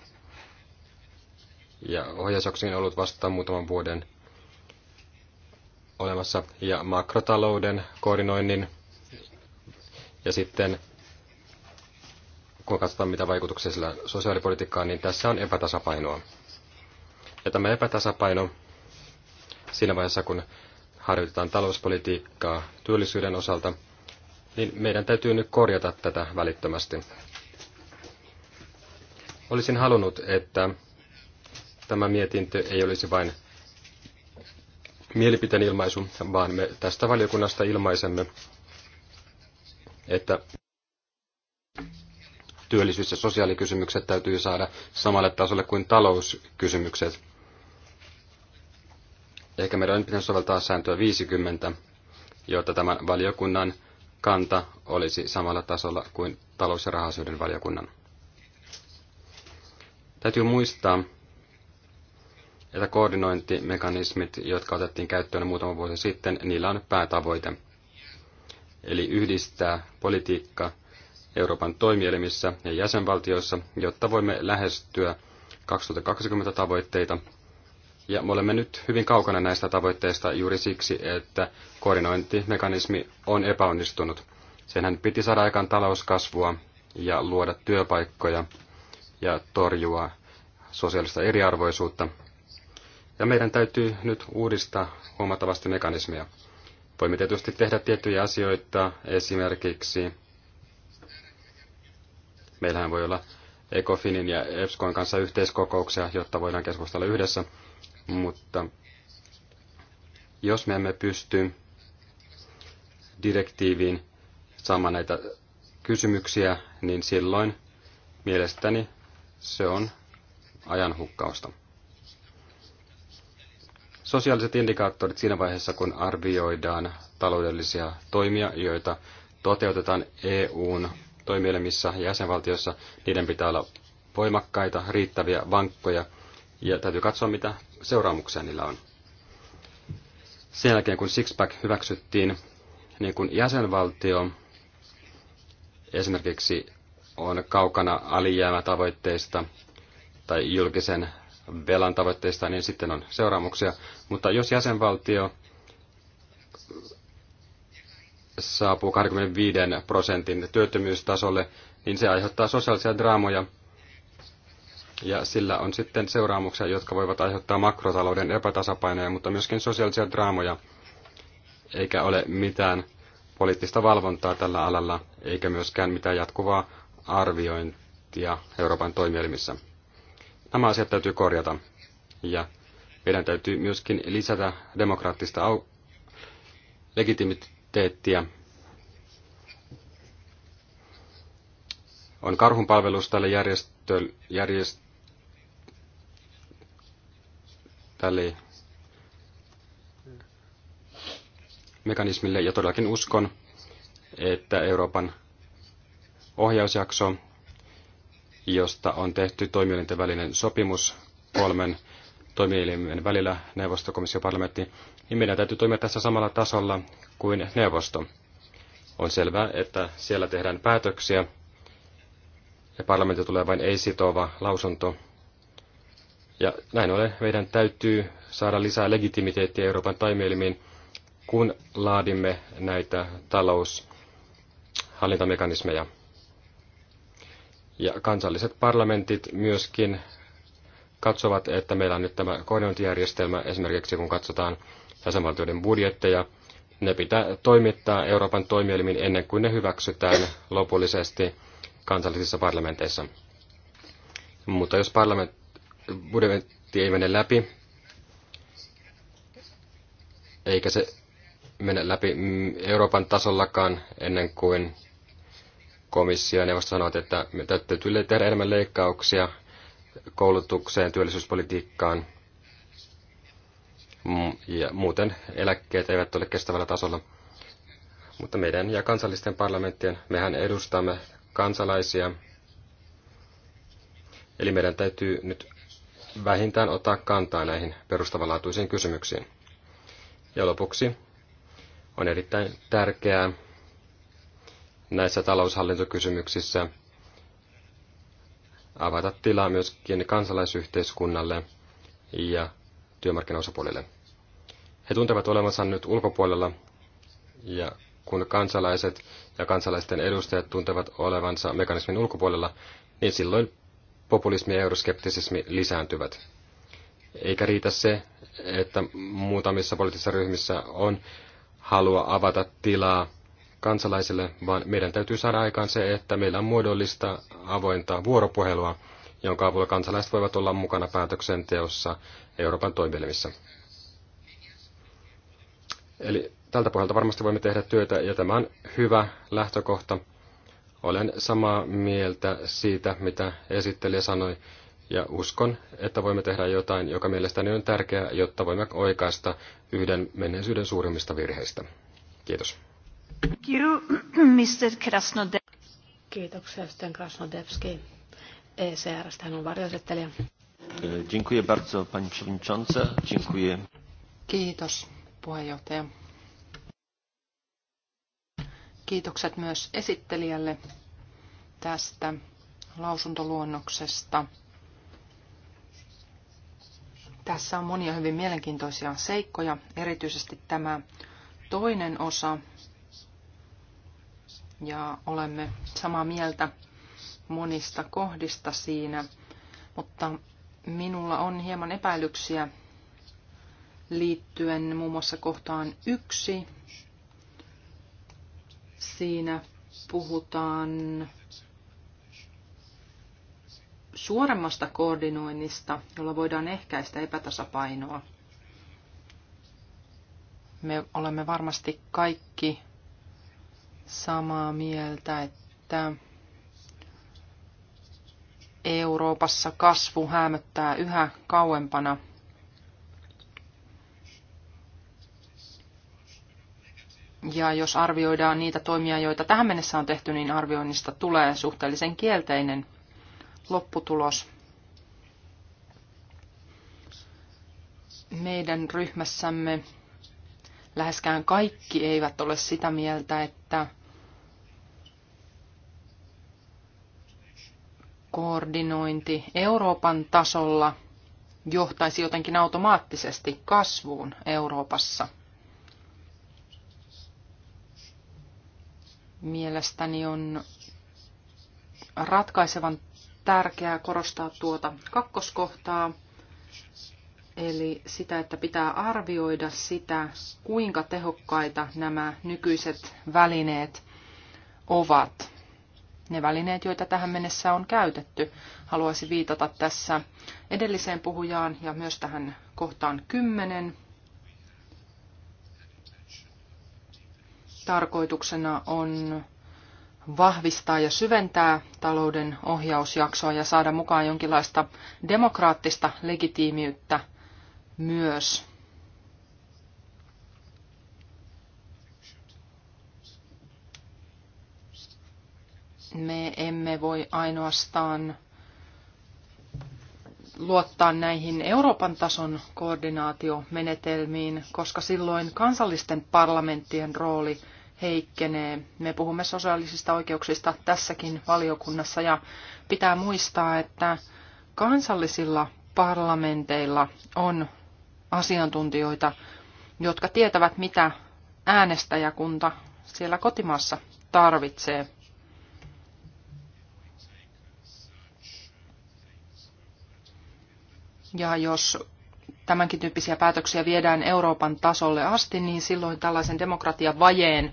ja ohjausjaksokin on ollut vasta muutaman vuoden olemassa, ja makrotalouden koordinoinnin, ja sitten kun katsotaan mitä vaikutuksia sillä sosiaalipolitiikkaan, niin tässä on epätasapainoa. Ja tämä epätasapaino siinä vaiheessa, kun harjoitetaan talouspolitiikkaa työllisyyden osalta, niin meidän täytyy nyt korjata tätä välittömästi. Olisin halunnut, että tämä mietintö ei olisi vain mielipiteen ilmaisu, vaan me tästä valiokunnasta ilmaisemme, että työllisyys- ja sosiaalikysymykset täytyy saada samalle tasolle kuin talouskysymykset – Ehkä meidän pitänyt soveltaa sääntöä 50, jotta tämän valiokunnan kanta olisi samalla tasolla kuin talous- ja rahasyyden valiokunnan. Täytyy muistaa, että koordinointimekanismit, jotka otettiin käyttöön muutama vuosi sitten, niillä on päätavoite. Eli yhdistää politiikka Euroopan toimielimissä ja jäsenvaltioissa, jotta voimme lähestyä 2020 tavoitteita ja me olemme nyt hyvin kaukana näistä tavoitteista juuri siksi, että koordinointimekanismi on epäonnistunut. Senhän piti saada aikaan talouskasvua ja luoda työpaikkoja ja torjua sosiaalista eriarvoisuutta. Ja meidän täytyy nyt uudistaa huomattavasti mekanismia. Voimme tietysti tehdä tiettyjä asioita, esimerkiksi meillähän voi olla Ecofinin ja EPSCOn kanssa yhteiskokouksia, jotta voidaan keskustella yhdessä mutta jos me emme pysty direktiiviin saamaan näitä kysymyksiä, niin silloin mielestäni se on ajanhukkausta. Sosiaaliset indikaattorit siinä vaiheessa, kun arvioidaan taloudellisia toimia, joita toteutetaan EUn toimielimissä ja jäsenvaltioissa, niiden pitää olla voimakkaita, riittäviä, vankkoja, ja täytyy katsoa, mitä seuraamuksia niillä on. Sen jälkeen, kun Sixpack hyväksyttiin, niin kun jäsenvaltio esimerkiksi on kaukana alijäämätavoitteista tai julkisen velan tavoitteista, niin sitten on seuraamuksia. Mutta jos jäsenvaltio saapuu 25 prosentin työttömyystasolle, niin se aiheuttaa sosiaalisia draamoja – ja sillä on sitten seuraamuksia, jotka voivat aiheuttaa makrotalouden epätasapainoja, mutta myöskin sosiaalisia draamoja, eikä ole mitään poliittista valvontaa tällä alalla, eikä myöskään mitään jatkuvaa arviointia Euroopan toimielimissä. Nämä asiat täytyy korjata, ja meidän täytyy myöskin lisätä demokraattista au- legitimiteettiä. On palvelus tälle järjestö- järjest- tälle mekanismille. Ja todellakin uskon, että Euroopan ohjausjakso, josta on tehty toimielinten välinen sopimus kolmen toimielimen välillä, neuvosto, komissio, parlamentti, niin meidän täytyy toimia tässä samalla tasolla kuin neuvosto. On selvää, että siellä tehdään päätöksiä ja parlamentti tulee vain ei-sitova lausunto ja näin ollen meidän täytyy saada lisää legitimiteettiä Euroopan taimielimiin, kun laadimme näitä taloushallintamekanismeja. Ja kansalliset parlamentit myöskin katsovat, että meillä on nyt tämä koordinointijärjestelmä, esimerkiksi kun katsotaan jäsenvaltioiden budjetteja, ne pitää toimittaa Euroopan toimielimin ennen kuin ne hyväksytään lopullisesti kansallisissa parlamenteissa. Mutta jos parlament, budjetti ei mene läpi, eikä se mene läpi mm, Euroopan tasollakaan ennen kuin komissio ja neuvosto sanovat, että me täytyy tehdä enemmän leikkauksia koulutukseen, työllisyyspolitiikkaan, mm, ja muuten eläkkeet eivät ole kestävällä tasolla. Mutta meidän ja kansallisten parlamenttien, mehän edustamme kansalaisia, eli meidän täytyy nyt vähintään ottaa kantaa näihin perustavanlaatuisiin kysymyksiin. Ja lopuksi on erittäin tärkeää näissä taloushallintokysymyksissä avata tilaa myöskin kansalaisyhteiskunnalle ja työmarkkinaosapuolille. He tuntevat olevansa nyt ulkopuolella ja kun kansalaiset ja kansalaisten edustajat tuntevat olevansa mekanismin ulkopuolella, niin silloin populismi ja euroskeptisismi lisääntyvät. Eikä riitä se, että muutamissa poliittisissa ryhmissä on halua avata tilaa kansalaisille, vaan meidän täytyy saada aikaan se, että meillä on muodollista avointa vuoropuhelua, jonka avulla kansalaiset voivat olla mukana päätöksenteossa Euroopan toimielimissä. Eli tältä pohjalta varmasti voimme tehdä työtä, ja tämä on hyvä lähtökohta, olen samaa mieltä siitä, mitä esittelijä sanoi, ja uskon, että voimme tehdä jotain, joka mielestäni on tärkeää, jotta voimme oikaista yhden menneisyyden suurimmista virheistä. Kiitos. Kiitoksia, Sten Krasnodevski. ECR, hän on varjoesittelijä. Dziękuję bardzo, pani przewodnicząca. Dziękuję. Kiitos, puheenjohtaja. Kiitokset myös esittelijälle tästä lausuntoluonnoksesta. Tässä on monia hyvin mielenkiintoisia seikkoja, erityisesti tämä toinen osa. Ja olemme samaa mieltä monista kohdista siinä, mutta minulla on hieman epäilyksiä liittyen muun muassa kohtaan yksi, Siinä puhutaan suoremmasta koordinoinnista, jolla voidaan ehkäistä epätasapainoa. Me olemme varmasti kaikki samaa mieltä, että Euroopassa kasvu hämöttää yhä kauempana – Ja jos arvioidaan niitä toimia, joita tähän mennessä on tehty, niin arvioinnista tulee suhteellisen kielteinen lopputulos. Meidän ryhmässämme läheskään kaikki eivät ole sitä mieltä, että koordinointi Euroopan tasolla johtaisi jotenkin automaattisesti kasvuun Euroopassa – mielestäni on ratkaisevan tärkeää korostaa tuota kakkoskohtaa, eli sitä, että pitää arvioida sitä, kuinka tehokkaita nämä nykyiset välineet ovat. Ne välineet, joita tähän mennessä on käytetty, haluaisin viitata tässä edelliseen puhujaan ja myös tähän kohtaan 10, tarkoituksena on vahvistaa ja syventää talouden ohjausjaksoa ja saada mukaan jonkinlaista demokraattista legitiimiyttä myös. Me emme voi ainoastaan luottaa näihin Euroopan tason koordinaatiomenetelmiin, koska silloin kansallisten parlamenttien rooli heikkenee. Me puhumme sosiaalisista oikeuksista tässäkin valiokunnassa ja pitää muistaa, että kansallisilla parlamenteilla on asiantuntijoita, jotka tietävät, mitä äänestäjäkunta siellä kotimaassa tarvitsee. Ja jos tämänkin tyyppisiä päätöksiä viedään Euroopan tasolle asti, niin silloin tällaisen demokratian vajeen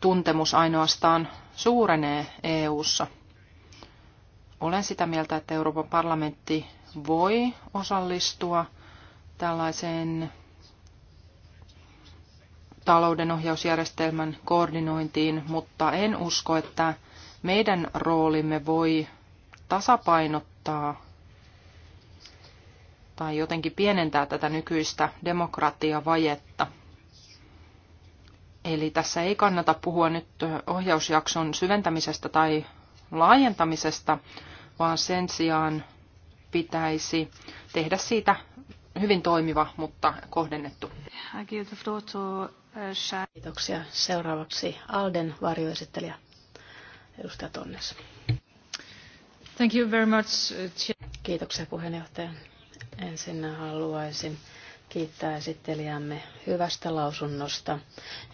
tuntemus ainoastaan suurenee EU:ssa. Olen sitä mieltä, että Euroopan parlamentti voi osallistua tällaiseen taloudenohjausjärjestelmän koordinointiin, mutta en usko, että meidän roolimme voi tasapainottaa tai jotenkin pienentää tätä nykyistä demokratiavajetta. Eli tässä ei kannata puhua nyt ohjausjakson syventämisestä tai laajentamisesta, vaan sen sijaan pitäisi tehdä siitä hyvin toimiva, mutta kohdennettu. Uh, Kiitoksia. Seuraavaksi Alden varjoesittelijä, edustaja Tonnes. Thank you very much. Uh, Kiitoksia puheenjohtaja. Ensin haluaisin kiittää esittelijämme hyvästä lausunnosta,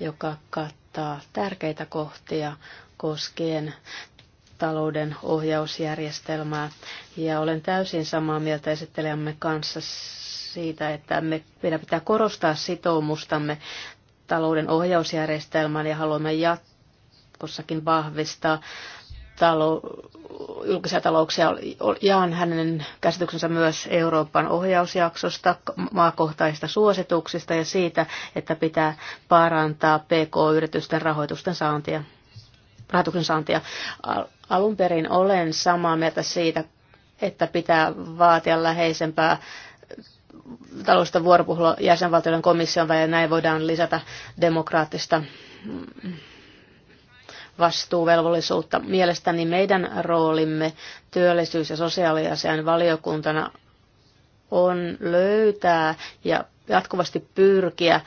joka kattaa tärkeitä kohtia koskien talouden ohjausjärjestelmää. Ja olen täysin samaa mieltä esittelijämme kanssa siitä, että me, meidän pitää korostaa sitoumustamme talouden ohjausjärjestelmään ja haluamme jatkossakin vahvistaa talouden julkisia talouksia. Jaan hänen käsityksensä myös Euroopan ohjausjaksosta, maakohtaisista suosituksista ja siitä, että pitää parantaa PK-yritysten rahoitusten saantia, rahoituksen saantia. Alun perin olen samaa mieltä siitä, että pitää vaatia läheisempää taloudellista vuoropuhelua jäsenvaltioiden komission välillä. Näin voidaan lisätä demokraattista vastuuvelvollisuutta. Mielestäni meidän roolimme työllisyys- ja sosiaaliasian valiokuntana on löytää ja jatkuvasti pyrkiä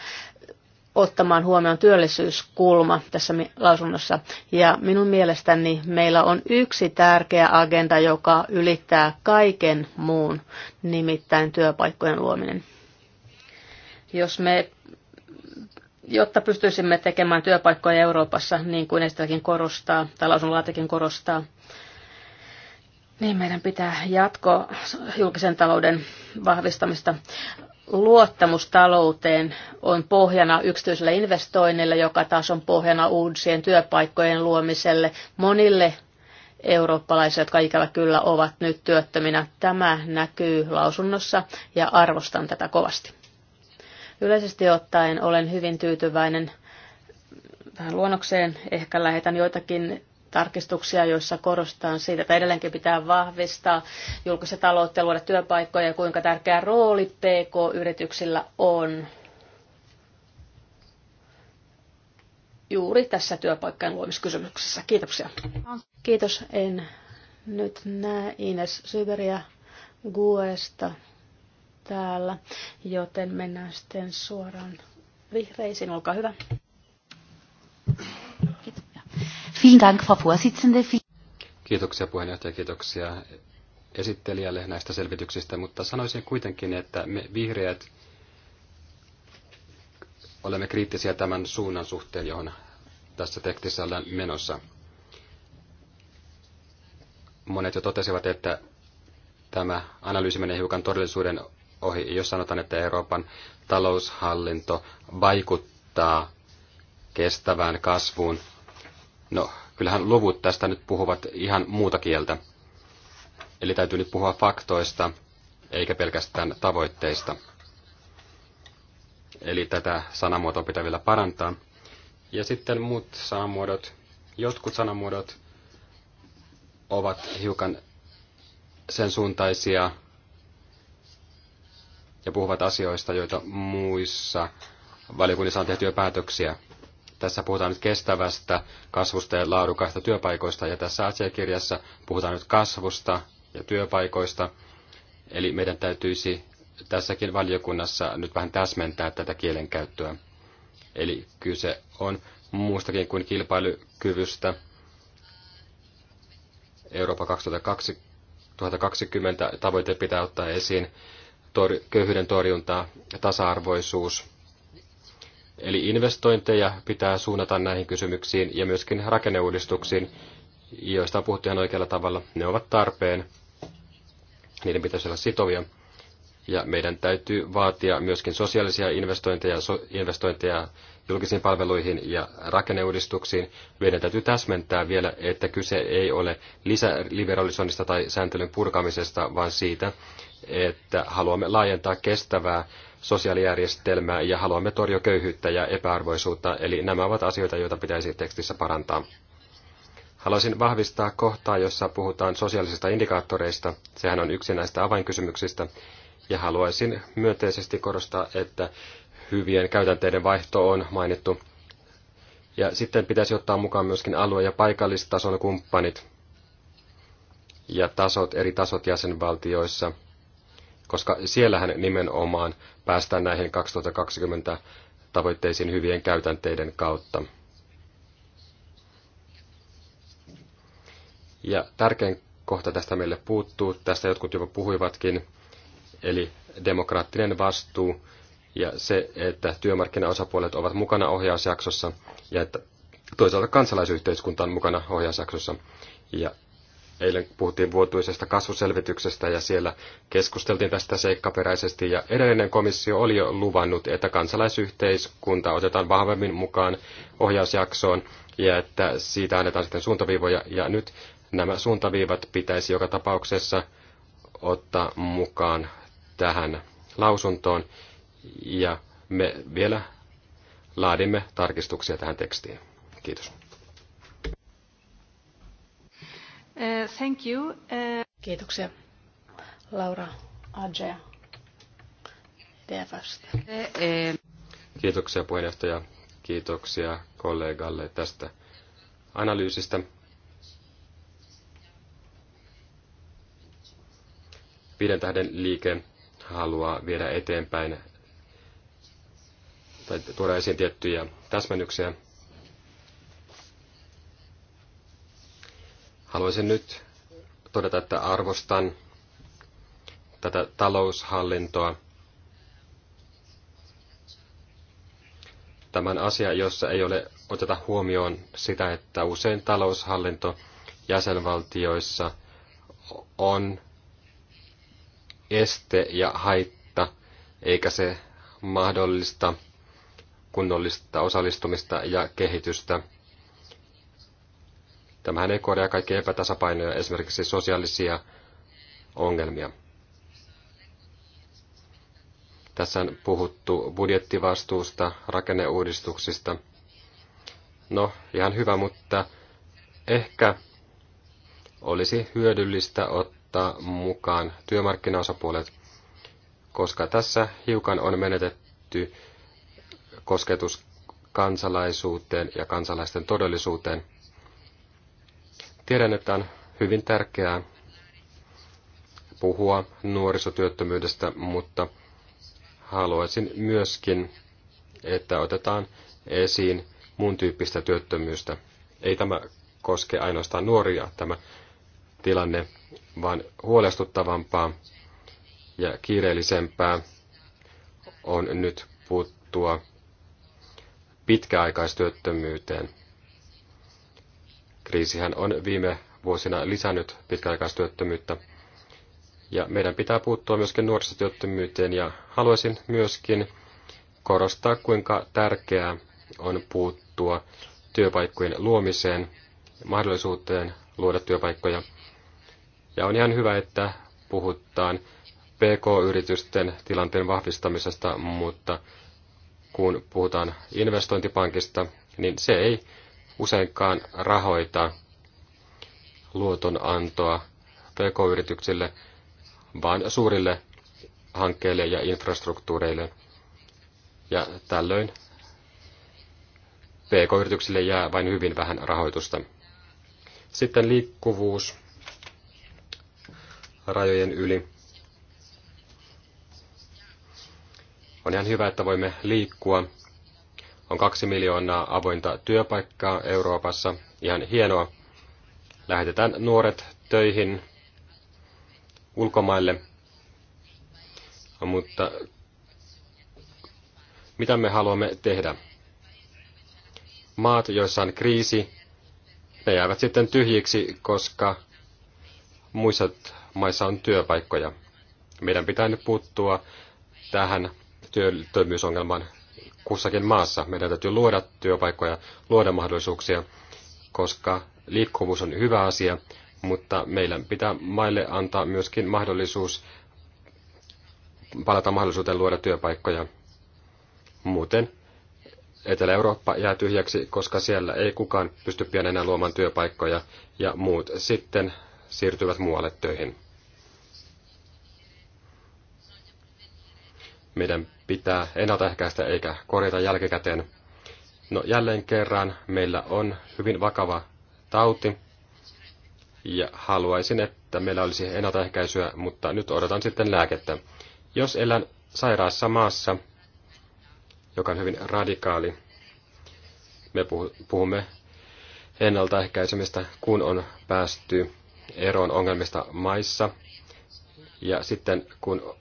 ottamaan huomioon työllisyyskulma tässä lausunnossa. Ja minun mielestäni meillä on yksi tärkeä agenda, joka ylittää kaiken muun, nimittäin työpaikkojen luominen. Jos me jotta pystyisimme tekemään työpaikkoja Euroopassa, niin kuin Estakin korostaa, tai lausunnon korostaa, niin meidän pitää jatkoa julkisen talouden vahvistamista. Luottamus talouteen on pohjana yksityiselle investoinnille, joka taas on pohjana uusien työpaikkojen luomiselle monille eurooppalaisille, jotka ikävä kyllä ovat nyt työttöminä. Tämä näkyy lausunnossa ja arvostan tätä kovasti. Yleisesti ottaen olen hyvin tyytyväinen tähän luonnokseen. Ehkä lähetän joitakin tarkistuksia, joissa korostetaan siitä, että edelleenkin pitää vahvistaa julkista taloutta, luoda työpaikkoja ja kuinka tärkeä rooli PK-yrityksillä on juuri tässä työpaikkojen luomiskysymyksessä. Kiitoksia. Kiitos. En nyt näe Ines Syberiä Guesta täällä, joten mennään sitten suoraan vihreisiin. Olkaa hyvä. Kiitoksia puheenjohtaja, kiitoksia esittelijälle näistä selvityksistä, mutta sanoisin kuitenkin, että me vihreät olemme kriittisiä tämän suunnan suhteen, johon tässä tekstissä ollaan menossa. Monet jo totesivat, että tämä analyysi menee hiukan todellisuuden ohi, jos sanotaan, että Euroopan taloushallinto vaikuttaa kestävään kasvuun. No, kyllähän luvut tästä nyt puhuvat ihan muuta kieltä. Eli täytyy nyt puhua faktoista, eikä pelkästään tavoitteista. Eli tätä sanamuotoa pitää vielä parantaa. Ja sitten muut sanamuodot, jotkut sanamuodot ovat hiukan sen suuntaisia, ja puhuvat asioista, joita muissa valiokunnissa on tehty jo päätöksiä. Tässä puhutaan nyt kestävästä kasvusta ja laadukkaista työpaikoista, ja tässä asiakirjassa puhutaan nyt kasvusta ja työpaikoista. Eli meidän täytyisi tässäkin valiokunnassa nyt vähän täsmentää tätä kielenkäyttöä. Eli kyse on muustakin kuin kilpailukyvystä. Eurooppa 2020 tavoite pitää ottaa esiin tor- köyhyyden ja tasa-arvoisuus. Eli investointeja pitää suunnata näihin kysymyksiin ja myöskin rakenneuudistuksiin, joista on puhuttu ihan oikealla tavalla. Ne ovat tarpeen, niiden pitäisi olla sitovia. Ja meidän täytyy vaatia myöskin sosiaalisia investointeja, so- investointeja julkisiin palveluihin ja rakenneuudistuksiin. Meidän täytyy täsmentää vielä, että kyse ei ole lisäliberalisoinnista tai sääntelyn purkamisesta, vaan siitä, että haluamme laajentaa kestävää sosiaalijärjestelmää ja haluamme torjua köyhyyttä ja epäarvoisuutta, eli nämä ovat asioita, joita pitäisi tekstissä parantaa. Haluaisin vahvistaa kohtaa, jossa puhutaan sosiaalisista indikaattoreista. Sehän on yksi näistä avainkysymyksistä. Ja haluaisin myönteisesti korostaa, että hyvien käytänteiden vaihto on mainittu. Ja sitten pitäisi ottaa mukaan myöskin alue- ja paikallistason kumppanit ja tasot, eri tasot jäsenvaltioissa – koska siellähän nimenomaan päästään näihin 2020 tavoitteisiin hyvien käytänteiden kautta. Ja tärkein kohta tästä meille puuttuu, tästä jotkut jopa puhuivatkin, eli demokraattinen vastuu ja se, että työmarkkinaosapuolet ovat mukana ohjausjaksossa ja että toisaalta kansalaisyhteiskunta on mukana ohjausjaksossa. Ja Eilen puhuttiin vuotuisesta kasvuselvityksestä ja siellä keskusteltiin tästä seikkaperäisesti ja edellinen komissio oli jo luvannut, että kansalaisyhteiskunta otetaan vahvemmin mukaan ohjausjaksoon ja että siitä annetaan sitten suuntaviivoja ja nyt nämä suuntaviivat pitäisi joka tapauksessa ottaa mukaan tähän lausuntoon ja me vielä laadimme tarkistuksia tähän tekstiin. Kiitos. Uh, thank you. Uh, Kiitoksia. Laura Adjea. DFstä. Kiitoksia puheenjohtaja. Kiitoksia kollegalle tästä analyysistä. Viiden tähden liike haluaa viedä eteenpäin tai tuoda esiin tiettyjä täsmennyksiä Haluaisin nyt todeta, että arvostan tätä taloushallintoa. Tämän asia, jossa ei ole oteta huomioon sitä, että usein taloushallinto jäsenvaltioissa on este ja haitta, eikä se mahdollista kunnollista osallistumista ja kehitystä. Tämähän ei korjaa kaikkia epätasapainoja, esimerkiksi sosiaalisia ongelmia. Tässä on puhuttu budjettivastuusta, rakenneuudistuksista. No, ihan hyvä, mutta ehkä olisi hyödyllistä ottaa mukaan työmarkkinaosapuolet, koska tässä hiukan on menetetty kosketus kansalaisuuteen ja kansalaisten todellisuuteen. Tiedän, että on hyvin tärkeää puhua nuorisotyöttömyydestä, mutta haluaisin myöskin, että otetaan esiin muun tyyppistä työttömyystä. Ei tämä koske ainoastaan nuoria tämä tilanne, vaan huolestuttavampaa ja kiireellisempää on nyt puuttua pitkäaikaistyöttömyyteen – Kriisihän on viime vuosina lisännyt pitkäaikaistyöttömyyttä. Ja meidän pitää puuttua myöskin nuorisotyöttömyyteen ja haluaisin myöskin korostaa, kuinka tärkeää on puuttua työpaikkojen luomiseen, mahdollisuuteen luoda työpaikkoja. Ja on ihan hyvä, että puhutaan PK-yritysten tilanteen vahvistamisesta, mutta kun puhutaan investointipankista, niin se ei useinkaan rahoita luotonantoa pk-yrityksille, vaan suurille hankkeille ja infrastruktuureille. Ja tällöin pk-yrityksille jää vain hyvin vähän rahoitusta. Sitten liikkuvuus rajojen yli. On ihan hyvä, että voimme liikkua on kaksi miljoonaa avointa työpaikkaa Euroopassa. Ihan hienoa. Lähetetään nuoret töihin ulkomaille. No, mutta mitä me haluamme tehdä? Maat, joissa on kriisi, ne jäävät sitten tyhjiksi, koska muissa maissa on työpaikkoja. Meidän pitää nyt puuttua tähän työttömyysongelmaan kussakin maassa. Meidän täytyy luoda työpaikkoja, luoda mahdollisuuksia, koska liikkuvuus on hyvä asia, mutta meillä pitää maille antaa myöskin mahdollisuus palata mahdollisuuteen luoda työpaikkoja. Muuten Etelä-Eurooppa jää tyhjäksi, koska siellä ei kukaan pysty pian enää luomaan työpaikkoja ja muut sitten siirtyvät muualle töihin. Meidän pitää ennaltaehkäistä eikä korjata jälkikäteen. No jälleen kerran meillä on hyvin vakava tauti ja haluaisin, että meillä olisi ennaltaehkäisyä, mutta nyt odotan sitten lääkettä. Jos elän sairaassa maassa, joka on hyvin radikaali, me puhumme ennaltaehkäisemistä, kun on päästy eroon ongelmista maissa. Ja sitten kun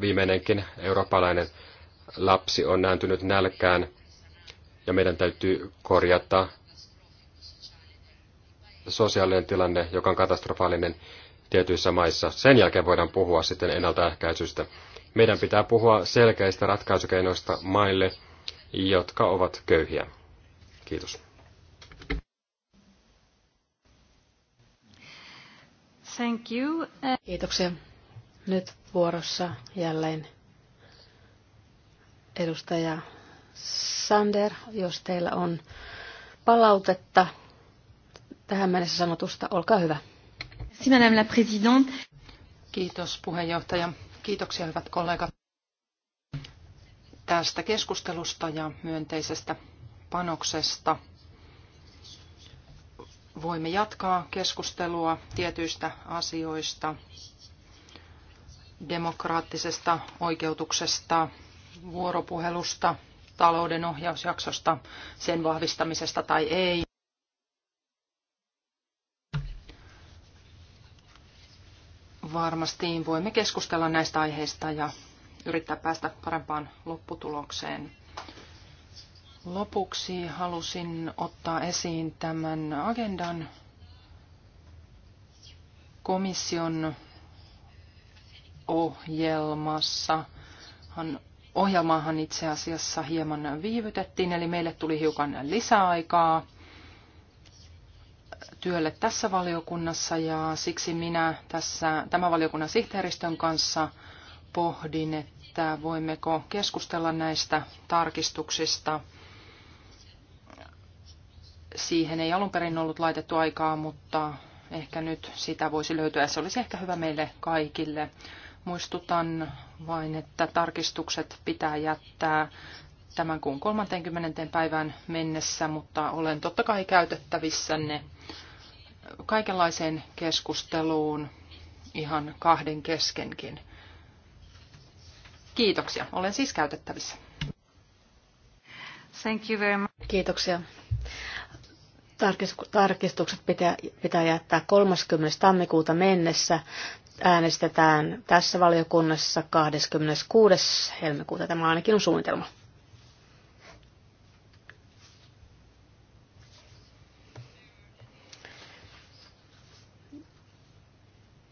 viimeinenkin eurooppalainen lapsi on nääntynyt nälkään ja meidän täytyy korjata sosiaalinen tilanne, joka on katastrofaalinen tietyissä maissa. Sen jälkeen voidaan puhua sitten ennaltaehkäisystä. Meidän pitää puhua selkeistä ratkaisukeinoista maille, jotka ovat köyhiä. Kiitos. Thank you. Kiitoksia. Nyt vuorossa jälleen Edustaja Sander, jos teillä on palautetta tähän mennessä sanotusta, olkaa hyvä. Madame la Présidente. Kiitos puheenjohtaja. Kiitoksia hyvät kollegat tästä keskustelusta ja myönteisestä panoksesta. Voimme jatkaa keskustelua tietyistä asioista, demokraattisesta oikeutuksesta, vuoropuhelusta, talouden ohjausjaksosta, sen vahvistamisesta tai ei. Varmasti voimme keskustella näistä aiheista ja yrittää päästä parempaan lopputulokseen. Lopuksi halusin ottaa esiin tämän agendan komission ohjelmassa. Hän ohjelmaahan itse asiassa hieman viivytettiin, eli meille tuli hiukan lisäaikaa työlle tässä valiokunnassa ja siksi minä tässä tämän valiokunnan sihteeristön kanssa pohdin, että voimmeko keskustella näistä tarkistuksista. Siihen ei alun perin ollut laitettu aikaa, mutta ehkä nyt sitä voisi löytyä. Se olisi ehkä hyvä meille kaikille. Muistutan vain, että tarkistukset pitää jättää tämän kuun 30. päivän mennessä, mutta olen totta kai käytettävissänne kaikenlaiseen keskusteluun ihan kahden keskenkin. Kiitoksia. Olen siis käytettävissä. Thank you very much. Kiitoksia. Tarkistukset pitää, pitää jättää 30. tammikuuta mennessä äänestetään tässä valiokunnassa 26. helmikuuta. Tämä ainakin on suunnitelma.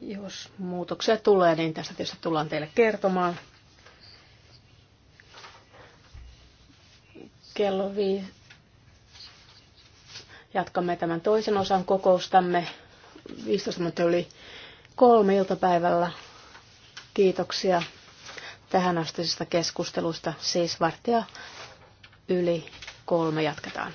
Jos muutoksia tulee, niin tästä tietysti tullaan teille kertomaan. Kello vii. Jatkamme tämän toisen osan kokoustamme. 15 minuuttia oli kolme iltapäivällä. Kiitoksia tähän astisesta keskustelusta. Siis varttia yli kolme jatketaan.